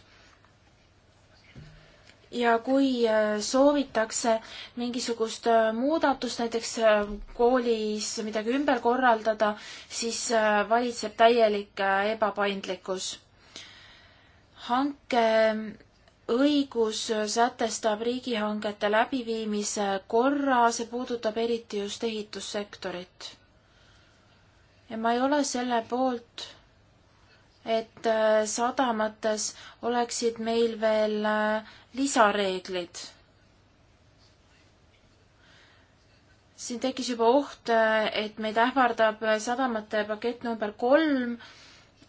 ja kui äh, soovitakse mingisugust äh, muudatust, näiteks äh, koolis midagi ümber korraldada, siis valitseb täielik ebapaindlikkus. hanke ähm, õigus sätestab riigihangete läbiviimise korra, see puudutab eriti just ehitussektorit. ja ma ei ole selle poolt, et sadamates oleksid meil veel lisareeglid. siin tekkis juba oht, et meid ähvardab sadamate pakett number kolm,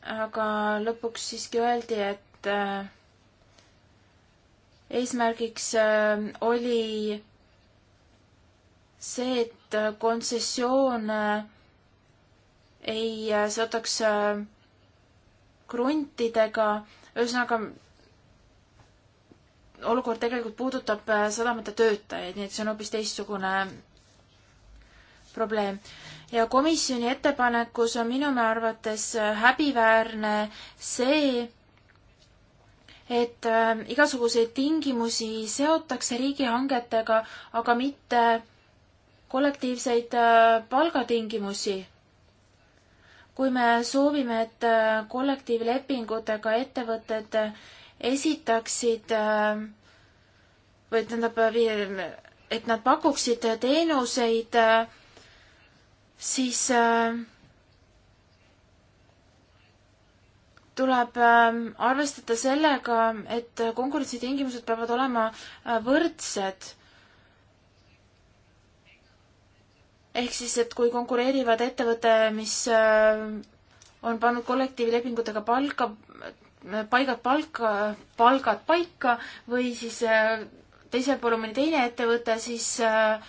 aga lõpuks siiski öeldi, et äh, eesmärgiks äh, oli see, et kontsessioon äh, ei seotaks kruntidega, ühesõnaga olukord tegelikult puudutab äh, sadamate töötajaid, nii et see on hoopis teistsugune probleem. ja komisjoni ettepanekus on minu arvates äh, häbiväärne see, et äh, igasuguseid tingimusi seotakse riigihangetega, aga mitte kollektiivseid palgatingimusi kui me soovime, et kollektiivlepingutega ettevõtted esitaksid äh, või tähendab, äh, et nad pakuksid äh, teenuseid siis äh, tuleb äh, arvestada sellega, et konkurentsitingimused peavad olema äh, võrdsed. ehk siis, et kui konkureerivad ettevõte, mis on pannud kollektiivlepingutega palka paigad palka, palgad paika või siis äh, teisel pool on mõni teine ettevõte, siis äh,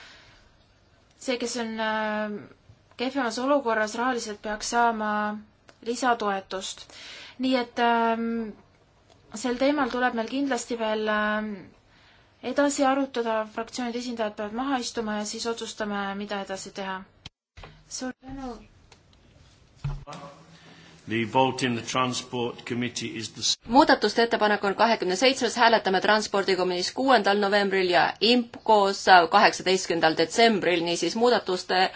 see, kes on äh, kehvemas olukorras rahaliselt, peaks saama lisatoetust. nii et ähm, sel teemal tuleb meil kindlasti veel edasi arutada, fraktsioonide esindajad peavad maha istuma ja siis otsustame, mida edasi teha. suur tänu muudatuste ettepanek on kahekümne seitsmes, hääletame transpordikomisjonis kuuendal novembril ja IMCO-s kaheksateistkümnendal detsembril, niisiis muudatuste äh,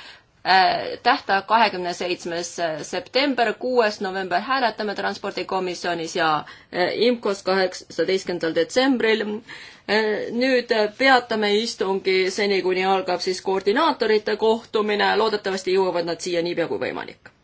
tähtaeg kahekümne seitsmes äh, september, kuues november hääletame transpordikomisjonis ja äh, IMCO-s kaheksateistkümnendal detsembril äh,. nüüd peatame istungi seni, kuni algab siis koordinaatorite kohtumine, loodetavasti jõuavad nad siia niipea kui võimalik